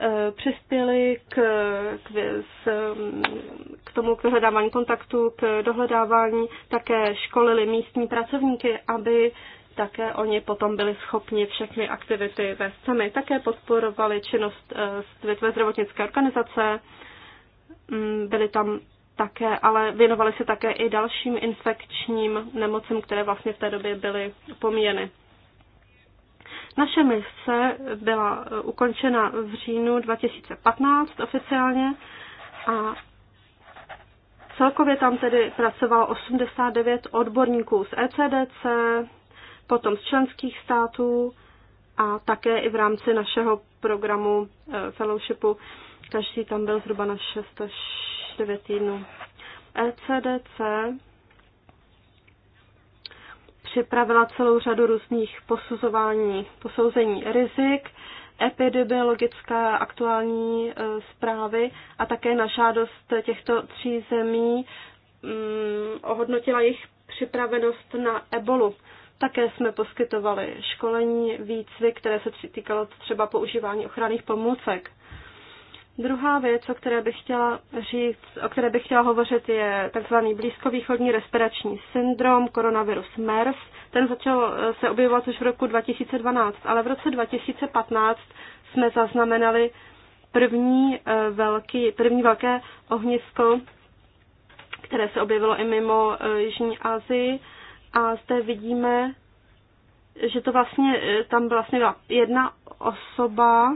Eh, přispěli k, k, mm, k tomu k vyhledávání kontaktu, k dohledávání, také školili místní pracovníky, aby také oni potom byli schopni všechny aktivity vést sami. Také podporovali činnost eh, Světové zdravotnické organizace, mm, byli tam také, ale věnovali se také i dalším infekčním nemocem, které vlastně v té době byly pomíjeny. Naše mise byla eh, ukončena v říjnu 2015 oficiálně a celkově tam tedy pracovalo 89 odborníků z ECDC, potom z členských států a také i v rámci našeho programu eh, fellowshipu. Každý tam byl zhruba na 6 až 9 týdnů. ECDC připravila celou řadu různých posuzování, posouzení rizik, epidemiologická aktuální e, zprávy a také na žádost těchto tří zemí mm, ohodnotila jejich připravenost na ebolu. Také jsme poskytovali školení, výcvik, které se týkalo třeba používání ochranných pomůcek. Druhá věc, o které bych chtěla říct, o které bych chtěla hovořit, je takzvaný blízkovýchodní respirační syndrom, koronavirus MERS. Ten začal eh, se objevovat už v roku 2012, ale v roce 2015 jsme zaznamenali první, eh, velký, první velké ohnisko, které se objevilo i mimo eh, Jižní Asii. A zde vidíme, že to vlastně, tam vlastně byla jedna osoba,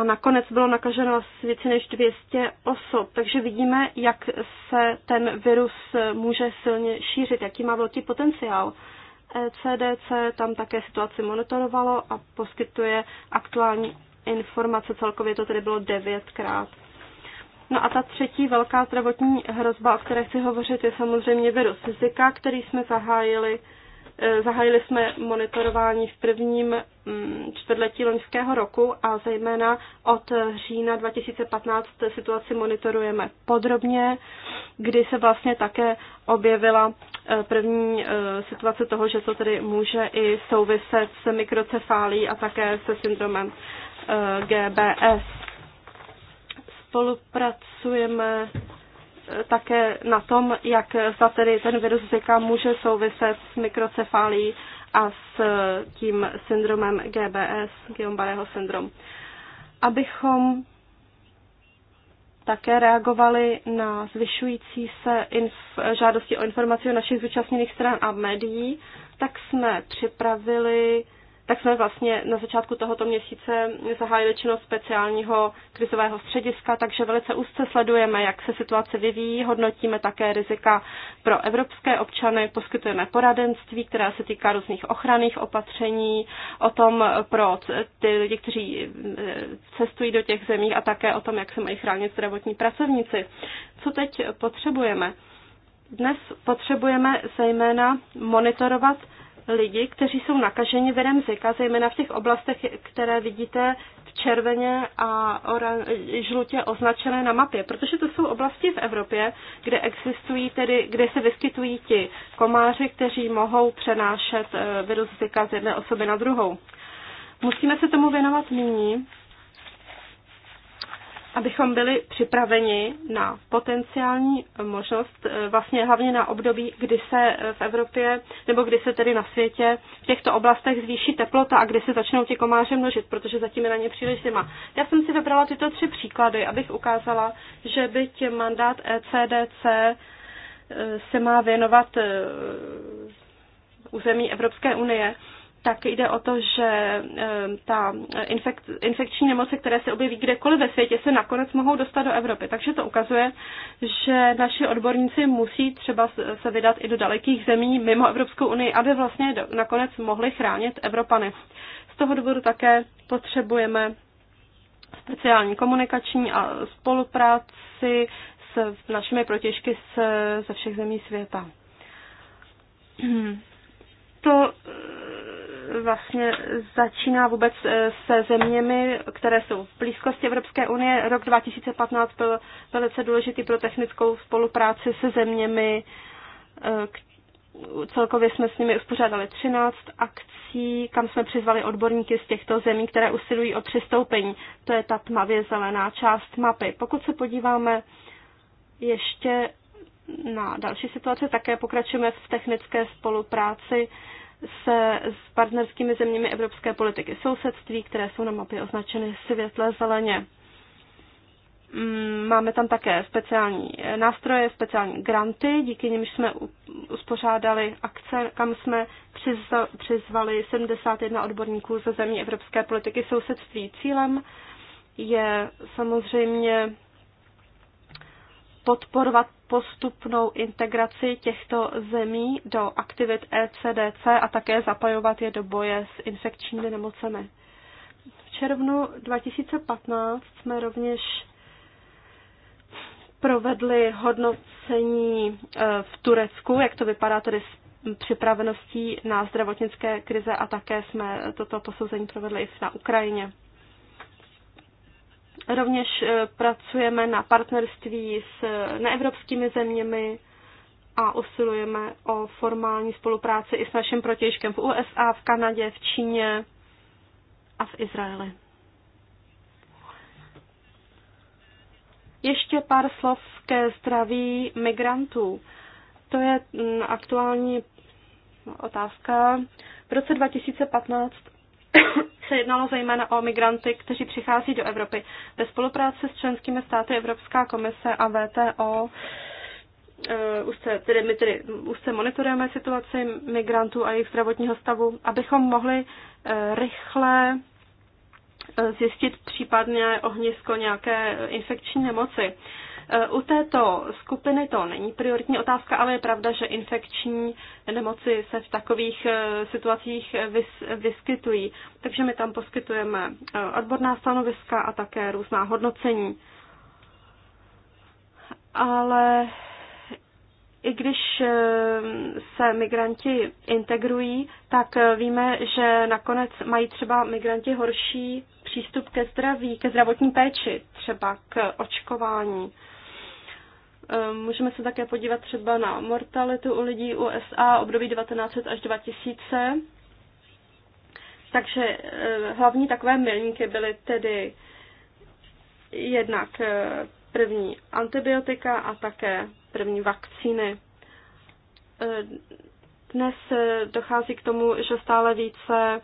a nakonec bylo nakaženo asi více než 200 osob. Takže vidíme, jak se ten virus může silně šířit, jaký má velký potenciál. CDC e tam také situaci monitorovalo a poskytuje aktuální informace. Celkově to tedy bylo devětkrát. No a ta třetí velká zdravotní hrozba, o které chci hovořit, je samozřejmě virus Zika, který jsme zahájili Eh, zahájili jsme monitorování v prvním mm, čtvrtletí loňského roku a zejména od října 2015 situaci monitorujeme podrobně, kdy se vlastně také objevila eh, první eh, situace toho, že to tedy může i souviset s mikrocefálí a také se syndromem GBS. Spolupracujeme také na tom, jak za tedy ten virus Zika může souviset s mikrocefálí a s tím syndromem GBS, guillain barreho syndrom. Abychom také reagovali na zvyšující se inf- žádosti o informaci o našich zúčastněných stran a médií, tak jsme připravili tak jsme vlastně na začátku tohoto měsíce zahájili činnost speciálního krizového střediska, takže velice úzce sledujeme, jak se situace vyvíjí, hodnotíme také rizika pro evropské občany, poskytujeme poradenství, které se týká různých ochranných opatření, o tom pro ty lidi, kteří eh, cestují do těch zemí a také o tom, jak se mají chránit zdravotní pracovníci. Co teď potřebujeme? Dnes potřebujeme zejména monitorovat lidi, kteří jsou nakaženi virem Zika, zejména v těch oblastech, které vidíte v červeně a oran, žlutě označené na mapě, protože to jsou oblasti v Evropě, kde existují tedy, kde se vyskytují ti komáři, kteří mohou přenášet eh, virus Zika z jedné osoby na druhou. Musíme se tomu věnovat nyní, abychom byli připraveni na potenciální možnost, eh, vlastně hlavně na období, kdy se eh, v Evropě nebo kdy se tedy na světě v těchto oblastech zvýší teplota a kdy se začnou ti komáře množit, protože zatím je na ně příliš zima. Já jsem si vybrala tyto tři příklady, abych ukázala, že byť mandát ECDC eh, se má věnovat území Evropské unie, tak jde o to, že eh, ta infek, infekční nemoce, které se objeví kdekoliv ve světě, se nakonec mohou dostat do Evropy. Takže to ukazuje, že naši odborníci musí třeba se vydat i do dalekých zemí mimo Evropskou unii, aby vlastně nakonec mohli chránit Evropany. Z toho důvodu také potřebujeme speciální komunikační a spolupráci s našimi protěžky z, ze všech zemí světa. *clears throat* To vlastně začíná vůbec eh, se zeměmi, které jsou v blízkosti Evropské unie. Rok 2015 byl velice důležitý pro technickou spolupráci se zeměmi. Eh, celkově jsme s nimi uspořádali 13 akcí, kam jsme přizvali odborníky z těchto zemí, které usilují o přistoupení. To je ta tmavě zelená část mapy. Pokud se podíváme ještě na další situace, také pokračujeme v technické spolupráci se s partnerskými zeměmi evropské politiky sousedství, které jsou na mapě označeny světle zeleně. Mm, máme tam také speciální nástroje, speciální granty, díky nimž jsme uspořádali akce, kam jsme přizvali 71 odborníků ze zemí evropské politiky sousedství. Cílem je samozřejmě podporovat postupnou integraci těchto zemí do aktivit ECDC a také zapojovat je do boje s infekčními nemocemi. V červnu 2015 jsme rovněž provedli hodnocení e, v Turecku, jak to vypadá tedy s připraveností na zdravotnické krize a také jsme toto posouzení provedli i na Ukrajině. Rovněž eh, pracujeme na partnerství s eh, neevropskými zeměmi a usilujeme o formální spolupráci i s naším protějškem v USA, v Kanadě, v Číně a v Izraeli. Ještě pár slov ke zdraví migrantů. To je mm, aktuální otázka. V roce 2015 se jednalo zejména o migranty, kteří přichází do Evropy. Ve spolupráci s členskými státy Evropská komise a VTO Uh, eh, už se, tedy my tedy už se monitorujeme situaci migrantů a jejich zdravotního stavu, abychom mohli uh, rychle eh, zjistit případně ohnisko nějaké infekční nemoci. Uh, Eh, u této skupiny to není prioritní otázka, ale je pravda, že infekční nemoci se v takových eh, situacích vyskytují. Takže my tam poskytujeme eh, odborná stanoviska a také různá hodnocení. Ale i když se migranti integrují, tak víme, že nakonec mají třeba migranti horší přístup ke zdraví, ke zdravotní péči, třeba k očkování. Ehm, můžeme se také podívat třeba na mortalitu u lidí USA období 1900 až 2000. Takže ehm, hlavní takové milníky byly tedy jednak ehm, první antibiotika a také první vakcíny. Dnes dochází k tomu, že stále více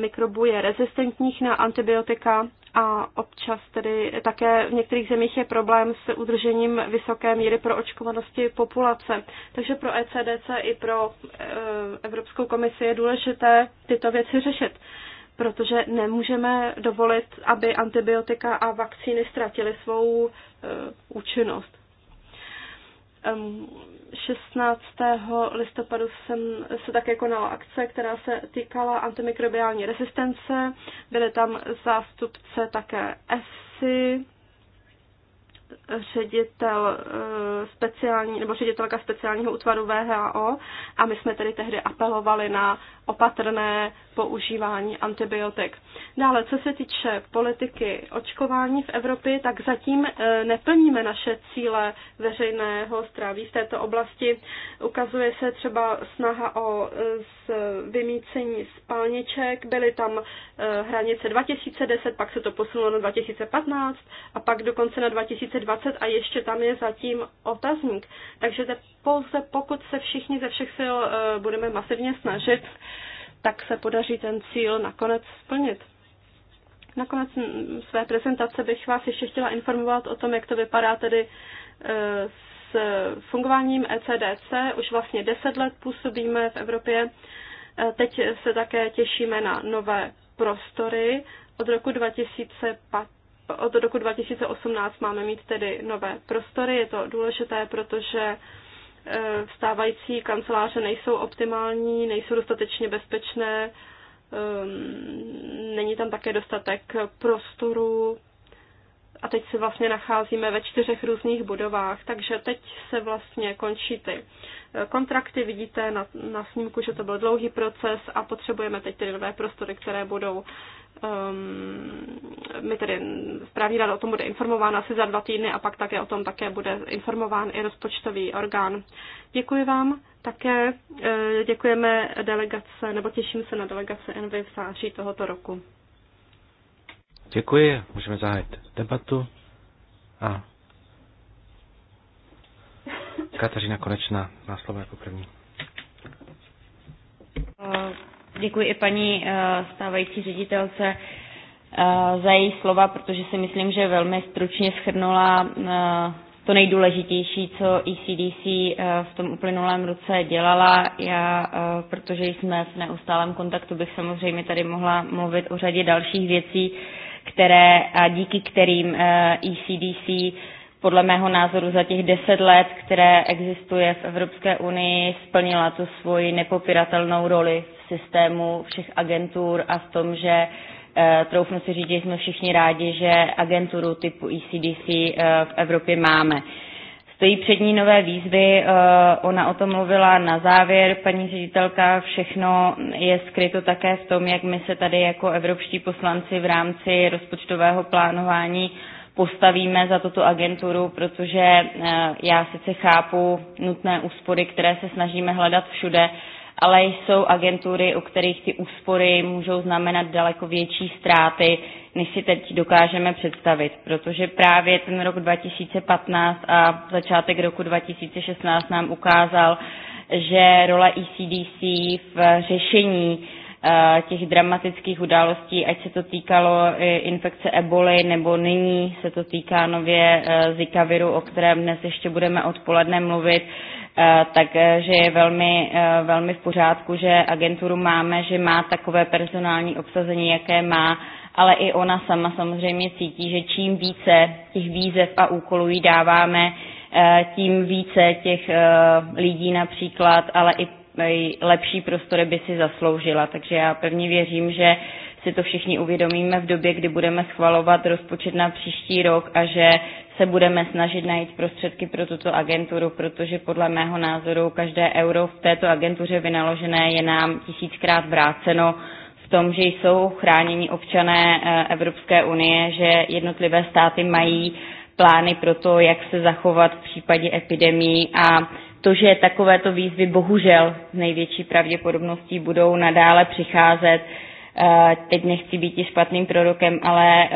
mikrobů je rezistentních na antibiotika a občas tedy také v některých zemích je problém s udržením vysoké míry pro očkovanosti populace. Takže pro ECDC i pro e, Evropskou komisi je důležité tyto věci řešit, protože nemůžeme dovolit, aby antibiotika a vakcíny ztratily svou e, účinnost. 16. listopadu jsem se také jako konala akce, která se týkala antimikrobiální rezistence. Byly tam zástupce také ESI, ředitel eh, speciální, nebo ředitelka speciálního útvaru VHO a my jsme tedy tehdy apelovali na opatrné používání antibiotik. Dále, co se týče politiky očkování v Evropě, tak zatím eh, neplníme naše cíle veřejného zdraví v této oblasti. Ukazuje se třeba snaha o eh, vymícení spalniček. byly tam eh, hranice 2010, pak se to posunulo na 2015 a pak dokonce na 2020 a ještě tam je zatím otazník. Takže pouze pokud se všichni ze všech sil budeme masivně snažit, tak se podaří ten cíl nakonec splnit. Nakonec své prezentace bych vás ještě chtěla informovat o tom, jak to vypadá tedy e, s fungováním ECDC. Už vlastně 10 let působíme v Evropě. E, teď se také těšíme na nové prostory. Od roku 2015 od roku 2018 máme mít tedy nové prostory. Je to důležité, protože Eh, vstávající kanceláře nejsou optimální, nejsou dostatečně bezpečné, ehm, není tam také dostatek prostoru a teď se vlastně nacházíme ve čtyřech různých budovách, takže teď se vlastně končí ty eh, kontrakty. Vidíte na, na snímku, že to byl dlouhý proces a potřebujeme teď ty nové prostory, které budou. Um, my tedy správní rada o tom bude informována asi za dva týdny a pak také o tom také bude informován i rozpočtový orgán. Děkuji vám také, eh, děkujeme delegace, nebo těším se na delegace NV v září tohoto roku. Děkuji, můžeme zahájit debatu. A Kateřina Konečná má slovo jako první. Eh, děkuji i paní eh, stávající ředitelce eh, za její slova, protože si myslím, že velmi stručně schrnula to nejdůležitější, co ECDC v tom uplynulém roce dělala. Já, protože jsme v neustálém kontaktu, bych samozřejmě tady mohla mluvit o řadě dalších věcí, které a díky kterým ECDC eh, e podle mého názoru za těch deset let, které existuje v Evropské unii, splnila tu svoji nepopiratelnou roli v systému všech agentur a v tom, že eh, troufnu si říct, že jsme všichni rádi, že agenturu typu ECDC eh, v Evropě máme. Stojí před ní nové výzvy, eh, ona o tom mluvila na závěr, paní ředitelka, všechno je skryto také v tom, jak my se tady jako evropští poslanci v rámci rozpočtového plánování postavíme za tuto agenturu, protože eh, já sice chápu nutné úspory, které se snažíme hledat všude, ale jsou agentury, u kterých ty úspory můžou znamenat daleko větší ztráty, než si teď dokážeme představit, protože právě ten rok 2015 a začátek roku 2016 nám ukázal, že role ECDC v řešení Eh, těch dramatických událostí, ať se to týkalo infekce eboly, nebo nyní se to týká nově eh, Zika viru, o kterém dnes ještě budeme odpoledne mluvit, eh, takže je velmi, velmi v pořádku, že agenturu máme, že má takové personální obsazení, jaké má, ale i ona sama samozřejmě cítí, že čím více těch výzev a úkolů jí dáváme, tím více těch lidí například, ale i lepší prostory by si zasloužila. Takže já pevně věřím, že si to všichni uvědomíme v době, kdy budeme schvalovat rozpočet na příští rok a že se budeme snažit najít prostředky pro tuto agenturu, protože podle mého názoru každé euro v této agentuře vynaložené je nám tisíckrát vráceno v tom, že jsou chráněni občané eh, Evropské unie, že jednotlivé státy mají plány pro to, jak se zachovat v případě epidemii a to, že takovéto výzvy bohužel s největší pravděpodobností budou nadále přicházet. Eh, teď nechci být i špatným prorokem, ale eh,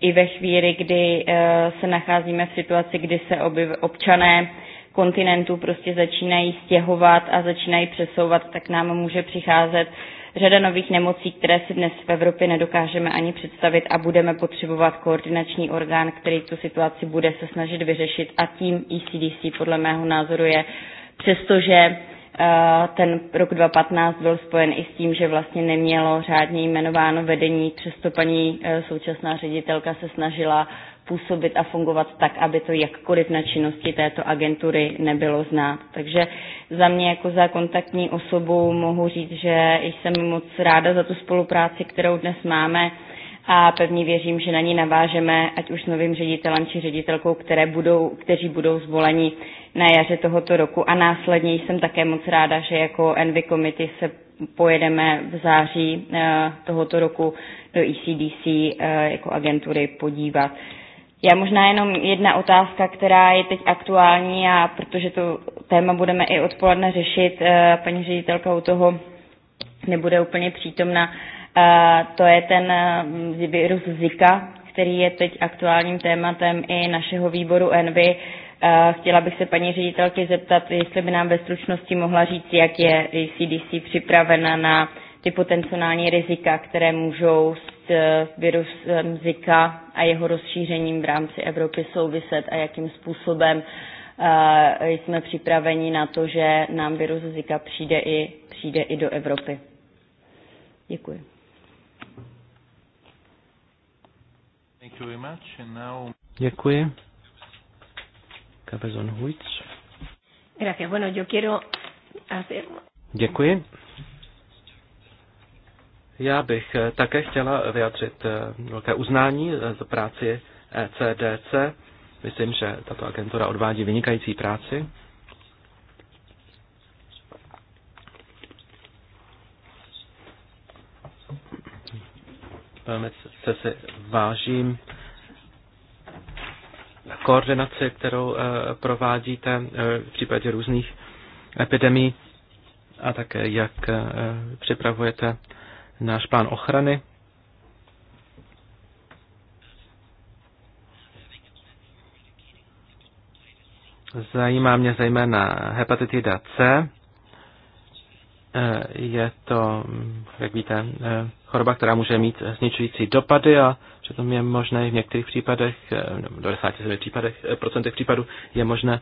i ve chvíli, kdy eh, se nacházíme v situaci, kdy se občané kontinentu prostě začínají stěhovat a začínají přesouvat, tak nám může přicházet uh, řada nových nemocí, které si dnes v Evropě nedokážeme ani představit a budeme potřebovat koordinační orgán, který tu situaci bude se snažit vyřešit a tím ECDC podle mého názoru je, přestože eh, ten rok 2015 byl spojen i s tím, že vlastně nemělo řádně jmenováno vedení, přesto paní eh, současná ředitelka se snažila uh, působit a fungovat tak, aby to jakkoliv na činnosti této agentury nebylo znát. Takže za mě jako za kontaktní osobu mohu říct, že jsem moc ráda za tu spolupráci, kterou dnes máme a pevně věřím, že na ní navážeme, ať už s novým ředitelem či ředitelkou, které budou, kteří budou zvoleni na jaře tohoto roku. A následně jsem také moc ráda, že jako Envy Committee se pojedeme v září eh, tohoto roku do ECDC eh, jako agentury podívat. Já možná jenom jedna otázka, která je teď aktuální a protože to téma budeme i odpoledne řešit, eh, paní ředitelka u toho nebude úplně přítomna, eh, to je ten eh, virus Zika, který je teď aktuálním tématem i našeho výboru Envy. Chtěla bych se paní ředitelky zeptat, jestli by nám ve stručnosti mohla říct, jak je CDC připravena na ty potenciální rizika, které můžou s virusem Zika a jeho rozšířením v rámci Evropy souviset a jakým způsobem eh, jsme připraveni na to, že nám virus Zika přijde i, přijde i do Evropy. Děkuji. Děkuji. Cabezon Huiz. Gracias. Bueno, yo quiero hacer... Děkuji. Já bych eh, také chtěla vyjádřit eh, velké uznání eh, za práci ECDC. Myslím, že tato agentura odvádí vynikající práci. Velmi se si vážím koordinaci, kterou provádíte v případě různých epidemí a také jak připravujete náš plán ochrany. Zajímá mě zejména hepatitida C. Eh, je to, jak víte, eh, choroba, která může mít zničující dopady a přitom je možné v některých případech, eh, v 97 případech, procentech případů je možné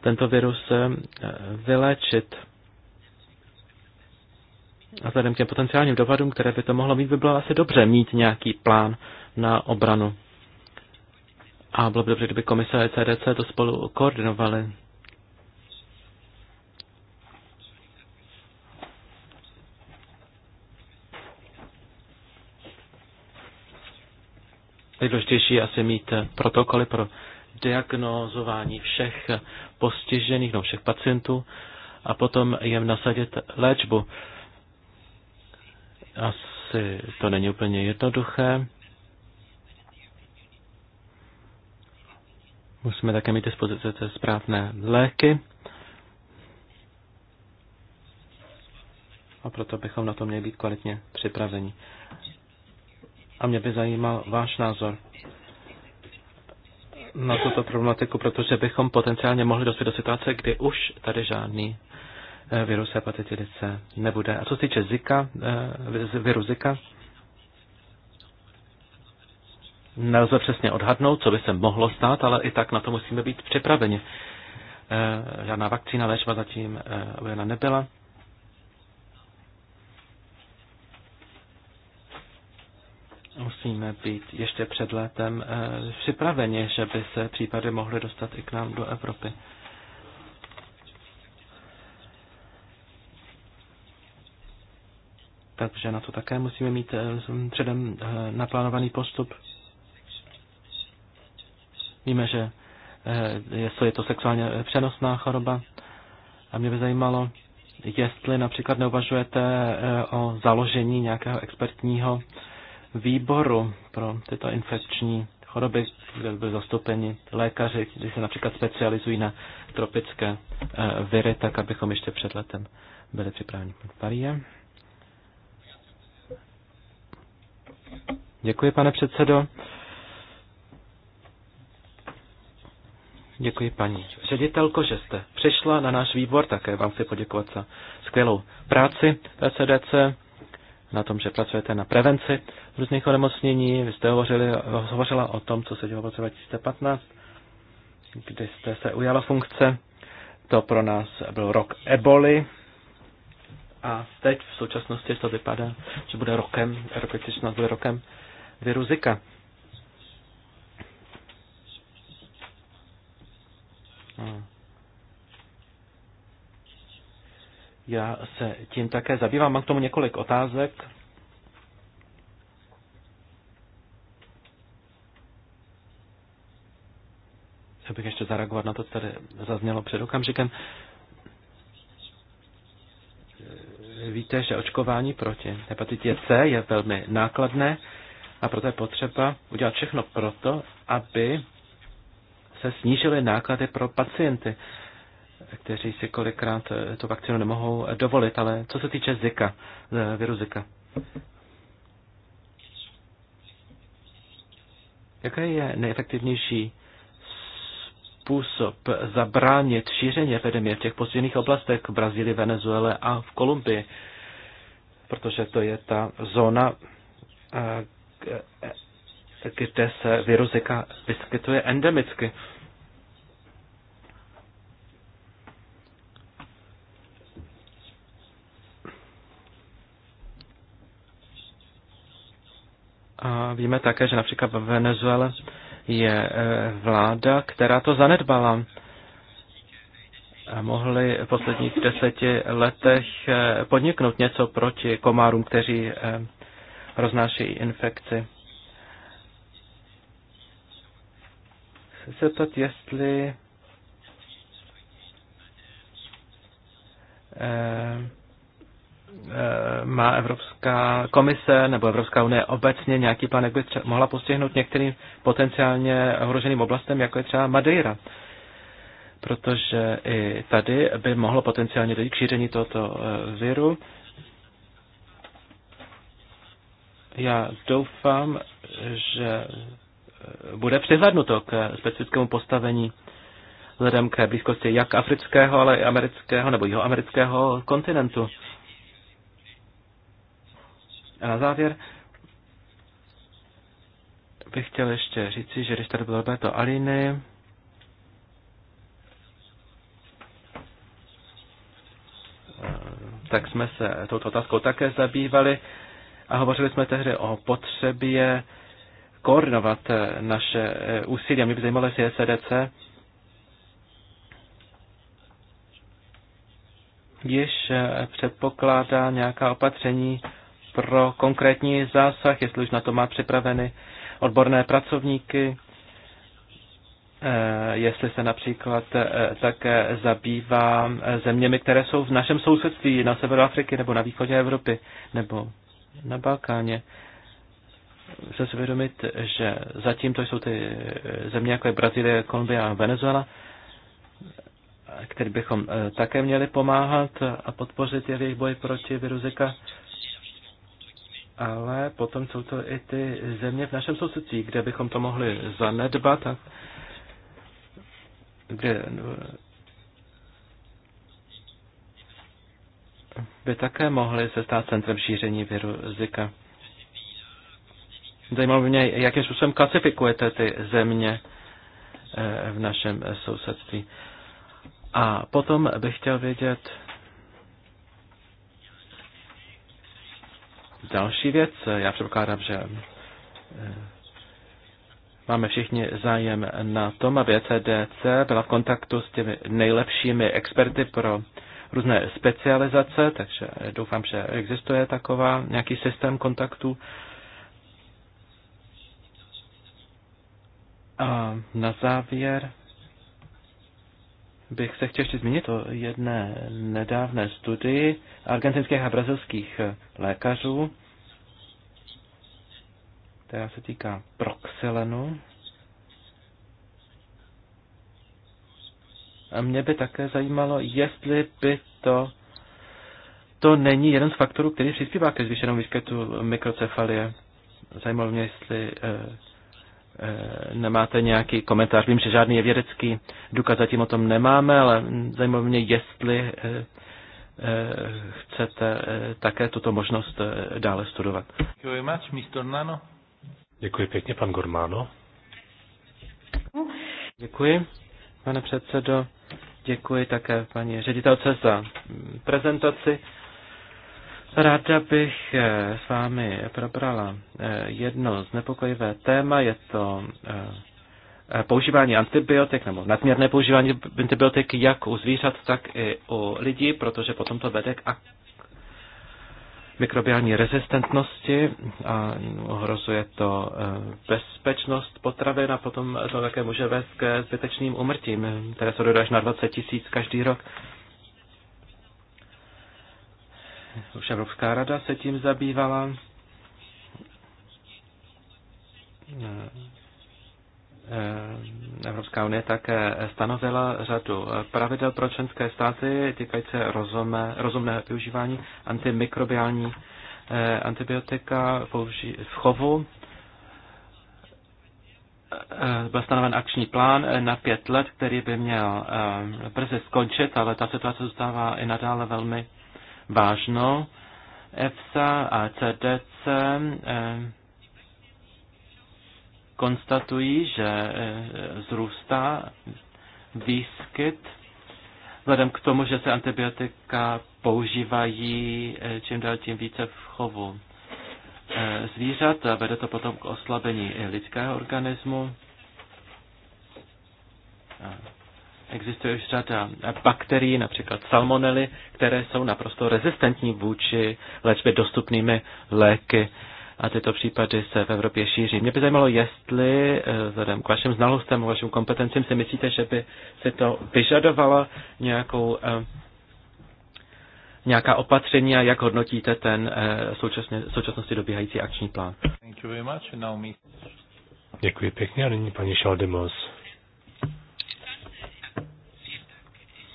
tento virus vylečit a vzhledem k těm potenciálním dopadům, které by to mohlo mít, by bylo asi dobře mít nějaký plán na obranu. A bylo by dobře, kdyby komise a ECDC to spolu koordinovali. Nejdůležitější je asi mít protokoly pro diagnozování všech postižených, no všech pacientů a potom jim nasadit léčbu. Asi to není úplně jednoduché. Musíme také mít dispozice té správné léky. A proto bychom na to měli být kvalitně připraveni. A mě by zajímal váš názor na tuto problematiku, protože bychom potenciálně mohli dospět do situace, kdy už tady žádný virus hepatitidy C nebude. A co se týče Zika, eh, viru Zika, nelze přesně odhadnout, co by se mohlo stát, ale i tak na to musíme být připraveni. Eh, žádná vakcína léčba zatím eh, objevena nebyla. Musíme být ještě před létem připraveni, že by se případy mohly dostat i k nám do Evropy. takže na to také musíme mít eh, předem eh, naplánovaný postup. Víme, že eh, jestli je to sexuálně přenosná choroba. A mě by zajímalo, jestli například neuvažujete o založení nějakého expertního výboru pro tyto infekční choroby, kde by byly zastoupeni lékaři, kteří se například specializují na tropické viry, tak abychom ještě před letem byli připraveni. Parie. Děkuji, pane předsedo. Děkuji, paní ředitelko, že jste přišla na náš výbor. Také vám chci poděkovat za skvělou práci PCDC, e na tom, že pracujete na prevenci různých onemocnění. Vy jste hovořili, hovořila o tom, co se dělo v roce 2015, kdy jste se ujala funkce. To pro nás byl rok eboli. A teď v současnosti to vypadá, že bude rokem, rok bude rokem viru Zika. Já se tím také zabývám. Mám k tomu několik otázek. Chtěl bych ještě zareagovat na to, co tady zaznělo před okamžikem. Víte, že očkování proti hepatitě C je velmi nákladné. A proto je potřeba udělat všechno proto, aby se snížily náklady pro pacienty, kteří si kolikrát eh, tu vakcínu nemohou eh, dovolit. Ale co se týče Zika, eh, viru Zika, jaký je nejefektivnější způsob zabránit šíření epidemie v těch posledních oblastech v Brazílii, Venezuele a v Kolumbii, protože to je ta zóna, kde se virus vyskytuje endemicky. A víme také, že například v Venezuele je eh, vláda, která to zanedbala. mohli v posledních deseti letech eh, podniknout něco proti komárům, kteří eh, roznášejí infekci. Chci se zeptat, jestli eh, eh, má Evropská komise nebo Evropská unie obecně nějaký plán, jak by třeba mohla postihnout některým potenciálně ohroženým oblastem, jako je třeba Madeira. Protože i tady by mohlo potenciálně dojít k šíření tohoto eh, viru. Já doufám, že eh, bude přihlednuto k specifickému postavení vzhledem k blízkosti jak afrického, ale i amerického nebo jihoamerického kontinentu. A na závěr bych chtěl ještě říci, že když tady byl Roberto Aliny, eh, tak jsme se touto otázkou také zabývali a hovořili jsme tehdy o potřebě koordinovat naše eh, úsilí. A mě by zajímalo, jestli SDC již eh, předpokládá nějaká opatření pro konkrétní zásah, jestli už na to má připraveny odborné pracovníky, eh, jestli se například také zabývá zeměmi, které jsou v našem sousedství, na severu Afriky nebo na východě Evropy, nebo na Balkáně. Chce si vědomit, že zatím to jsou ty země, jako je Brazílie, Kolumbie a Venezuela, který bychom eh, také měli pomáhat a podpořit je v jejich boji proti viru Zika. Ale potom jsou to i ty země v našem sousedství, kde bychom to mohli zanedbat a kde by také mohly se stát centrem šíření viru Zika. Zajímalo by mě, jakým způsobem klasifikujete ty země eh, v našem eh, sousedství. A potom bych chtěl vědět další věc. Já předpokládám, že eh, máme všichni zájem na tom, aby ECDC byla v kontaktu s těmi nejlepšími experty pro různé specializace, takže doufám, že existuje taková nějaký systém kontaktů. A na závěr bych se chtěl ještě zmínit o jedné nedávné studii argentinských a brazilských lékařů, která se týká proxilenu. A mě by také zajímalo, jestli by to, to není jeden z faktorů, který přispívá ke zvýšenému výskytu mikrocefalie. Zajímalo mě, jestli eh, eh, nemáte nějaký komentář. Vím, že žádný je vědecký důkaz zatím o tom nemáme, ale zajímalo mě, jestli eh, chcete také tuto možnost dále studovat. Děkuji pěkně, pan Gormáno. Děkuji, pane předsedo. Děkuji také paní ředitelce za prezentaci. Ráda bych eh, s vámi probrala eh, jedno znepokojivé téma, je to eh, používání antibiotik nebo nadměrné používání antibiotik jak u zvířat, tak i u lidí, protože potom to vede k mikrobiální rezistentnosti a ohrozuje to eh, bezpečnost potravin a potom to také může vést ke zbytečným umrtím, které se dodáš na 20 tisíc každý rok. Už Evropská rada se tím zabývala. Eh, Evropská unie také eh, stanovila řadu eh, pravidel pro členské státy týkající se rozumného využívání antimikrobiální antibiotika v chovu. Byl stanoven akční plán na pět let, který by měl brzy skončit, ale ta situace zůstává i nadále velmi vážnou. EFSA a CDC konstatují, že eh, zrůstá výskyt vzhledem k tomu, že se antibiotika používají eh, čím dál tím více v chovu eh, zvířat a vede to potom k oslabení lidského organismu. Existuje už řada bakterií, například salmonely, které jsou naprosto rezistentní vůči léčbě dostupnými léky a tyto případy se v Evropě šíří. Mě by zajímalo, jestli eh, vzhledem k vašim znalostem, vašim kompetencím si myslíte, že by si to vyžadovalo nějakou, eh, nějaká opatření a jak hodnotíte ten eh, současně, současnosti dobíhající akční plán. Děkuji pěkně a nyní paní Šaldemos.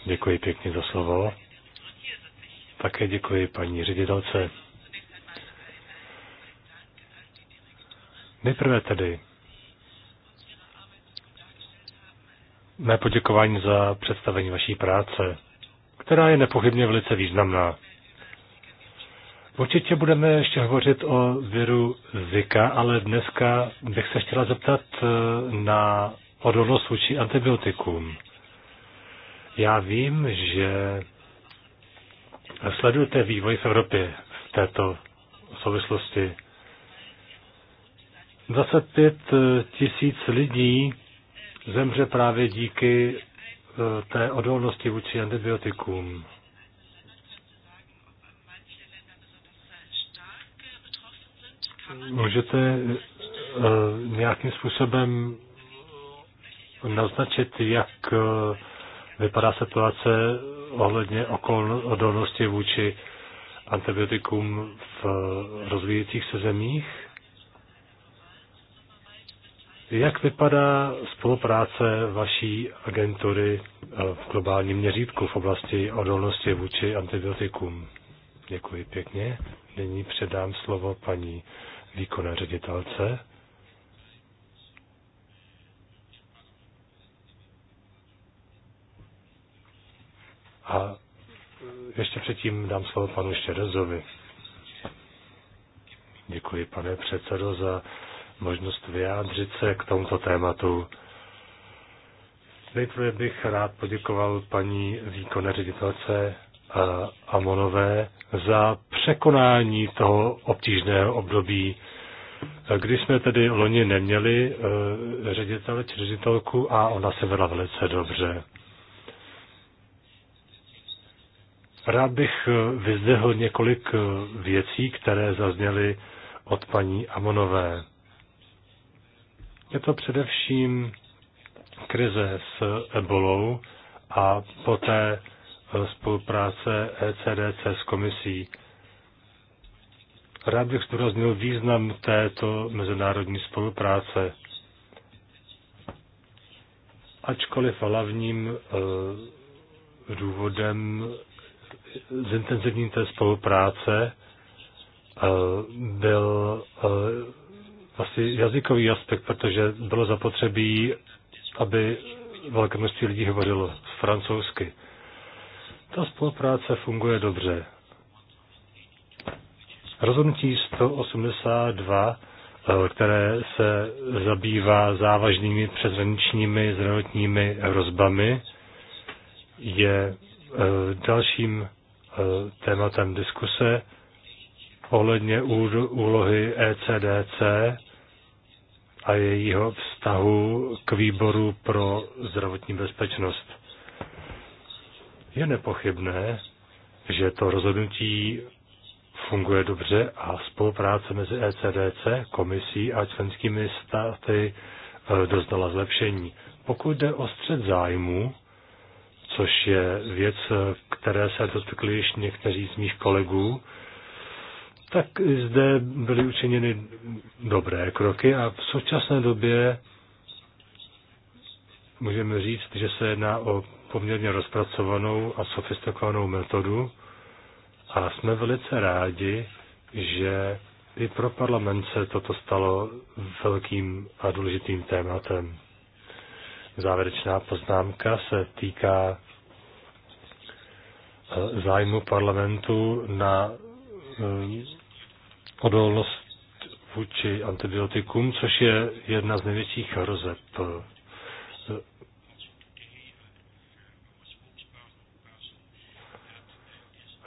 Děkuji pěkně za slovo. Také děkuji paní ředitelce. Nejprve tedy mé poděkování za představení vaší práce, která je nepochybně velice významná. Určitě budeme ještě hovořit o viru Zika, ale dneska bych se chtěla zeptat eh, na odolnost vůči antibiotikům. Já vím, že sledujete vývoj v Evropě v této souvislosti. 25 eh, tisíc lidí zemře právě díky eh, té odolnosti vůči antibiotikům. Můžete eh, nějakým způsobem naznačit, jak vypadá situace ohledně odolnosti vůči antibiotikům v rozvíjejících se zemích? Jak vypadá spolupráce vaší agentury eh, v globálním měřítku v oblasti odolnosti vůči antibiotikům? Děkuji pěkně. Nyní předám slovo paní výkonné ředitelce. A ještě předtím dám slovo panu Štěrezovi. Děkuji, pane předsedo, za možnost vyjádřit se k tomuto tématu. Nejprve bych rád poděkoval paní výkonné ředitelce eh, Amonové za překonání toho obtížného období, eh, když jsme tedy loni neměli eh, ředitele či ředitelku a ona se vedla velice dobře. Rád bych vyzdehl několik věcí, které zazněly od paní Amonové. Je to především krize s ebolou a poté eh, spolupráce ECDC s komisí. Rád bych zdůraznil význam této mezinárodní spolupráce. Ačkoliv hlavním eh, důvodem zintenzivní té spolupráce eh, byl asi jazykový aspekt, protože bylo zapotřebí, aby velké množství lidí hovořilo francouzsky. Ta spolupráce funguje dobře. Rozhodnutí 182, eh, které se zabývá závažnými přeshraničními zdravotními hrozbami, je eh, dalším eh, tématem diskuse ohledně úlohy ECDC a jejího vztahu k výboru pro zdravotní bezpečnost. Je nepochybné, že to rozhodnutí funguje dobře a spolupráce mezi ECDC, komisí a členskými státy e, dostala zlepšení. Pokud jde o střed zájmu, což je věc, e, které se dotkli již někteří z mých kolegů, tak zde byly učiněny dobré kroky a v současné době můžeme říct, že se jedná o poměrně rozpracovanou a sofistikovanou metodu a jsme velice rádi, že i pro parlament se toto stalo velkým a důležitým tématem. Závěrečná poznámka se týká eh, zájmu parlamentu na Eh, odolnost vůči antibiotikům, což je jedna z největších hrozeb. Eh,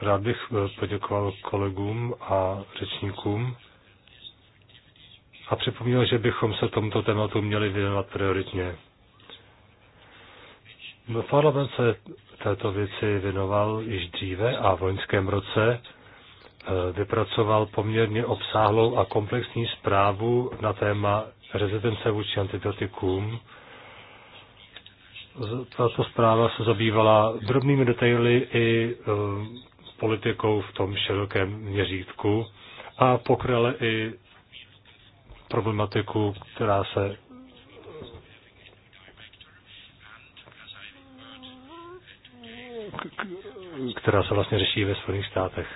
rád bych eh, poděkoval kolegům a řečníkům a připomněl, že bychom se tomuto tématu měli věnovat prioritně. Parlament se této věci věnoval již dříve a v loňském roce Eh, vypracoval poměrně obsáhlou a komplexní zprávu na téma rezidence vůči antibiotikům. Tato zpráva se zabývala drobnými detaily i eh, politikou v tom širokém měřítku a pokryla i problematiku, která se která se vlastně řeší ve Spojených státech.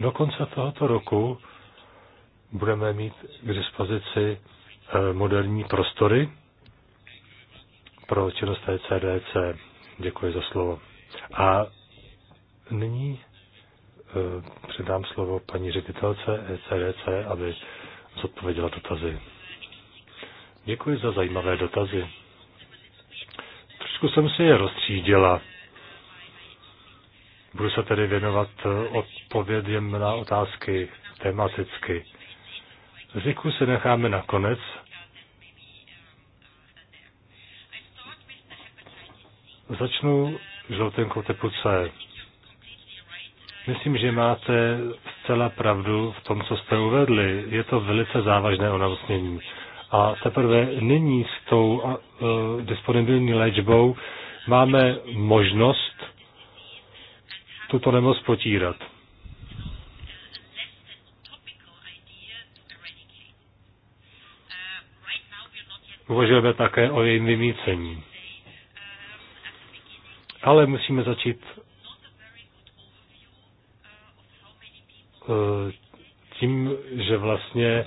Do konce tohoto roku budeme mít k dispozici eh, moderní prostory pro činnost CDC. Děkuji za slovo. A nyní eh, předám slovo paní ředitelce ECDC, aby zodpověděla dotazy. Děkuji za zajímavé dotazy. Trošku jsem si je rozstřídila. Budu se tedy věnovat eh, odpovědím na otázky tematicky. Ziku se necháme na konec. Začnu žloutenkou typu C. Myslím, že máte zcela pravdu v tom, co jste uvedli. Je to velice závažné onemocnění. A teprve nyní s tou uh, disponibilní léčbou máme možnost tuto nemoc potírat. Uvažujeme také o jejím vymícení. Ale musíme začít eh, tím, že vlastně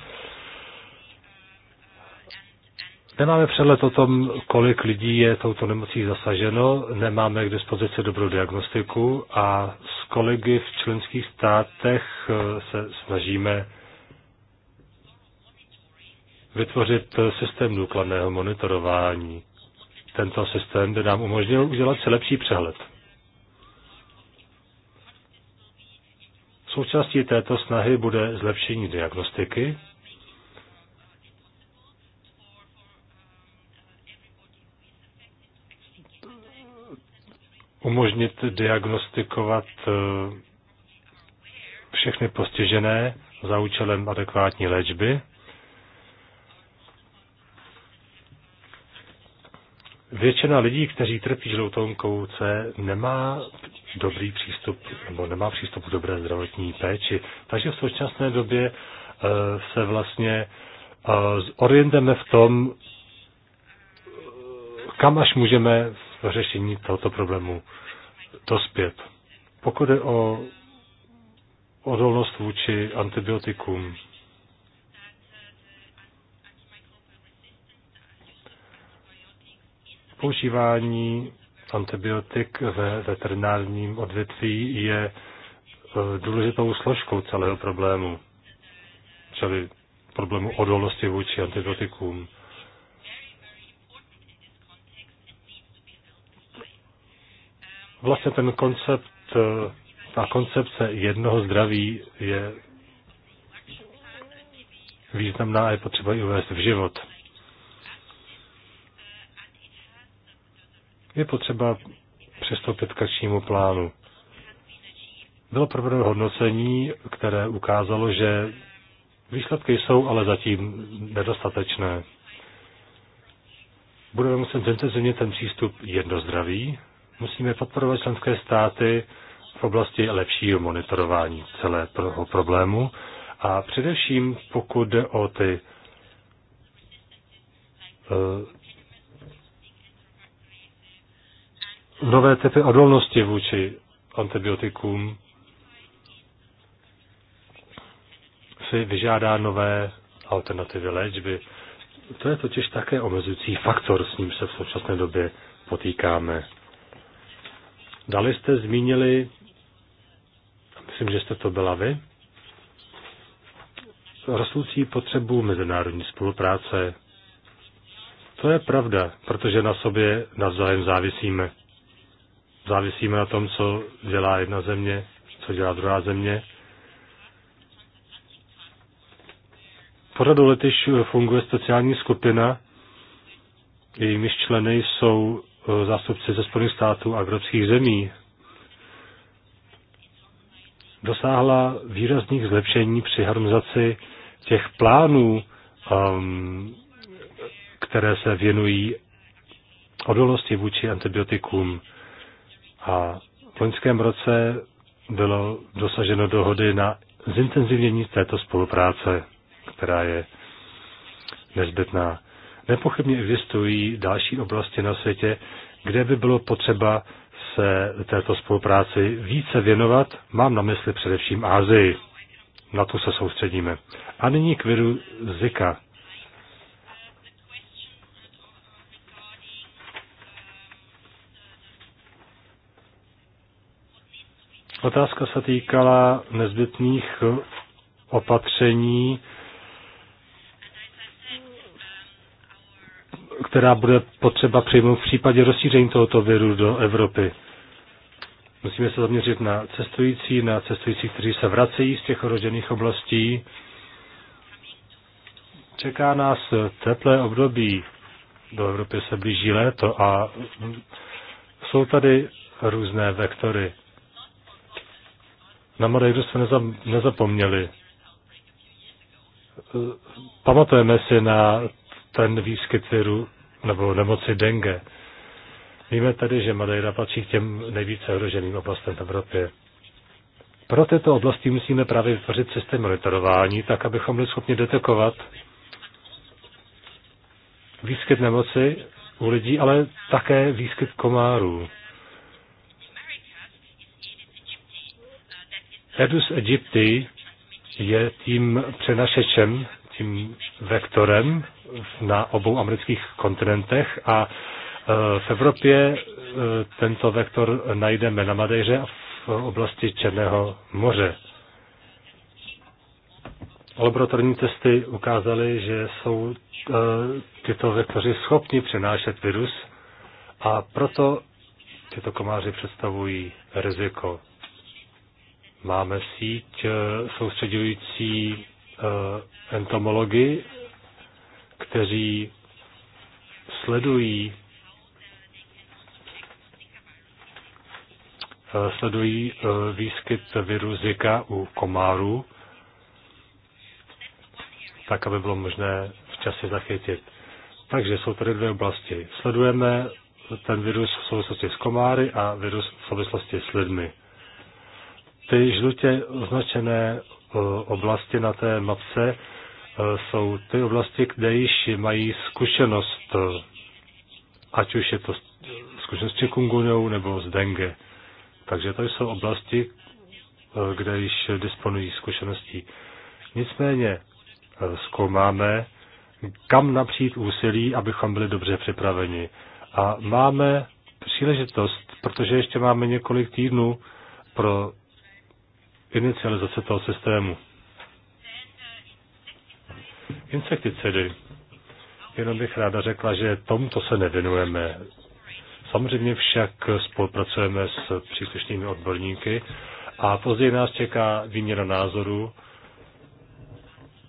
Nemáme přehled o tom, kolik lidí je touto nemocí zasaženo, nemáme k dispozici dobrou diagnostiku a s kolegy v členských státech eh, se snažíme vytvořit eh, systém důkladného monitorování. Tento systém by nám umožnil udělat si lepší přehled. Součástí této snahy bude zlepšení diagnostiky, umožnit diagnostikovat eh, všechny postižené za účelem adekvátní léčby. Většina lidí, kteří trpí žloutonkou C, nemá dobrý přístup nebo nemá přístup k dobré zdravotní péči. Takže v současné době eh, se vlastně eh, orientujeme v tom, kam až můžeme řešení tohoto problému dospět. Pokud je o odolnost vůči antibiotikům, používání antibiotik ve veterinárním odvětví je e, důležitou složkou celého problému, čili problému odolnosti vůči antibiotikům. vlastně ten koncept, eh, ta koncepce jednoho zdraví je významná a je potřeba ji uvést v život. Je potřeba přistoupit k akčnímu plánu. Bylo provedeno hodnocení, které ukázalo, že výsledky jsou ale zatím nedostatečné. Budeme muset zintenzivnit ten přístup jednozdravý. Musíme podporovat členské státy v oblasti lepšího monitorování celého problému a především pokud jde o ty eh, nové typy odolnosti vůči antibiotikům si vyžádá nové alternativy léčby. To je totiž také omezující faktor, s ním se v současné době potýkáme. Dali jste zmínili, myslím, že jste to byla vy, rostoucí potřebu mezinárodní spolupráce. To je pravda, protože na sobě navzájem závisíme. Závisíme na tom, co dělá jedna země, co dělá druhá země. Pořadu letiš funguje speciální skupina, jejímiž členy jsou zástupci ze Spojených států a evropských zemí, dosáhla výrazných zlepšení při harmonizaci těch plánů, um, které se věnují odolnosti vůči antibiotikům. A v loňském roce bylo dosaženo dohody na zintenzivnění této spolupráce, která je nezbytná. Nepochybně existují další oblasti na světě, kde by bylo potřeba se této spolupráci více věnovat. Mám na mysli především Ázii. Na to se soustředíme. A nyní k viru Zika. Otázka se týkala nezbytných opatření která bude potřeba přijmout v případě rozšíření tohoto viru do Evropy. Musíme se zaměřit na cestující, na cestující, kteří se vracejí z těch ohrožených oblastí. Čeká nás teplé období. Do Evropy se blíží léto a jsou tady různé vektory. Na Madejdu jsme nezapomněli. Pamatujeme si na ten výskyt viru nebo nemoci dengue. Víme tedy, že Madeira patří k těm nejvíce ohroženým oblastem v Evropě. Pro této oblasti musíme právě vytvořit systém monitorování, tak abychom byli schopni detekovat výskyt nemoci u lidí, ale také výskyt komárů. Edus Egypti je tím přenašečem, tím vektorem, na obou amerických kontinentech a e, v Evropě e, tento vektor najdeme na Madejře a v oblasti Černého moře. Laboratorní testy ukázaly, že jsou e, tyto vektoři schopni přenášet virus a proto tyto komáři představují riziko. Máme síť soustředující entomologii kteří sledují eh, sledují eh, výskyt viru Zika u komárů, tak, aby bylo možné včas je zachytit. Takže jsou tady dvě oblasti. Sledujeme ten virus v souvislosti s komáry a virus v souvislosti s lidmi. Ty žlutě označené eh, oblasti na té mapce Eh, jsou ty oblasti, kde již mají zkušenost, eh, ať už je to zkušenost s čikungunou nebo s dengue. Takže to jsou oblasti, eh, kde již disponují zkušeností. Nicméně zkoumáme, kam napřít úsilí, abychom byli dobře připraveni. A máme příležitost, protože ještě máme několik týdnů pro inicializaci toho systému insekticidy. Jenom bych ráda řekla, že tomuto se nevěnujeme. Samozřejmě však spolupracujeme s příslušnými odborníky a později nás čeká výměna názorů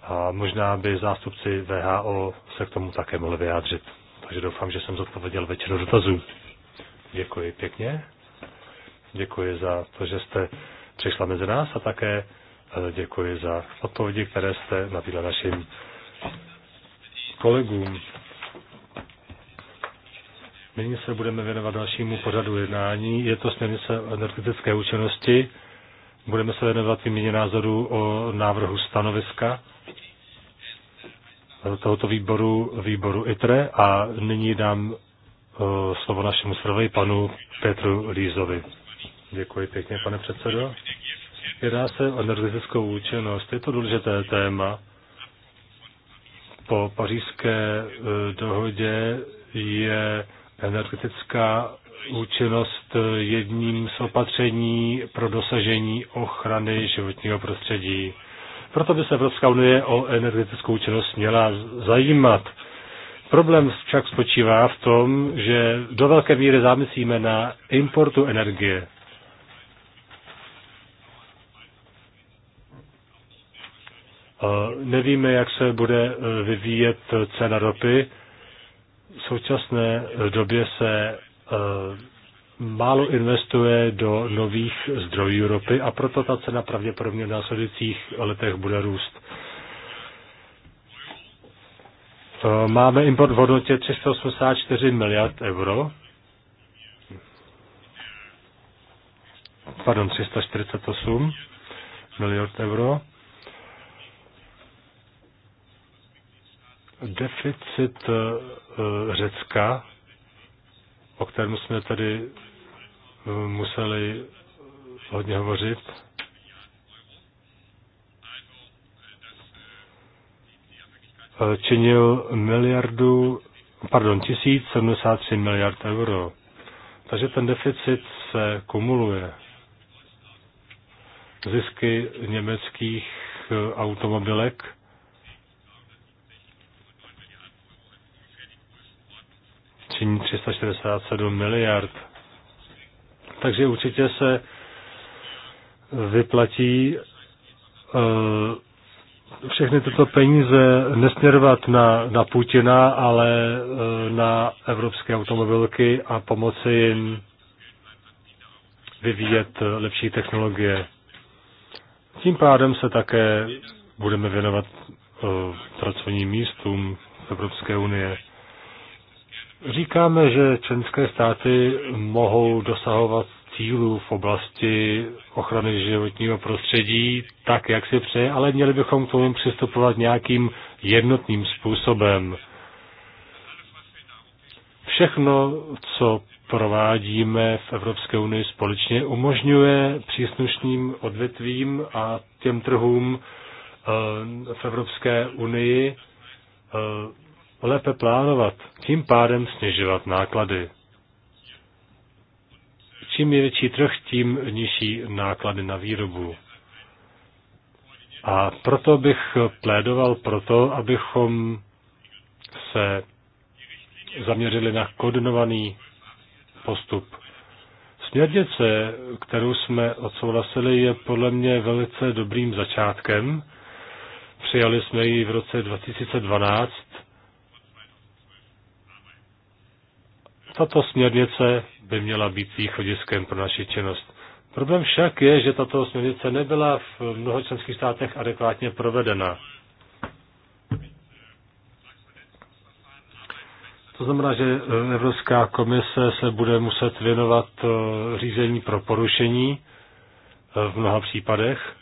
a možná by zástupci VHO se k tomu také mohli vyjádřit. Takže doufám, že jsem zodpověděl většinu dotazů. Děkuji pěkně. Děkuji za to, že jste přišla mezi nás a také eh, děkuji za odpovědi, které jste nabídla našim kolegům. Nyní se budeme věnovat dalšímu pořadu jednání. Je to směrnice energetické účinnosti. Budeme se věnovat výměně názoru o návrhu stanoviska tohoto výboru, výboru ITRE a nyní dám eh, slovo našemu zpravodaji panu Petru Lízovi. Děkuji pěkně, pane předsedo. Jedná se o energetickou účinnost. Je to důležité téma po pařížské eh, dohodě je energetická účinnost eh, jedním z opatření pro dosažení ochrany životního prostředí. Proto by se Evropská unie o energetickou účinnost měla zajímat. Problém však spočívá v tom, že do velké míry zámyslíme na importu energie. Nevíme, jak se bude e, vyvíjet e, cena ropy. V současné e, době se málo investuje do nových zdrojů ropy a proto ta cena pravděpodobně v následujících letech bude růst. Máme import v hodnotě 384 miliard euro. Pardon, 348 miliard euro. Deficit eh, eh, Řecka, o kterém jsme tady eh, museli hodně hovořit, činil miliardu, pardon, 1073 miliard euro. Takže ten deficit se kumuluje. Zisky německých automobilek činí 347 miliard. Takže určitě se vyplatí eh, všechny tyto peníze nesměrovat na, na Putina, ale eh, na evropské automobilky a pomoci jim vyvíjet lepší technologie. Tím pádem se také budeme věnovat eh, pracovním místům v Evropské unie. Říkáme, že členské státy mohou dosahovat cílů v oblasti ochrany životního prostředí tak, jak si přeje, ale měli bychom k tomu přistupovat nějakým jednotným způsobem. Všechno, co provádíme v Evropské unii společně, umožňuje příslušným odvětvím a těm trhům eh, v Evropské unii eh, lépe plánovat, tím pádem snižovat náklady. Čím je větší trh, tím nižší náklady na výrobu. A proto bych plédoval proto, abychom se zaměřili na koordinovaný postup. Směrnice, kterou jsme odsouhlasili, je podle mě velice dobrým začátkem. Přijali jsme ji v roce 2012 Tato směrnice by měla být východiskem pro naši činnost. Problém však je, že tato směrnice nebyla v mnoha členských státech adekvátně provedena. To znamená, že Evropská komise se bude muset věnovat eh, řízení pro porušení eh, v mnoha případech.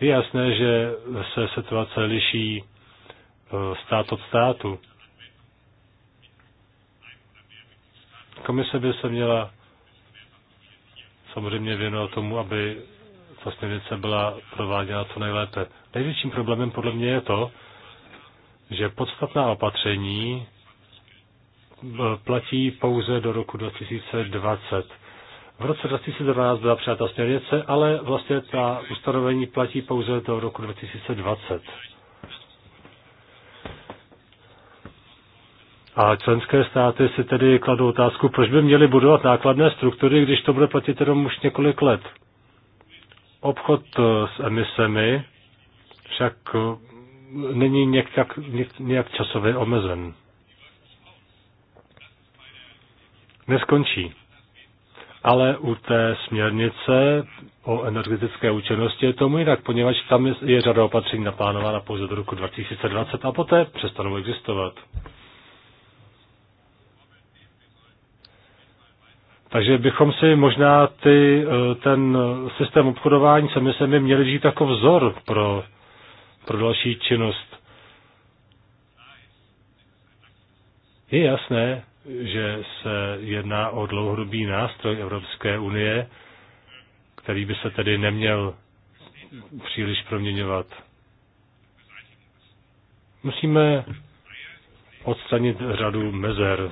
Je jasné, že se situace liší eh, stát od státu. Komise by se měla samozřejmě věnovat tomu, aby ta směrnice byla prováděna co nejlépe. Největším problémem podle mě je to, že podstatná opatření eh, platí pouze do roku 2020. V roce 2012 byla přijata směrnice, ale vlastně ta ustanovení platí pouze do roku 2020. A členské státy si tedy kladou otázku, proč by měly budovat nákladné struktury, když to bude platit jenom už několik let. Obchod eh, s emisemi však eh, není nějak, nějak časově omezen. Neskončí. Ale u té směrnice o energetické účinnosti je tomu jinak, poněvadž tam je řada opatření naplánována pouze do roku 2020 a poté přestanou existovat. Takže bychom si možná ty, eh, ten systém obchodování se emisemi měli žít jako vzor pro, pro další činnost. Je jasné, že se jedná o dlouhodobý nástroj Evropské unie, který by se tedy neměl příliš proměňovat. Musíme odstranit řadu mezer.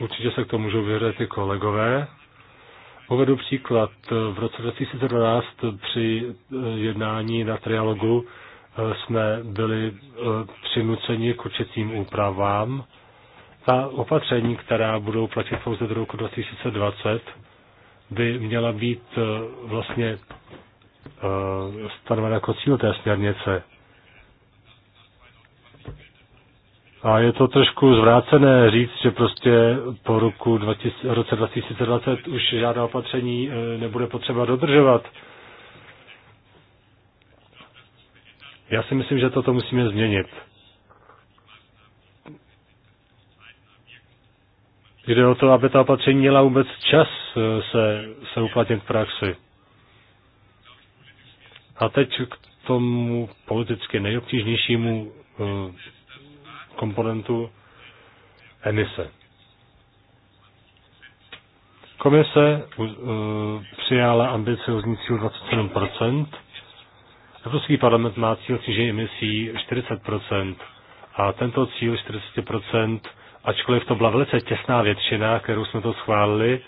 Určitě se k tomu můžou vyhrát i kolegové. Uvedu příklad. V roce 2012 při eh, jednání na trialogu eh, jsme byli eh, přinuceni k určitým úpravám. Ta opatření, která budou platit pouze do roku 2020, by měla být vlastně stanovena jako cíl té směrnice. A je to trošku zvrácené říct, že prostě po roku 20, roce 2020 už žádná opatření e, nebude potřeba dodržovat. Já si myslím, že toto musíme změnit. Jde o to, aby ta opatření měla vůbec čas e, se, se uplatnit v praxi. A teď k tomu politicky nejobtížnějšímu e, komponentu emise. Komise uh, přijala ambiciozní cíl 27%. Evropský parlament má cíl snížení emisí 40%. A tento cíl 40%, ačkoliv to byla velice těsná většina, kterou jsme to schválili,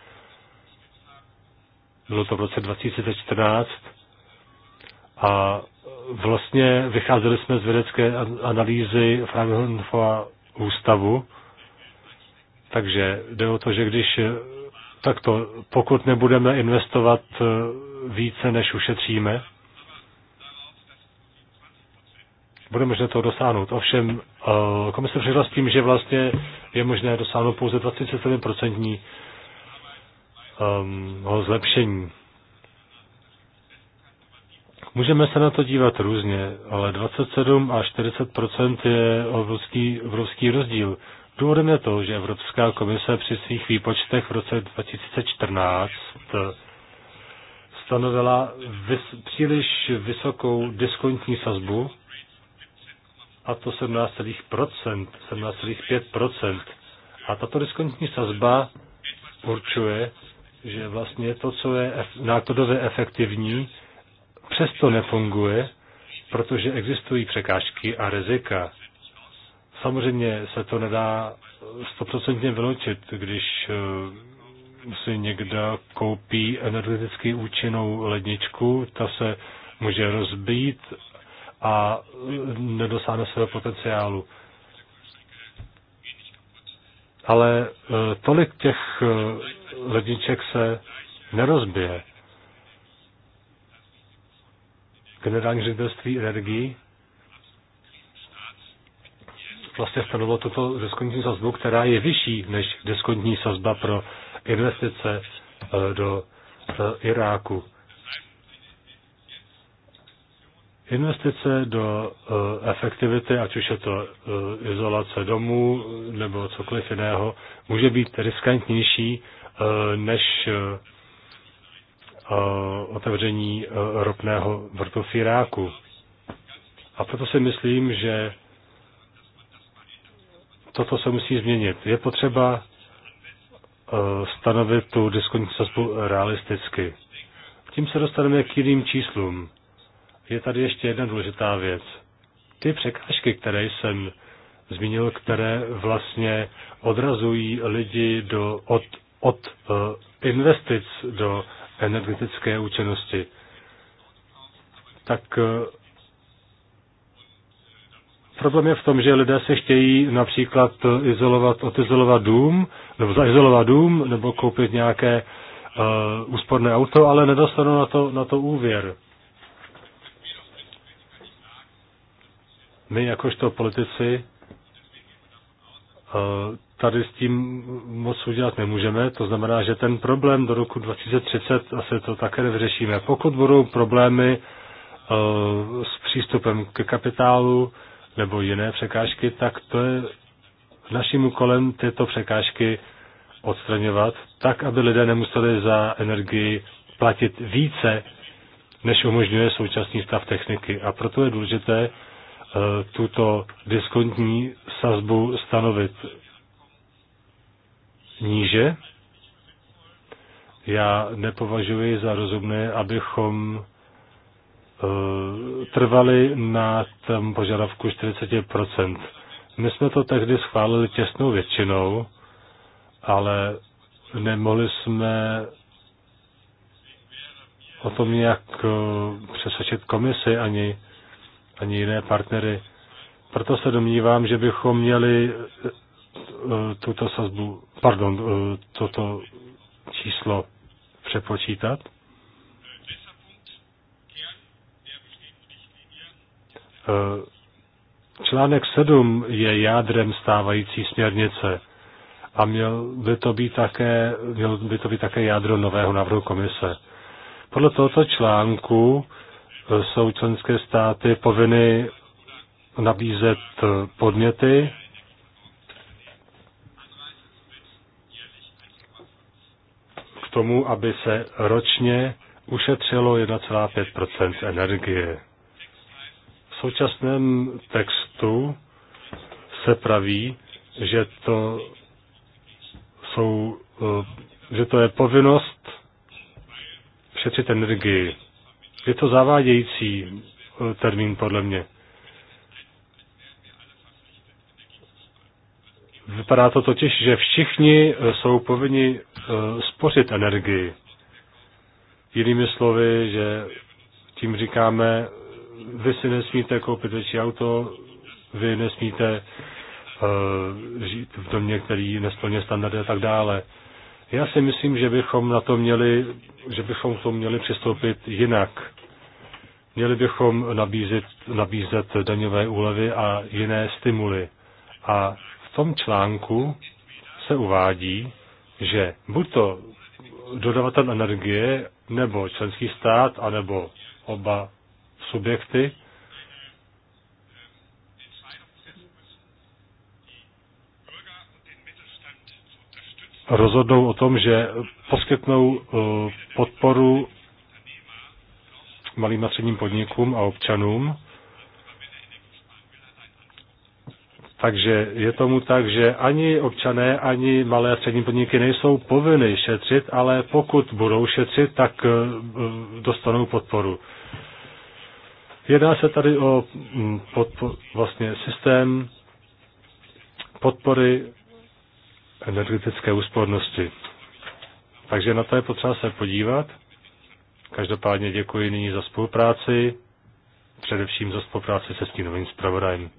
bylo to v roce 2014, a vlastně vycházeli jsme z vědecké analýzy Fraunhoferova ústavu, takže jde o to, že když eh, takto, pokud nebudeme investovat eh, více, než ušetříme, bude možné to dosáhnout. Ovšem, eh, komise přišla s tím, že vlastně je možné dosáhnout pouze 27% zlepšení. Můžeme se na to dívat různě, ale 27 a 40 je obrovský, obrovský rozdíl. Důvodem je to, že Evropská komise při svých výpočtech v roce 2014 stanovila vys- příliš vysokou diskontní sazbu, a to 17,5%, 17,5%. A tato diskontní sazba určuje, že vlastně to, co je nákladově efektivní, přesto nefunguje, protože existují překážky a rizika. Samozřejmě se to nedá stoprocentně vyloučit, když eh, si někdo koupí energeticky účinnou ledničku, ta se může rozbít a eh, nedosáhne svého potenciálu. Ale eh, tolik těch ledniček se nerozbije. generální ředitelství energii vlastně stanovilo toto diskontní sazbu, která je vyšší než diskontní sazba pro investice eh, do eh, Iráku. Investice do eh, efektivity, ať už je to izolace domů nebo cokoliv jiného, může být riskantnější než otevření e, ropného vrtu v Iráku. A proto si myslím, že toto se musí změnit. Je potřeba e, stanovit tu diskontní sazbu realisticky. Tím se dostaneme k jiným číslům. Je tady ještě jedna důležitá věc. Ty překážky, které jsem zmínil, které vlastně odrazují lidi do, od, od e, investic do energetické účinnosti. Tak eh, problém je v tom, že lidé se chtějí například izolovat, odizolovat dům, nebo zaizolovat dům, nebo koupit nějaké uh, úsporné auto, ale nedostanou na to, na to úvěr. My jakožto politici uh, tady s tím moc udělat nemůžeme. To znamená, že ten problém do roku 2030 asi to také nevyřešíme. Pokud budou problémy eh, s přístupem k kapitálu nebo jiné překážky, tak to je naším úkolem tyto překážky odstraňovat, tak, aby lidé nemuseli za energii platit více, než umožňuje současný stav techniky. A proto je důležité eh, tuto diskontní sazbu stanovit níže. Já nepovažuji za rozumné, abychom eh, trvali na tom požadavku 40%. My jsme to tehdy schválili těsnou většinou, ale nemohli jsme o tom nějak eh, přesvědčit komisi ani, ani jiné partnery. Proto se domnívám, že bychom měli E, tuto sazbu, pardon, e, toto číslo přepočítat. E, článek 7 je jádrem stávající směrnice a měl by to být také, měl by to být také jádro nového návrhu komise. Podle tohoto článku jsou členské státy povinny nabízet podněty tomu, aby se ročně ušetřilo 1,5 energie. V současném textu se praví, že to, jsou, eh, že to je povinnost šetřit energii. Je to zavádějící eh, termín podle mě. Vypadá to totiž, že všichni eh, jsou povinni Eh, spořit energii. Jinými slovy, že tím říkáme, vy si nesmíte koupit větší auto, vy nesmíte uh, žít v domě, který nesplně standardy a tak dále. Já si myslím, že bychom na to měli, že bychom to měli přistoupit jinak. Měli bychom nabízet, nabízet daňové úlevy a jiné stimuly. A v tom článku se uvádí, že buď to dodavatel energie nebo členský stát, anebo oba subjekty rozhodnou o tom, že poskytnou eh, podporu malým a středním podnikům a občanům Takže je tomu tak, že ani občané, ani malé a střední podniky nejsou povinny šetřit, ale pokud budou šetřit, tak eh, dostanou podporu. Jedná se tady o mm, podpo- vlastně systém podpory energetické úspornosti. Takže na to je potřeba se podívat. Každopádně děkuji nyní za spolupráci, především za spolupráci se stínovým zpravodajem.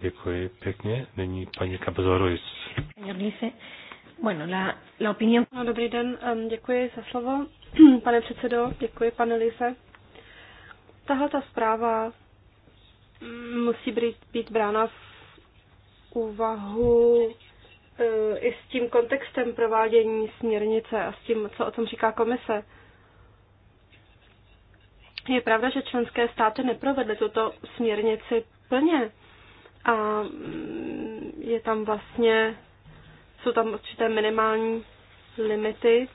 Děkuji pěkně. Nyní paní Kabzorovic. Bueno, la, la opinión... No, dobrý den, děkuji za slovo. *clears throat* Pane předsedo, děkuji, pane Lise. Tahle ta zpráva mm, musí být, být brána v úvahu e, i s tím kontextem provádění směrnice a s tím, co o tom říká komise. Je pravda, že členské státy neprovedly tuto směrnici plně a mm, je tam vlastně, jsou tam určité minimální limity,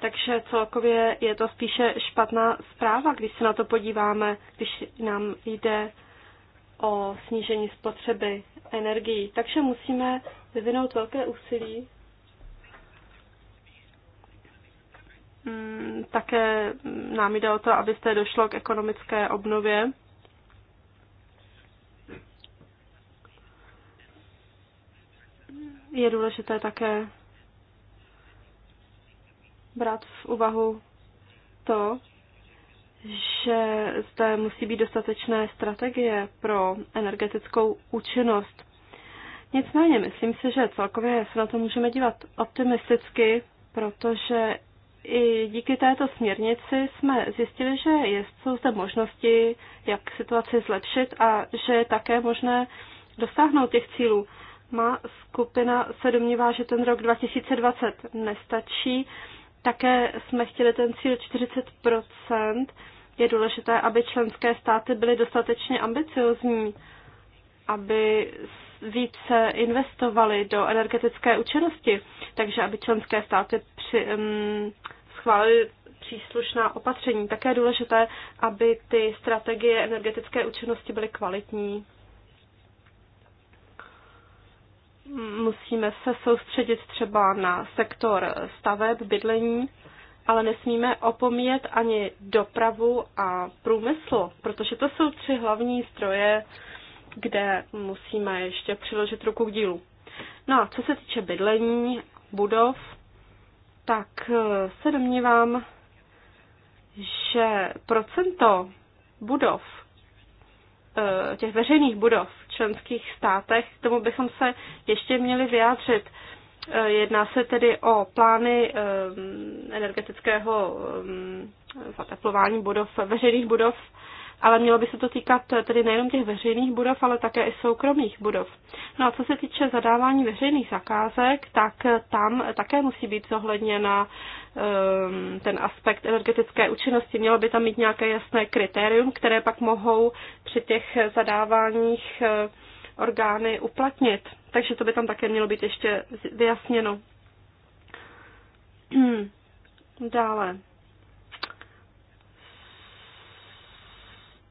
takže celkově je to spíše špatná zpráva, když se na to podíváme, když nám jde o snížení spotřeby energií. Takže musíme vyvinout velké úsilí mm, také nám jde o to, abyste došlo k ekonomické obnově. je důležité také brát v úvahu to, že zde musí být dostatečné strategie pro energetickou účinnost. Nicméně, myslím si, že celkově se na to můžeme dívat optimisticky, protože i díky této směrnici jsme zjistili, že jsou zde možnosti, jak situaci zlepšit a že je také možné dosáhnout těch cílů má skupina se domnívá, že ten rok 2020 nestačí. Také jsme chtěli ten cíl 40 Je důležité, aby členské státy byly dostatečně ambiciozní, aby více investovali do energetické účinnosti, takže aby členské státy při, um, schválili příslušná opatření. Také je důležité, aby ty strategie energetické účinnosti byly kvalitní musíme se soustředit třeba na sektor staveb, bydlení, ale nesmíme opomíjet ani dopravu a průmysl, protože to jsou tři hlavní stroje, kde musíme ještě přiložit ruku k dílu. No a co se týče bydlení, budov, tak eh, se domnívám, že procento budov, Eh, těch veřejných budov v členských státech, k tomu bychom se ještě měli vyjádřit. Eh, jedná se tedy o plány eh, energetického zateplování budov, veřejných budov ale mělo by se to týkat tedy nejenom těch veřejných budov, ale také i soukromých budov. No a co se týče zadávání veřejných zakázek, tak tam také musí být zohledněna ehm, ten aspekt energetické účinnosti. Mělo by tam mít nějaké jasné kritérium, které pak mohou při těch zadáváních eh, orgány uplatnit. Takže to by tam také mělo být ještě vyjasněno. *clears throat* Dále.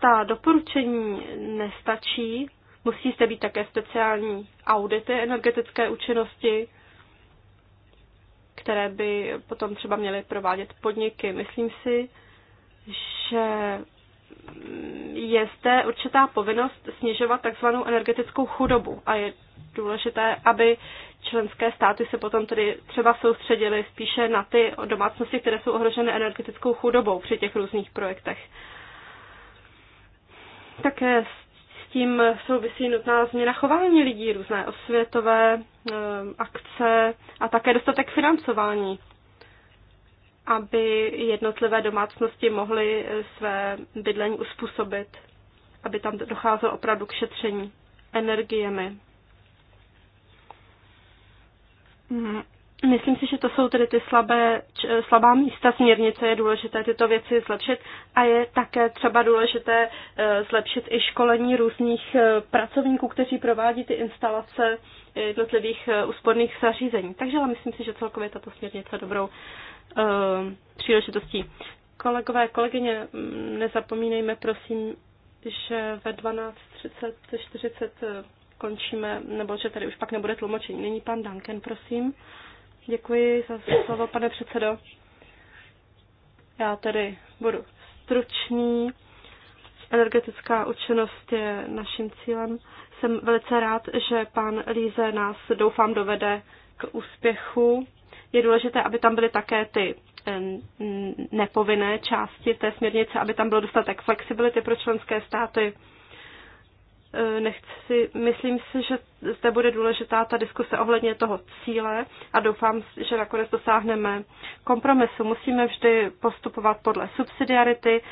ta doporučení nestačí, musí se být také speciální audity energetické účinnosti, které by potom třeba měly provádět podniky. Myslím si, že je zde určitá povinnost snižovat takzvanou energetickou chudobu a je důležité, aby členské státy se potom tedy třeba soustředily spíše na ty domácnosti, které jsou ohroženy energetickou chudobou při těch různých projektech. Také s tím souvisí nutná změna chování lidí, různé osvětové eh, akce a také dostatek financování aby jednotlivé domácnosti mohly eh, své bydlení uspůsobit, aby tam docházelo opravdu k šetření energiemi. Mm-hmm. Myslím si, že to jsou tedy ty slabé, č, slabá místa směrnice, je důležité tyto věci zlepšit a je také třeba důležité e, zlepšit i školení různých e, pracovníků, kteří provádí ty instalace e, jednotlivých úsporných zařízení. Takže ale myslím si, že celkově tato směrnice je dobrou uh, příležitostí. Kolegové, kolegyně, mm, nezapomínejme prosím, že ve 12.30, 40 končíme, nebo že tady už pak nebude tlumočení. Nyní pan Duncan, prosím. Děkuji za slovo, pane předsedo. Já tedy budu stručný. Energetická účinnost je naším cílem. Jsem velice rád, že pan Líze nás, doufám, dovede k úspěchu. Je důležité, aby tam byly také ty eh, nepovinné části té směrnice, aby tam byl dostatek flexibility pro členské státy. Eh, nechci, myslím si, že zde bude důležitá ta diskuse ohledně toho cíle a doufám, že nakonec dosáhneme kompromisu. Musíme vždy postupovat podle subsidiarity,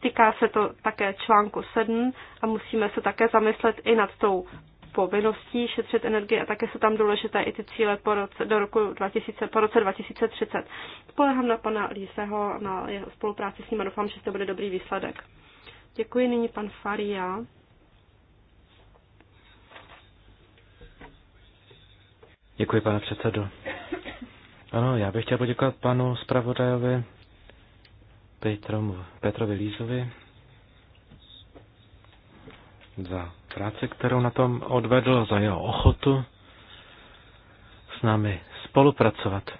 týká se to také článku 7 a musíme se také zamyslet i nad tou povinností šetřit energii a také jsou tam důležité i ty cíle po roce, do roku 2000, po roce 2030. Spolehám na pana Líseho, na jeho spolupráci s ním a doufám, že to bude dobrý výsledek. Děkuji nyní pan Faria. Děkuji, pane předsedo. Ano, já bych chtěl poděkovat panu zpravodajovi Petromu, Petrovi Lízovi za práci, kterou na tom odvedl, za jeho ochotu s námi spolupracovat.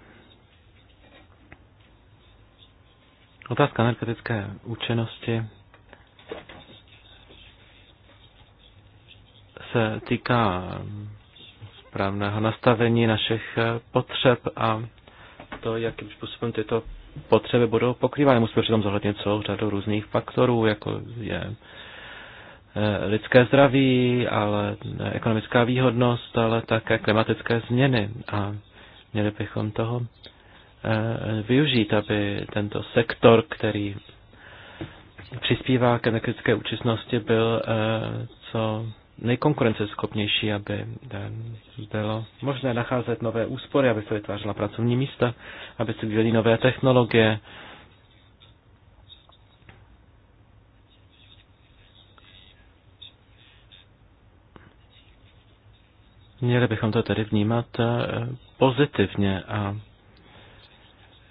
Otázka energetické účinnosti se týká správného nastavení našich eh, potřeb a to, jakým způsobem tyto potřeby budou pokrývány. Musíme přitom zohlednit celou řadu různých faktorů, jako je eh, lidské zdraví, ale eh, ekonomická výhodnost, ale také klimatické změny. A měli bychom toho využít, aby tento sektor, který přispívá k energetické účinnosti, byl co nejkonkurenceschopnější, aby bylo možné nacházet nové úspory, aby se vytvářela pracovní místa, aby se vyvíjely nové technologie. Měli bychom to tedy vnímat eh, pozitivně a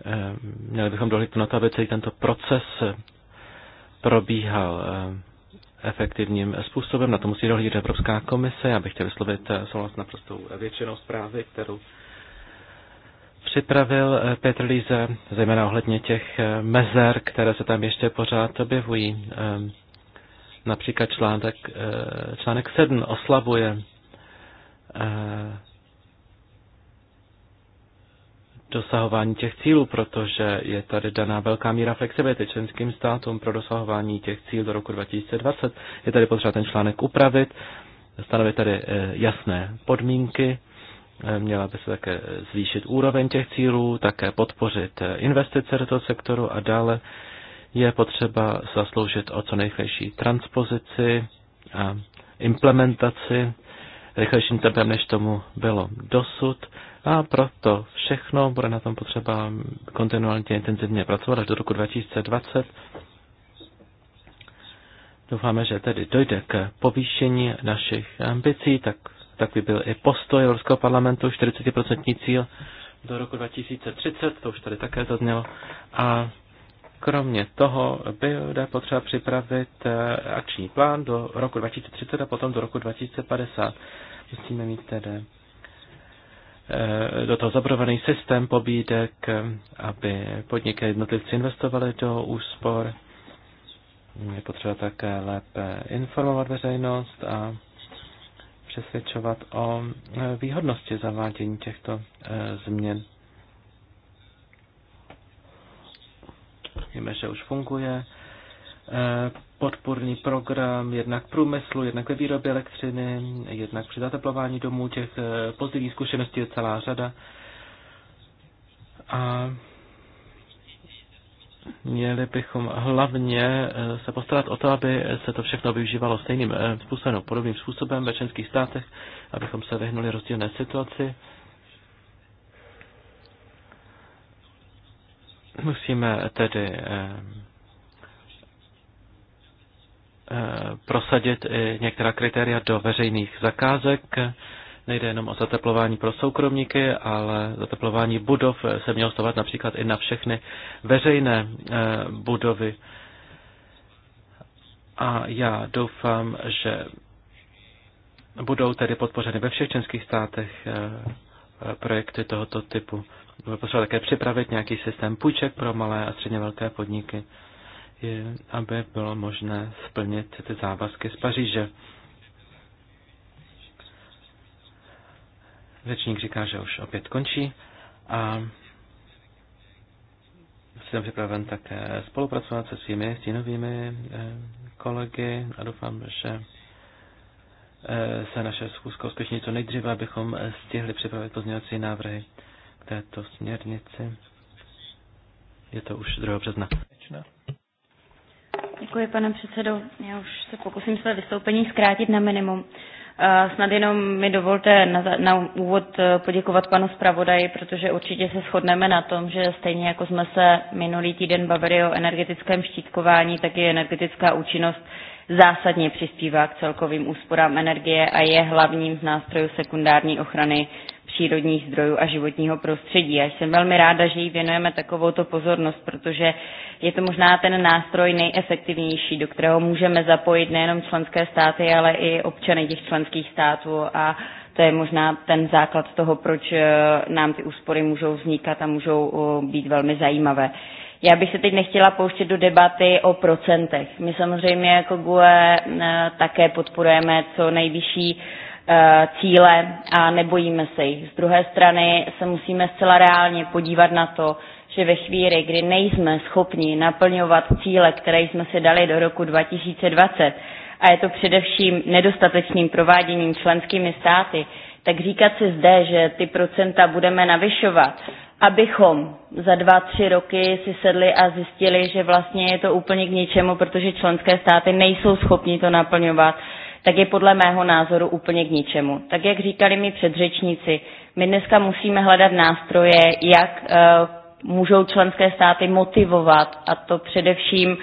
eh, měli bychom dohlídnout na to, aby celý tento proces eh, probíhal efektivním způsobem. Na to musí dohlížet Evropská komise. Já bych chtěl vyslovit eh, souhlas naprostou většinou zprávy, kterou připravil eh, Petr Líze, zejména ohledně těch eh, mezer, které se tam ještě pořád objevují. Například článek, článek 7 oslabuje dosahování těch cílů, protože je tady daná velká míra flexibility členským státům pro dosahování těch cílů do roku 2020. Je tady potřeba ten článek upravit, stanovit tady eh, jasné podmínky, eh, měla by se také zvýšit úroveň těch cílů, také podpořit eh, investice do toho sektoru a dále je potřeba zasloužit o co nejrychlejší transpozici a implementaci rychlejším tempem, než tomu bylo dosud a proto všechno bude na tom potřeba kontinuálně intenzivně pracovat až do roku 2020. Doufáme, že tedy dojde k povýšení našich ambicí, tak, tak by byl i postoj Evropského parlamentu, 40% cíl do roku 2030, to už tady také zaznělo. A kromě toho bude potřeba připravit eh, akční plán do roku 2030 a potom do roku 2050. Musíme mít tedy Eh, do toho zabrovaný systém pobídek, aby podniky jednotlivci investovali do úspor. Je potřeba také lépe informovat veřejnost a přesvědčovat o eh, výhodnosti zavádění těchto eh, změn. Víme, že už funguje Eh, podporný program jednak průmyslu, jednak ve výrobě elektřiny, jednak při zateplování domů. Těch eh, pozitivních zkušeností je celá řada. A měli bychom hlavně eh, se postarat o to, aby se to všechno využívalo stejným způsobem, podobným způsobem ve členských státech, abychom se vyhnuli rozdílné situaci. Musíme tedy Eh, prosadit i některá kritéria do veřejných zakázek. Nejde jenom o zateplování pro soukromníky, ale zateplování budov se mělo stovat například i na všechny veřejné eh, budovy. A já doufám, že budou tedy podpořeny ve všech českých státech eh, projekty tohoto typu. Bude potřeba také připravit nějaký systém půjček pro malé a středně velké podniky je, aby bylo možné splnit ty závazky z Paříže. Řečník říká, že už opět končí a jsem připraven také spolupracovat se svými stínovými eh, kolegy a doufám, že eh, se naše schůzka uskuteční co nejdříve, abychom stihli připravit pozměňovací návrhy k této směrnici. Je to už 2. března. Děkuji, pane předsedo. Já už se pokusím své vystoupení zkrátit na minimum. Eh, snad jenom mi dovolte na, na úvod eh, poděkovat panu zpravodaji, protože určitě se shodneme na tom, že stejně jako jsme se minulý týden bavili o energetickém štítkování, tak i energetická účinnost zásadně přispívá k celkovým úsporám energie a je hlavním z nástrojů sekundární ochrany přírodních zdrojů a životního prostředí. Já jsem velmi ráda, že jí věnujeme takovouto pozornost, protože je to možná ten nástroj nejefektivnější, do kterého můžeme zapojit nejenom členské státy, ale i občany těch členských států a to je možná ten základ toho, proč eh, nám ty úspory můžou vznikat a můžou eh, být velmi zajímavé. Já bych se teď nechtěla pouštět do debaty o procentech. My samozřejmě jako GUE eh, také podporujeme co nejvyšší Eh, cíle a nebojíme se jich. Z druhé strany se musíme zcela reálně podívat na to, že ve chvíli, kdy nejsme schopni naplňovat cíle, které jsme si dali do roku 2020, a je to především nedostatečným prováděním členskými státy, tak říkat si zde, že ty procenta budeme navyšovat, abychom za dva, tři roky si sedli a zjistili, že vlastně je to úplně k ničemu, protože členské státy nejsou schopni to naplňovat, tak je podle mého názoru úplně k ničemu. Tak jak říkali mi předřečníci, my dneska musíme hledat nástroje, jak eh, můžou členské státy motivovat, a to především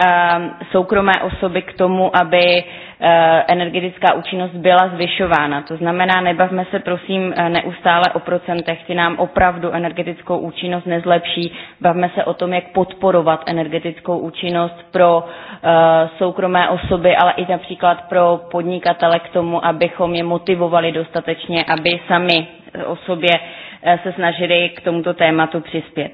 Ehm, soukromé osoby k tomu, aby eh, energetická účinnost byla zvyšována. To znamená, nebavme se prosím eh, neustále o procentech, ty nám opravdu energetickou účinnost nezlepší. Bavme se o tom, jak podporovat energetickou účinnost pro eh, soukromé osoby, ale i například pro podnikatele k tomu, abychom je motivovali dostatečně, aby sami o sobě se snažili k tomuto tématu přispět.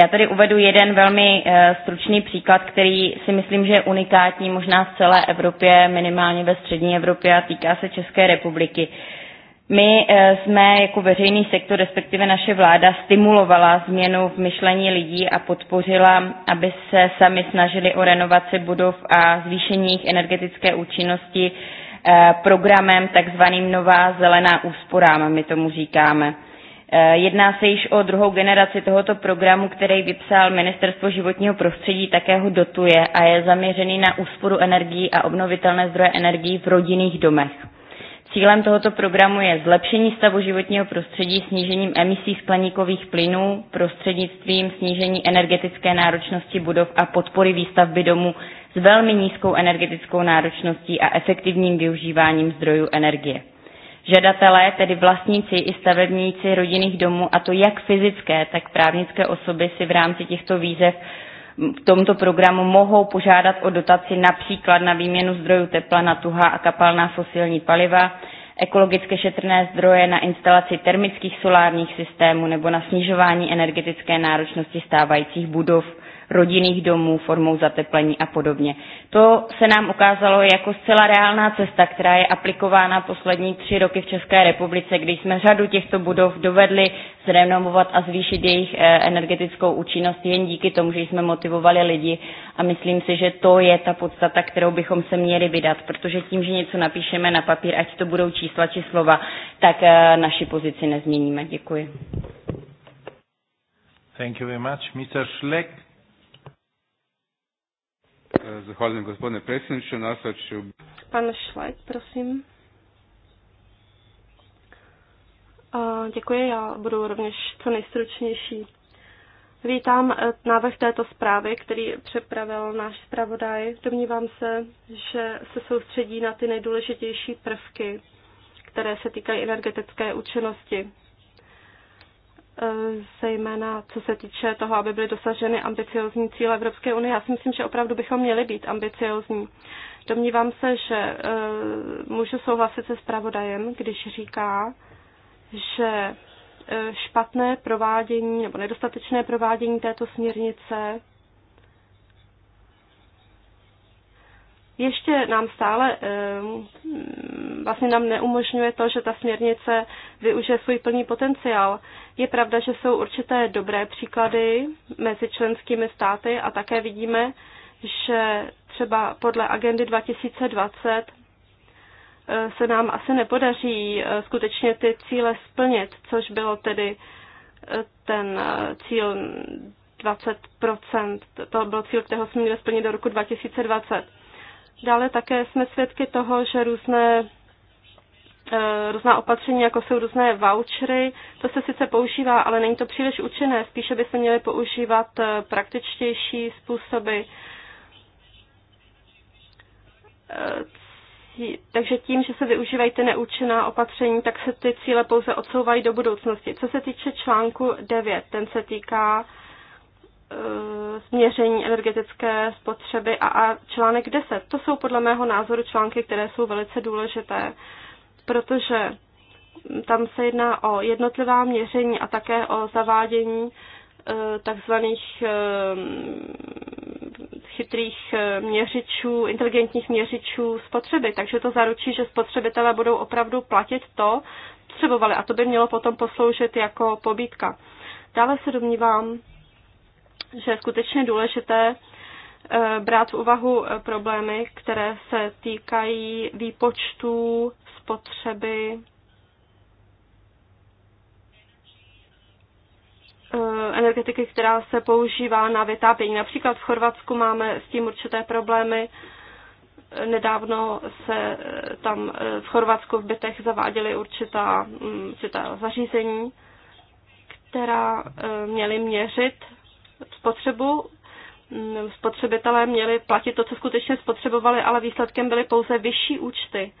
Já tady uvedu jeden velmi eh, stručný příklad, který si myslím, že je unikátní možná v celé Evropě, minimálně ve střední Evropě a týká se České republiky. My eh, jsme jako veřejný sektor, respektive naše vláda, stimulovala změnu v myšlení lidí a podpořila, aby se sami snažili o renovaci budov a zvýšení jejich energetické účinnosti eh, programem takzvaným Nová zelená úsporám, my tomu říkáme. Eh, jedná se již o druhou generaci tohoto programu, který vypsal Ministerstvo životního prostředí, také ho dotuje a je zaměřený na úsporu energií a obnovitelné zdroje energií v rodinných domech. Cílem tohoto programu je zlepšení stavu životního prostředí snížením emisí skleníkových plynů prostřednictvím snížení energetické náročnosti budov a podpory výstavby domů s velmi nízkou energetickou náročností a efektivním využíváním zdrojů energie. Žadatelé, tedy vlastníci i stavebníci rodinných domů, a to jak fyzické, tak právnické osoby si v rámci těchto výzev v tomto programu mohou požádat o dotaci například na výměnu zdrojů tepla na tuhá a kapalná fosilní paliva, ekologicky šetrné zdroje na instalaci termických solárních systémů nebo na snižování energetické náročnosti stávajících budov rodinných domů, formou zateplení a podobně. To se nám ukázalo jako zcela reálná cesta, která je aplikována poslední tři roky v České republice, když jsme řadu těchto budov dovedli zrenovovat a zvýšit jejich eh, energetickou účinnost jen díky tomu, že jsme motivovali lidi a myslím si, že to je ta podstata, kterou bychom se měli vydat, protože tím, že něco napíšeme na papír, ať to budou čísla či slova, tak eh, naši pozici nezměníme. Děkuji. Thank you very much. Mr. Schleck, Zahvaljujem gospodine predsjedniče. Nastavit Pan Švajc, prosím. děkuji, já budu rovněž co nejstručnější. Vítám e, návrh této zprávy, který přepravil náš zpravodaj. Domnívám se, že se soustředí na ty nejdůležitější prvky, které se týkají energetické účinnosti zejména co se týče toho, aby byly dosaženy ambiciozní cíle Evropské unie. Já si myslím, že opravdu bychom měli být ambiciozní. Domnívám se, že eh, můžu souhlasit se zpravodajem, když říká, že eh, špatné provádění nebo nedostatečné provádění této směrnice ještě nám stále ehm, vlastně nám neumožňuje to, že ta směrnice využije svůj plný potenciál. Je pravda, že jsou určité dobré příklady mezi členskými státy a také vidíme, že třeba podle agendy 2020 eh, se nám asi nepodaří eh, skutečně ty cíle splnit, což bylo tedy eh, ten cíl 20%, to byl cíl, kterého jsme měli splnit do roku 2020. Dále také jsme svědky toho, že různé eh, různá opatření, jako jsou různé vouchery. To se sice používá, ale není to příliš účinné. Spíše by se měly používat eh, praktičtější způsoby. Eh, takže tím, že se využívají ty neúčinná opatření, tak se ty cíle pouze odsouvají do budoucnosti. Co se týče článku 9, ten se týká změření eh, energetické spotřeby a, a článek 10. To jsou podle mého názoru články, které jsou velice důležité, protože tam se jedná o jednotlivá měření a také o zavádění eh, takzvaných eh, chytrých měřičů, inteligentních měřičů spotřeby. Takže to zaručí, že spotřebitelé budou opravdu platit to, potřebovali a to by mělo potom posloužit jako pobídka. Dále se domnívám, že je skutečně důležité eh, brát v úvahu eh, problémy, které se týkají výpočtu spotřeby eh, energetiky, která se používá na vytápění. Například v Chorvatsku máme s tím určité problémy. Nedávno se tam v Chorvatsku v bytech zaváděly určitá, mm, určitá zařízení, která měly měřit spotřebu. Spotřebitelé měli platit to, co skutečně spotřebovali, ale výsledkem byly pouze vyšší účty.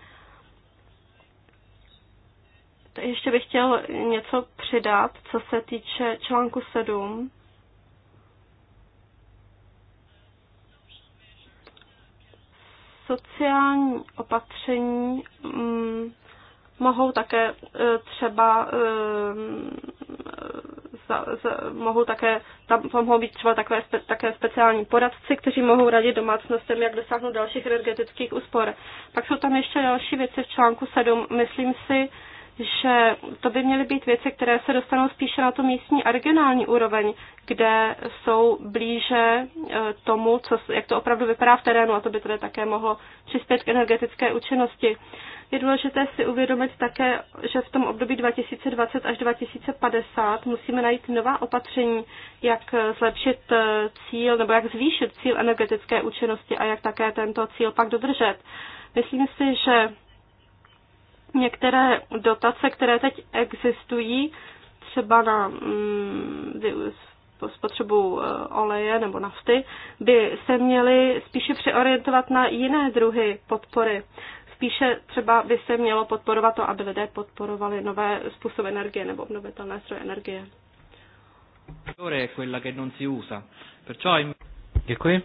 Ještě bych chtěl něco přidat, co se týče článku 7. Sociální opatření mm, mohou také eh, třeba eh, za, za, mohou také, tam mohou být třeba takové, spe, také speciální poradci, kteří mohou radit domácnostem, jak dosáhnout dalších energetických úspor. Pak jsou tam ještě další věci v článku 7. Myslím si, že to by měly být věci, které se dostanou spíše na to místní a regionální úroveň, kde jsou blíže e, tomu, co, jak to opravdu vypadá v terénu a to by tedy také mohlo přispět k energetické účinnosti. Je důležité si uvědomit také, že v tom období 2020 až 2050 musíme najít nová opatření, jak zlepšit eh, cíl nebo jak zvýšit cíl energetické účinnosti a jak také tento cíl pak dodržet. Myslím si, že některé dotace, které teď existují, třeba na mm, spotřebu eh, oleje nebo nafty, by se měly spíše přeorientovat na jiné druhy podpory. Spíše třeba by se mělo podporovat to, aby lidé podporovali nové způsoby energie nebo obnovitelné zdroje energie. Děkuji.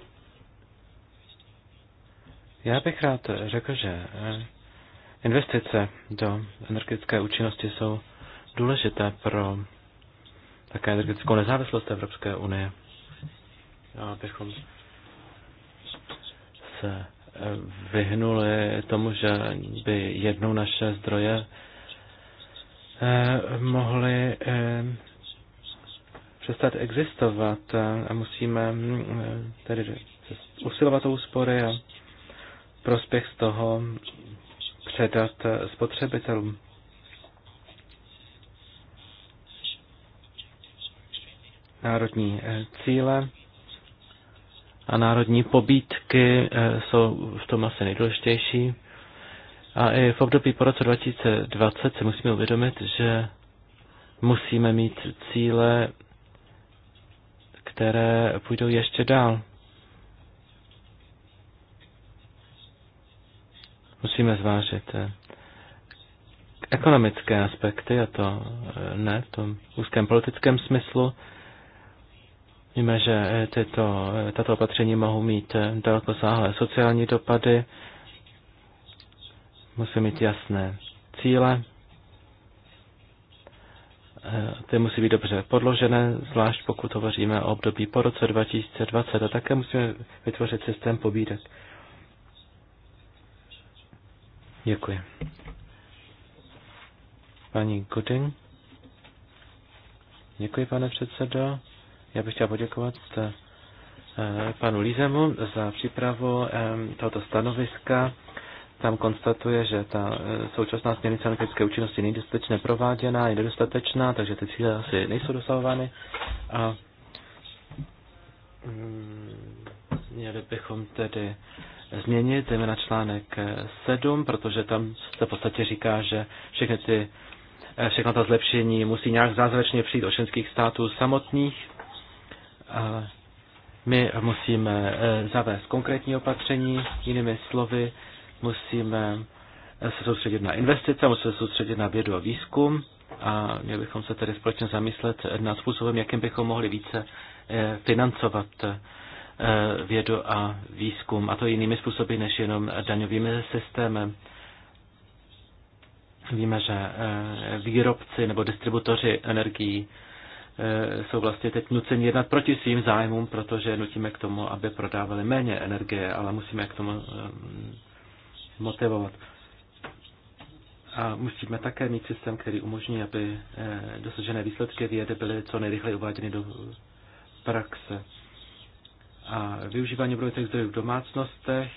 Já bych rád řekl, že eh, investice do energetické účinnosti jsou důležité pro také energetickou nezávislost Evropské unie. Abychom se vyhnuli tomu, že by jednou naše zdroje eh, mohly eh, přestat existovat a musíme eh, tedy usilovat o úspory a prospěch z toho předat spotřebitelům. Národní cíle a národní pobídky eh, jsou v tom asi nejdůležitější. A i v období po roce 2020 se musíme uvědomit, že musíme mít cíle, které půjdou ještě dál. Musíme zvážit eh, ekonomické aspekty, a to eh, ne v tom úzkém politickém smyslu, Víme, že eh, tyto, eh, tato opatření mohou mít eh, dalekosáhlé sociální dopady, musí mít jasné cíle, ty musí být dobře podložené, zvlášť pokud hovoříme o období po roce 2020 a také musíme vytvořit systém pobídek. Děkuji. Paní Gooding. Děkuji, pane předsedo. Já bych chtěl poděkovat eh, panu Lízemu za přípravu eh, tohoto stanoviska. Tam konstatuje, že ta eh, současná směrnice energetické účinnosti není dostatečně prováděná, je nedostatečná, takže ty cíle asi nejsou dosahovány. A mm, měli bychom tedy změnit na článek 7, protože tam se v podstatě říká, že všechny ty všechna ta zlepšení musí nějak zázračně přijít od členských států samotných my musíme eh, zavést konkrétní opatření, jinými slovy, musíme eh, se soustředit na investice, musíme se soustředit na vědu a výzkum a měli bychom se tedy společně zamyslet nad způsobem, jakým bychom mohli více eh, financovat vědu a výzkum, a to jinými způsoby než jenom daňovými systémem. Víme, že výrobci nebo distributoři energií Eh, jsou vlastně teď nuceni jednat proti svým zájmům, protože nutíme k tomu, aby prodávali méně energie, ale musíme k tomu eh, motivovat. A musíme také mít systém, který umožní, aby eh, dosažené výsledky vědy byly co nejrychleji uváděny do praxe. A využívání obnovitelných zdrojů v domácnostech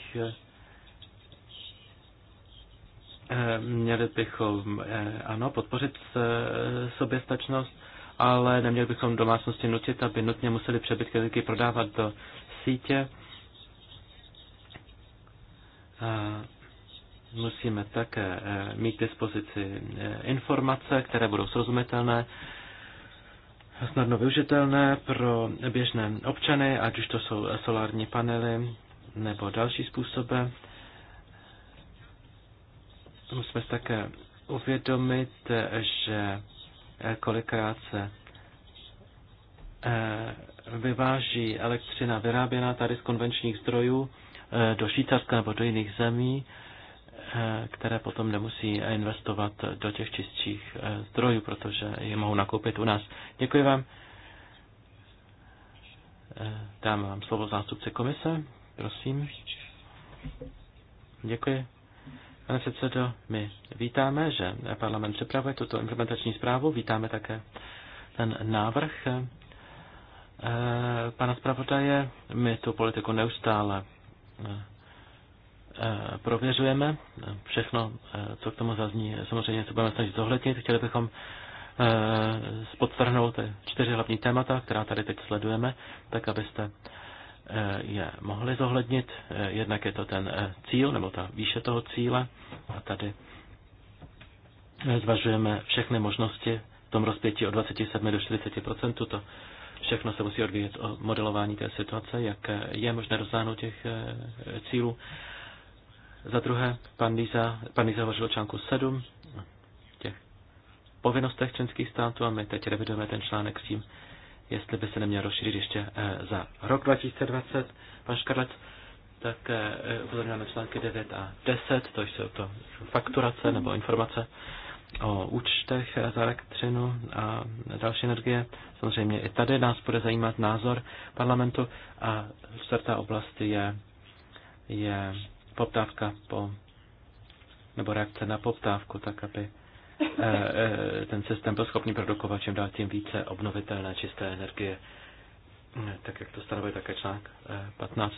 měli bychom, ano, podpořit soběstačnost ale neměli bychom domácnosti nutit, aby nutně museli přebytky energii prodávat do sítě. A musíme také e, mít k dispozici e, informace, které budou srozumitelné, snadno využitelné pro běžné občany, ať už to jsou solární panely nebo další způsoby. Musíme se také uvědomit, e, že kolikrát se eh, vyváží elektřina vyráběná tady z konvenčních zdrojů eh, do Švýcarska nebo do jiných zemí, eh, které potom nemusí investovat do těch čistších zdrojů, protože je mohou nakoupit u nás. Děkuji vám. Dám vám slovo zástupce komise. Prosím. Děkuji. Pane předsedo, my vítáme, že parlament připravuje tuto implementační zprávu, vítáme také ten návrh eh, pana zpravodaje. My tu politiku neustále eh, eh, prověřujeme. Všechno, co k tomu zazní, samozřejmě se budeme snažit zohlednit. Chtěli bychom podtrhnout čtyři hlavní témata, která tady teď sledujeme, tak abyste Eh, je mohli zohlednit. Eh, jednak je to ten eh, cíl, nebo ta výše toho cíle. A tady zvažujeme všechny možnosti v tom rozpětí od 27 do 40 To všechno se musí odvíjet o modelování té situace, jak je možné dosáhnout těch cílů. Za druhé, pan Líza, pan Líza hovořil o článku 7, těch povinnostech členských států a my teď revidujeme ten článek s tím, jestli by se neměl rozšířit ještě eh, za rok 2020. Pan Škarlec tak eh, upozorňujeme články 9 a 10, to jsou to fakturace nebo informace o účtech za elektřinu a další energie. Samozřejmě i tady nás bude zajímat názor parlamentu a čtvrtá oblast je, je poptávka po nebo reakce na poptávku, tak aby Eh, eh, ten systém byl schopný produkovat čím dál tím více obnovitelné čisté energie, eh, tak jak to stanovuje také článek 15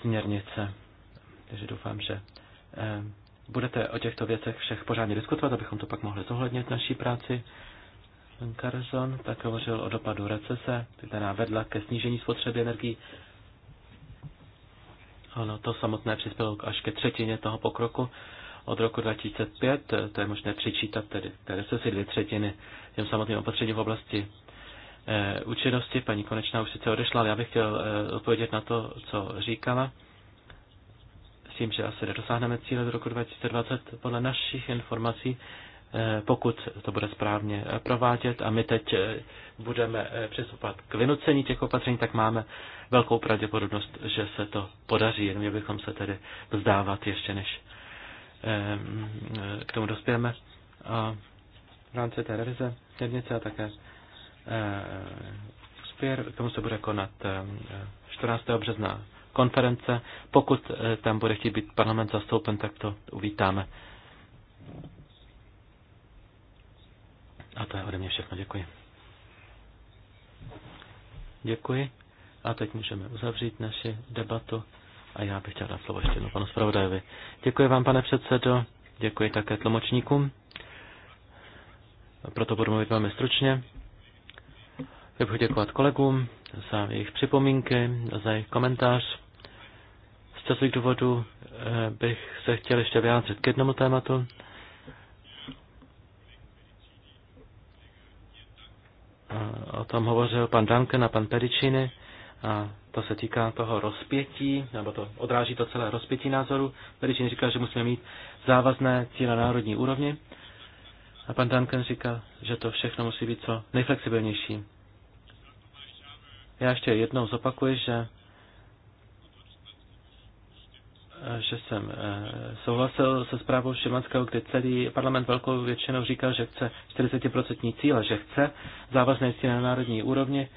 směrnice. Takže doufám, že budete o těchto věcech všech pořádně diskutovat, abychom to pak mohli zohlednit naší práci. Carson tak hovořil o dopadu recese, která vedla ke snížení spotřeby energií. Ono to samotné přispělo až ke třetině toho pokroku, od roku 2005. Eh, to je možné přičítat tedy té si dvě třetiny těm samotným opatřením v oblasti e, účinnosti. Paní Konečná už sice odešla, ale já bych chtěl e, odpovědět na to, co říkala. S tím, že asi nedosáhneme cíle do roku 2020 podle našich informací, pokud to bude správně provádět a my teď budeme přistupovat k vynucení těch opatření, tak máme velkou pravděpodobnost, že se to podaří, jenom bychom se tedy vzdávat ještě než Ehm, k tomu dospějeme. A v rámci té revize směrnice a také ehm, k tomu se bude konat 14. Ehm, března konference. Pokud eh, tam bude chtít být parlament zastoupen, tak to uvítáme. A to je ode mě všechno. Děkuji. Děkuji. A teď můžeme uzavřít naši debatu. A já bych chtěl dát slovo ještě jednou panu zpravodajovi. Děkuji vám, pane předsedo, děkuji také tlumočníkům. Proto budu mluvit velmi stručně. Já bych děkovat kolegům za jejich připomínky, za jejich komentář. Z časových důvodů eh, bych se chtěl ještě vyjádřit k jednomu tématu. O tom hovořil pan Duncan a pan Pericini. A to se týká toho rozpětí, nebo to odráží to celé rozpětí názoru. Medičin říká, že musíme mít závazné cíle národní úrovni. A pan Duncan říkal, že to všechno musí být co nejflexibilnější. Já ještě jednou zopakuji, že, že jsem eh, souhlasil se zprávou Šimanského, kdy celý parlament velkou většinou říkal, že chce 40% cíle, že chce závazné cíle na národní úrovni,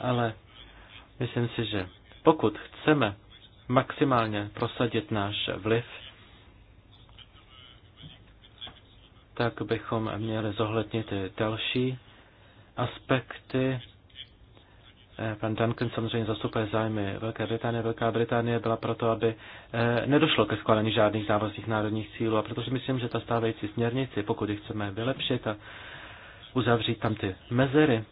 ale Myslím si, že pokud chceme maximálně prosadit náš vliv, tak bychom měli zohlednit i další aspekty. Eh, pan Duncan samozřejmě zastupuje zájmy Velké Británie. Velká Británie byla proto, aby eh, nedošlo ke schválení žádných závazných národních cílů a protože myslím, že ta stávající směrnici, pokud ji chceme vylepšit a uzavřít tam ty mezery,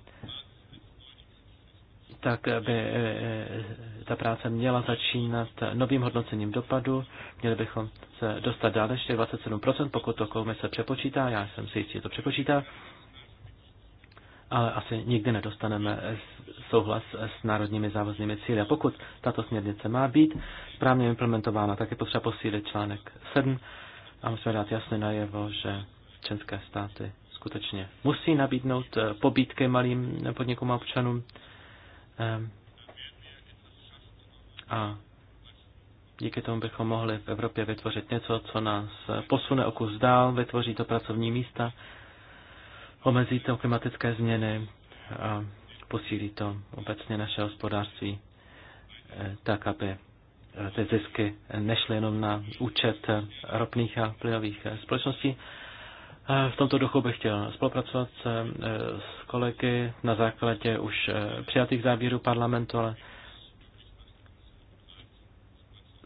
tak by e, e, ta práce měla začínat novým hodnocením dopadu. Měli bychom se dostat dál ještě 27%, pokud to komise přepočítá, já jsem si jistý, že to přepočítá, ale asi nikdy nedostaneme souhlas s národními závaznými cíly. A pokud tato směrnice má být správně implementována, tak je potřeba posílit článek 7 a musíme dát jasně najevo, že české státy skutečně musí nabídnout e, pobídky malým podnikům a občanům, a díky tomu bychom mohli v Evropě vytvořit něco, co nás posune o kus dál, vytvoří to pracovní místa, omezí to klimatické změny a posílí to obecně naše hospodářství eh, tak, aby eh, ty zisky nešly jenom na účet eh, ropných a plynových společností. V tomto duchu bych chtěl spolupracovat s eh, kolegy na základě už eh, přijatých závěrů parlamentu, ale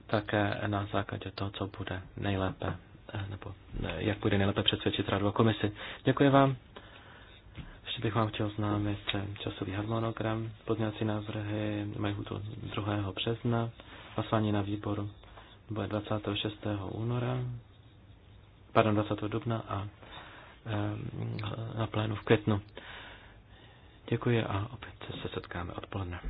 také na základě toho, co bude nejlépe, eh, nebo jak bude nejlépe přesvědčit radu a komisi. Děkuji vám. Ještě bych vám chtěl známit časový harmonogram, pozměňovací návrhy mají hudu 2. března, hlasování na výboru bude 26. února, pardon, 20. dubna a Eh, na plénu v květnu. Děkuji a opět se setkáme odpoledne.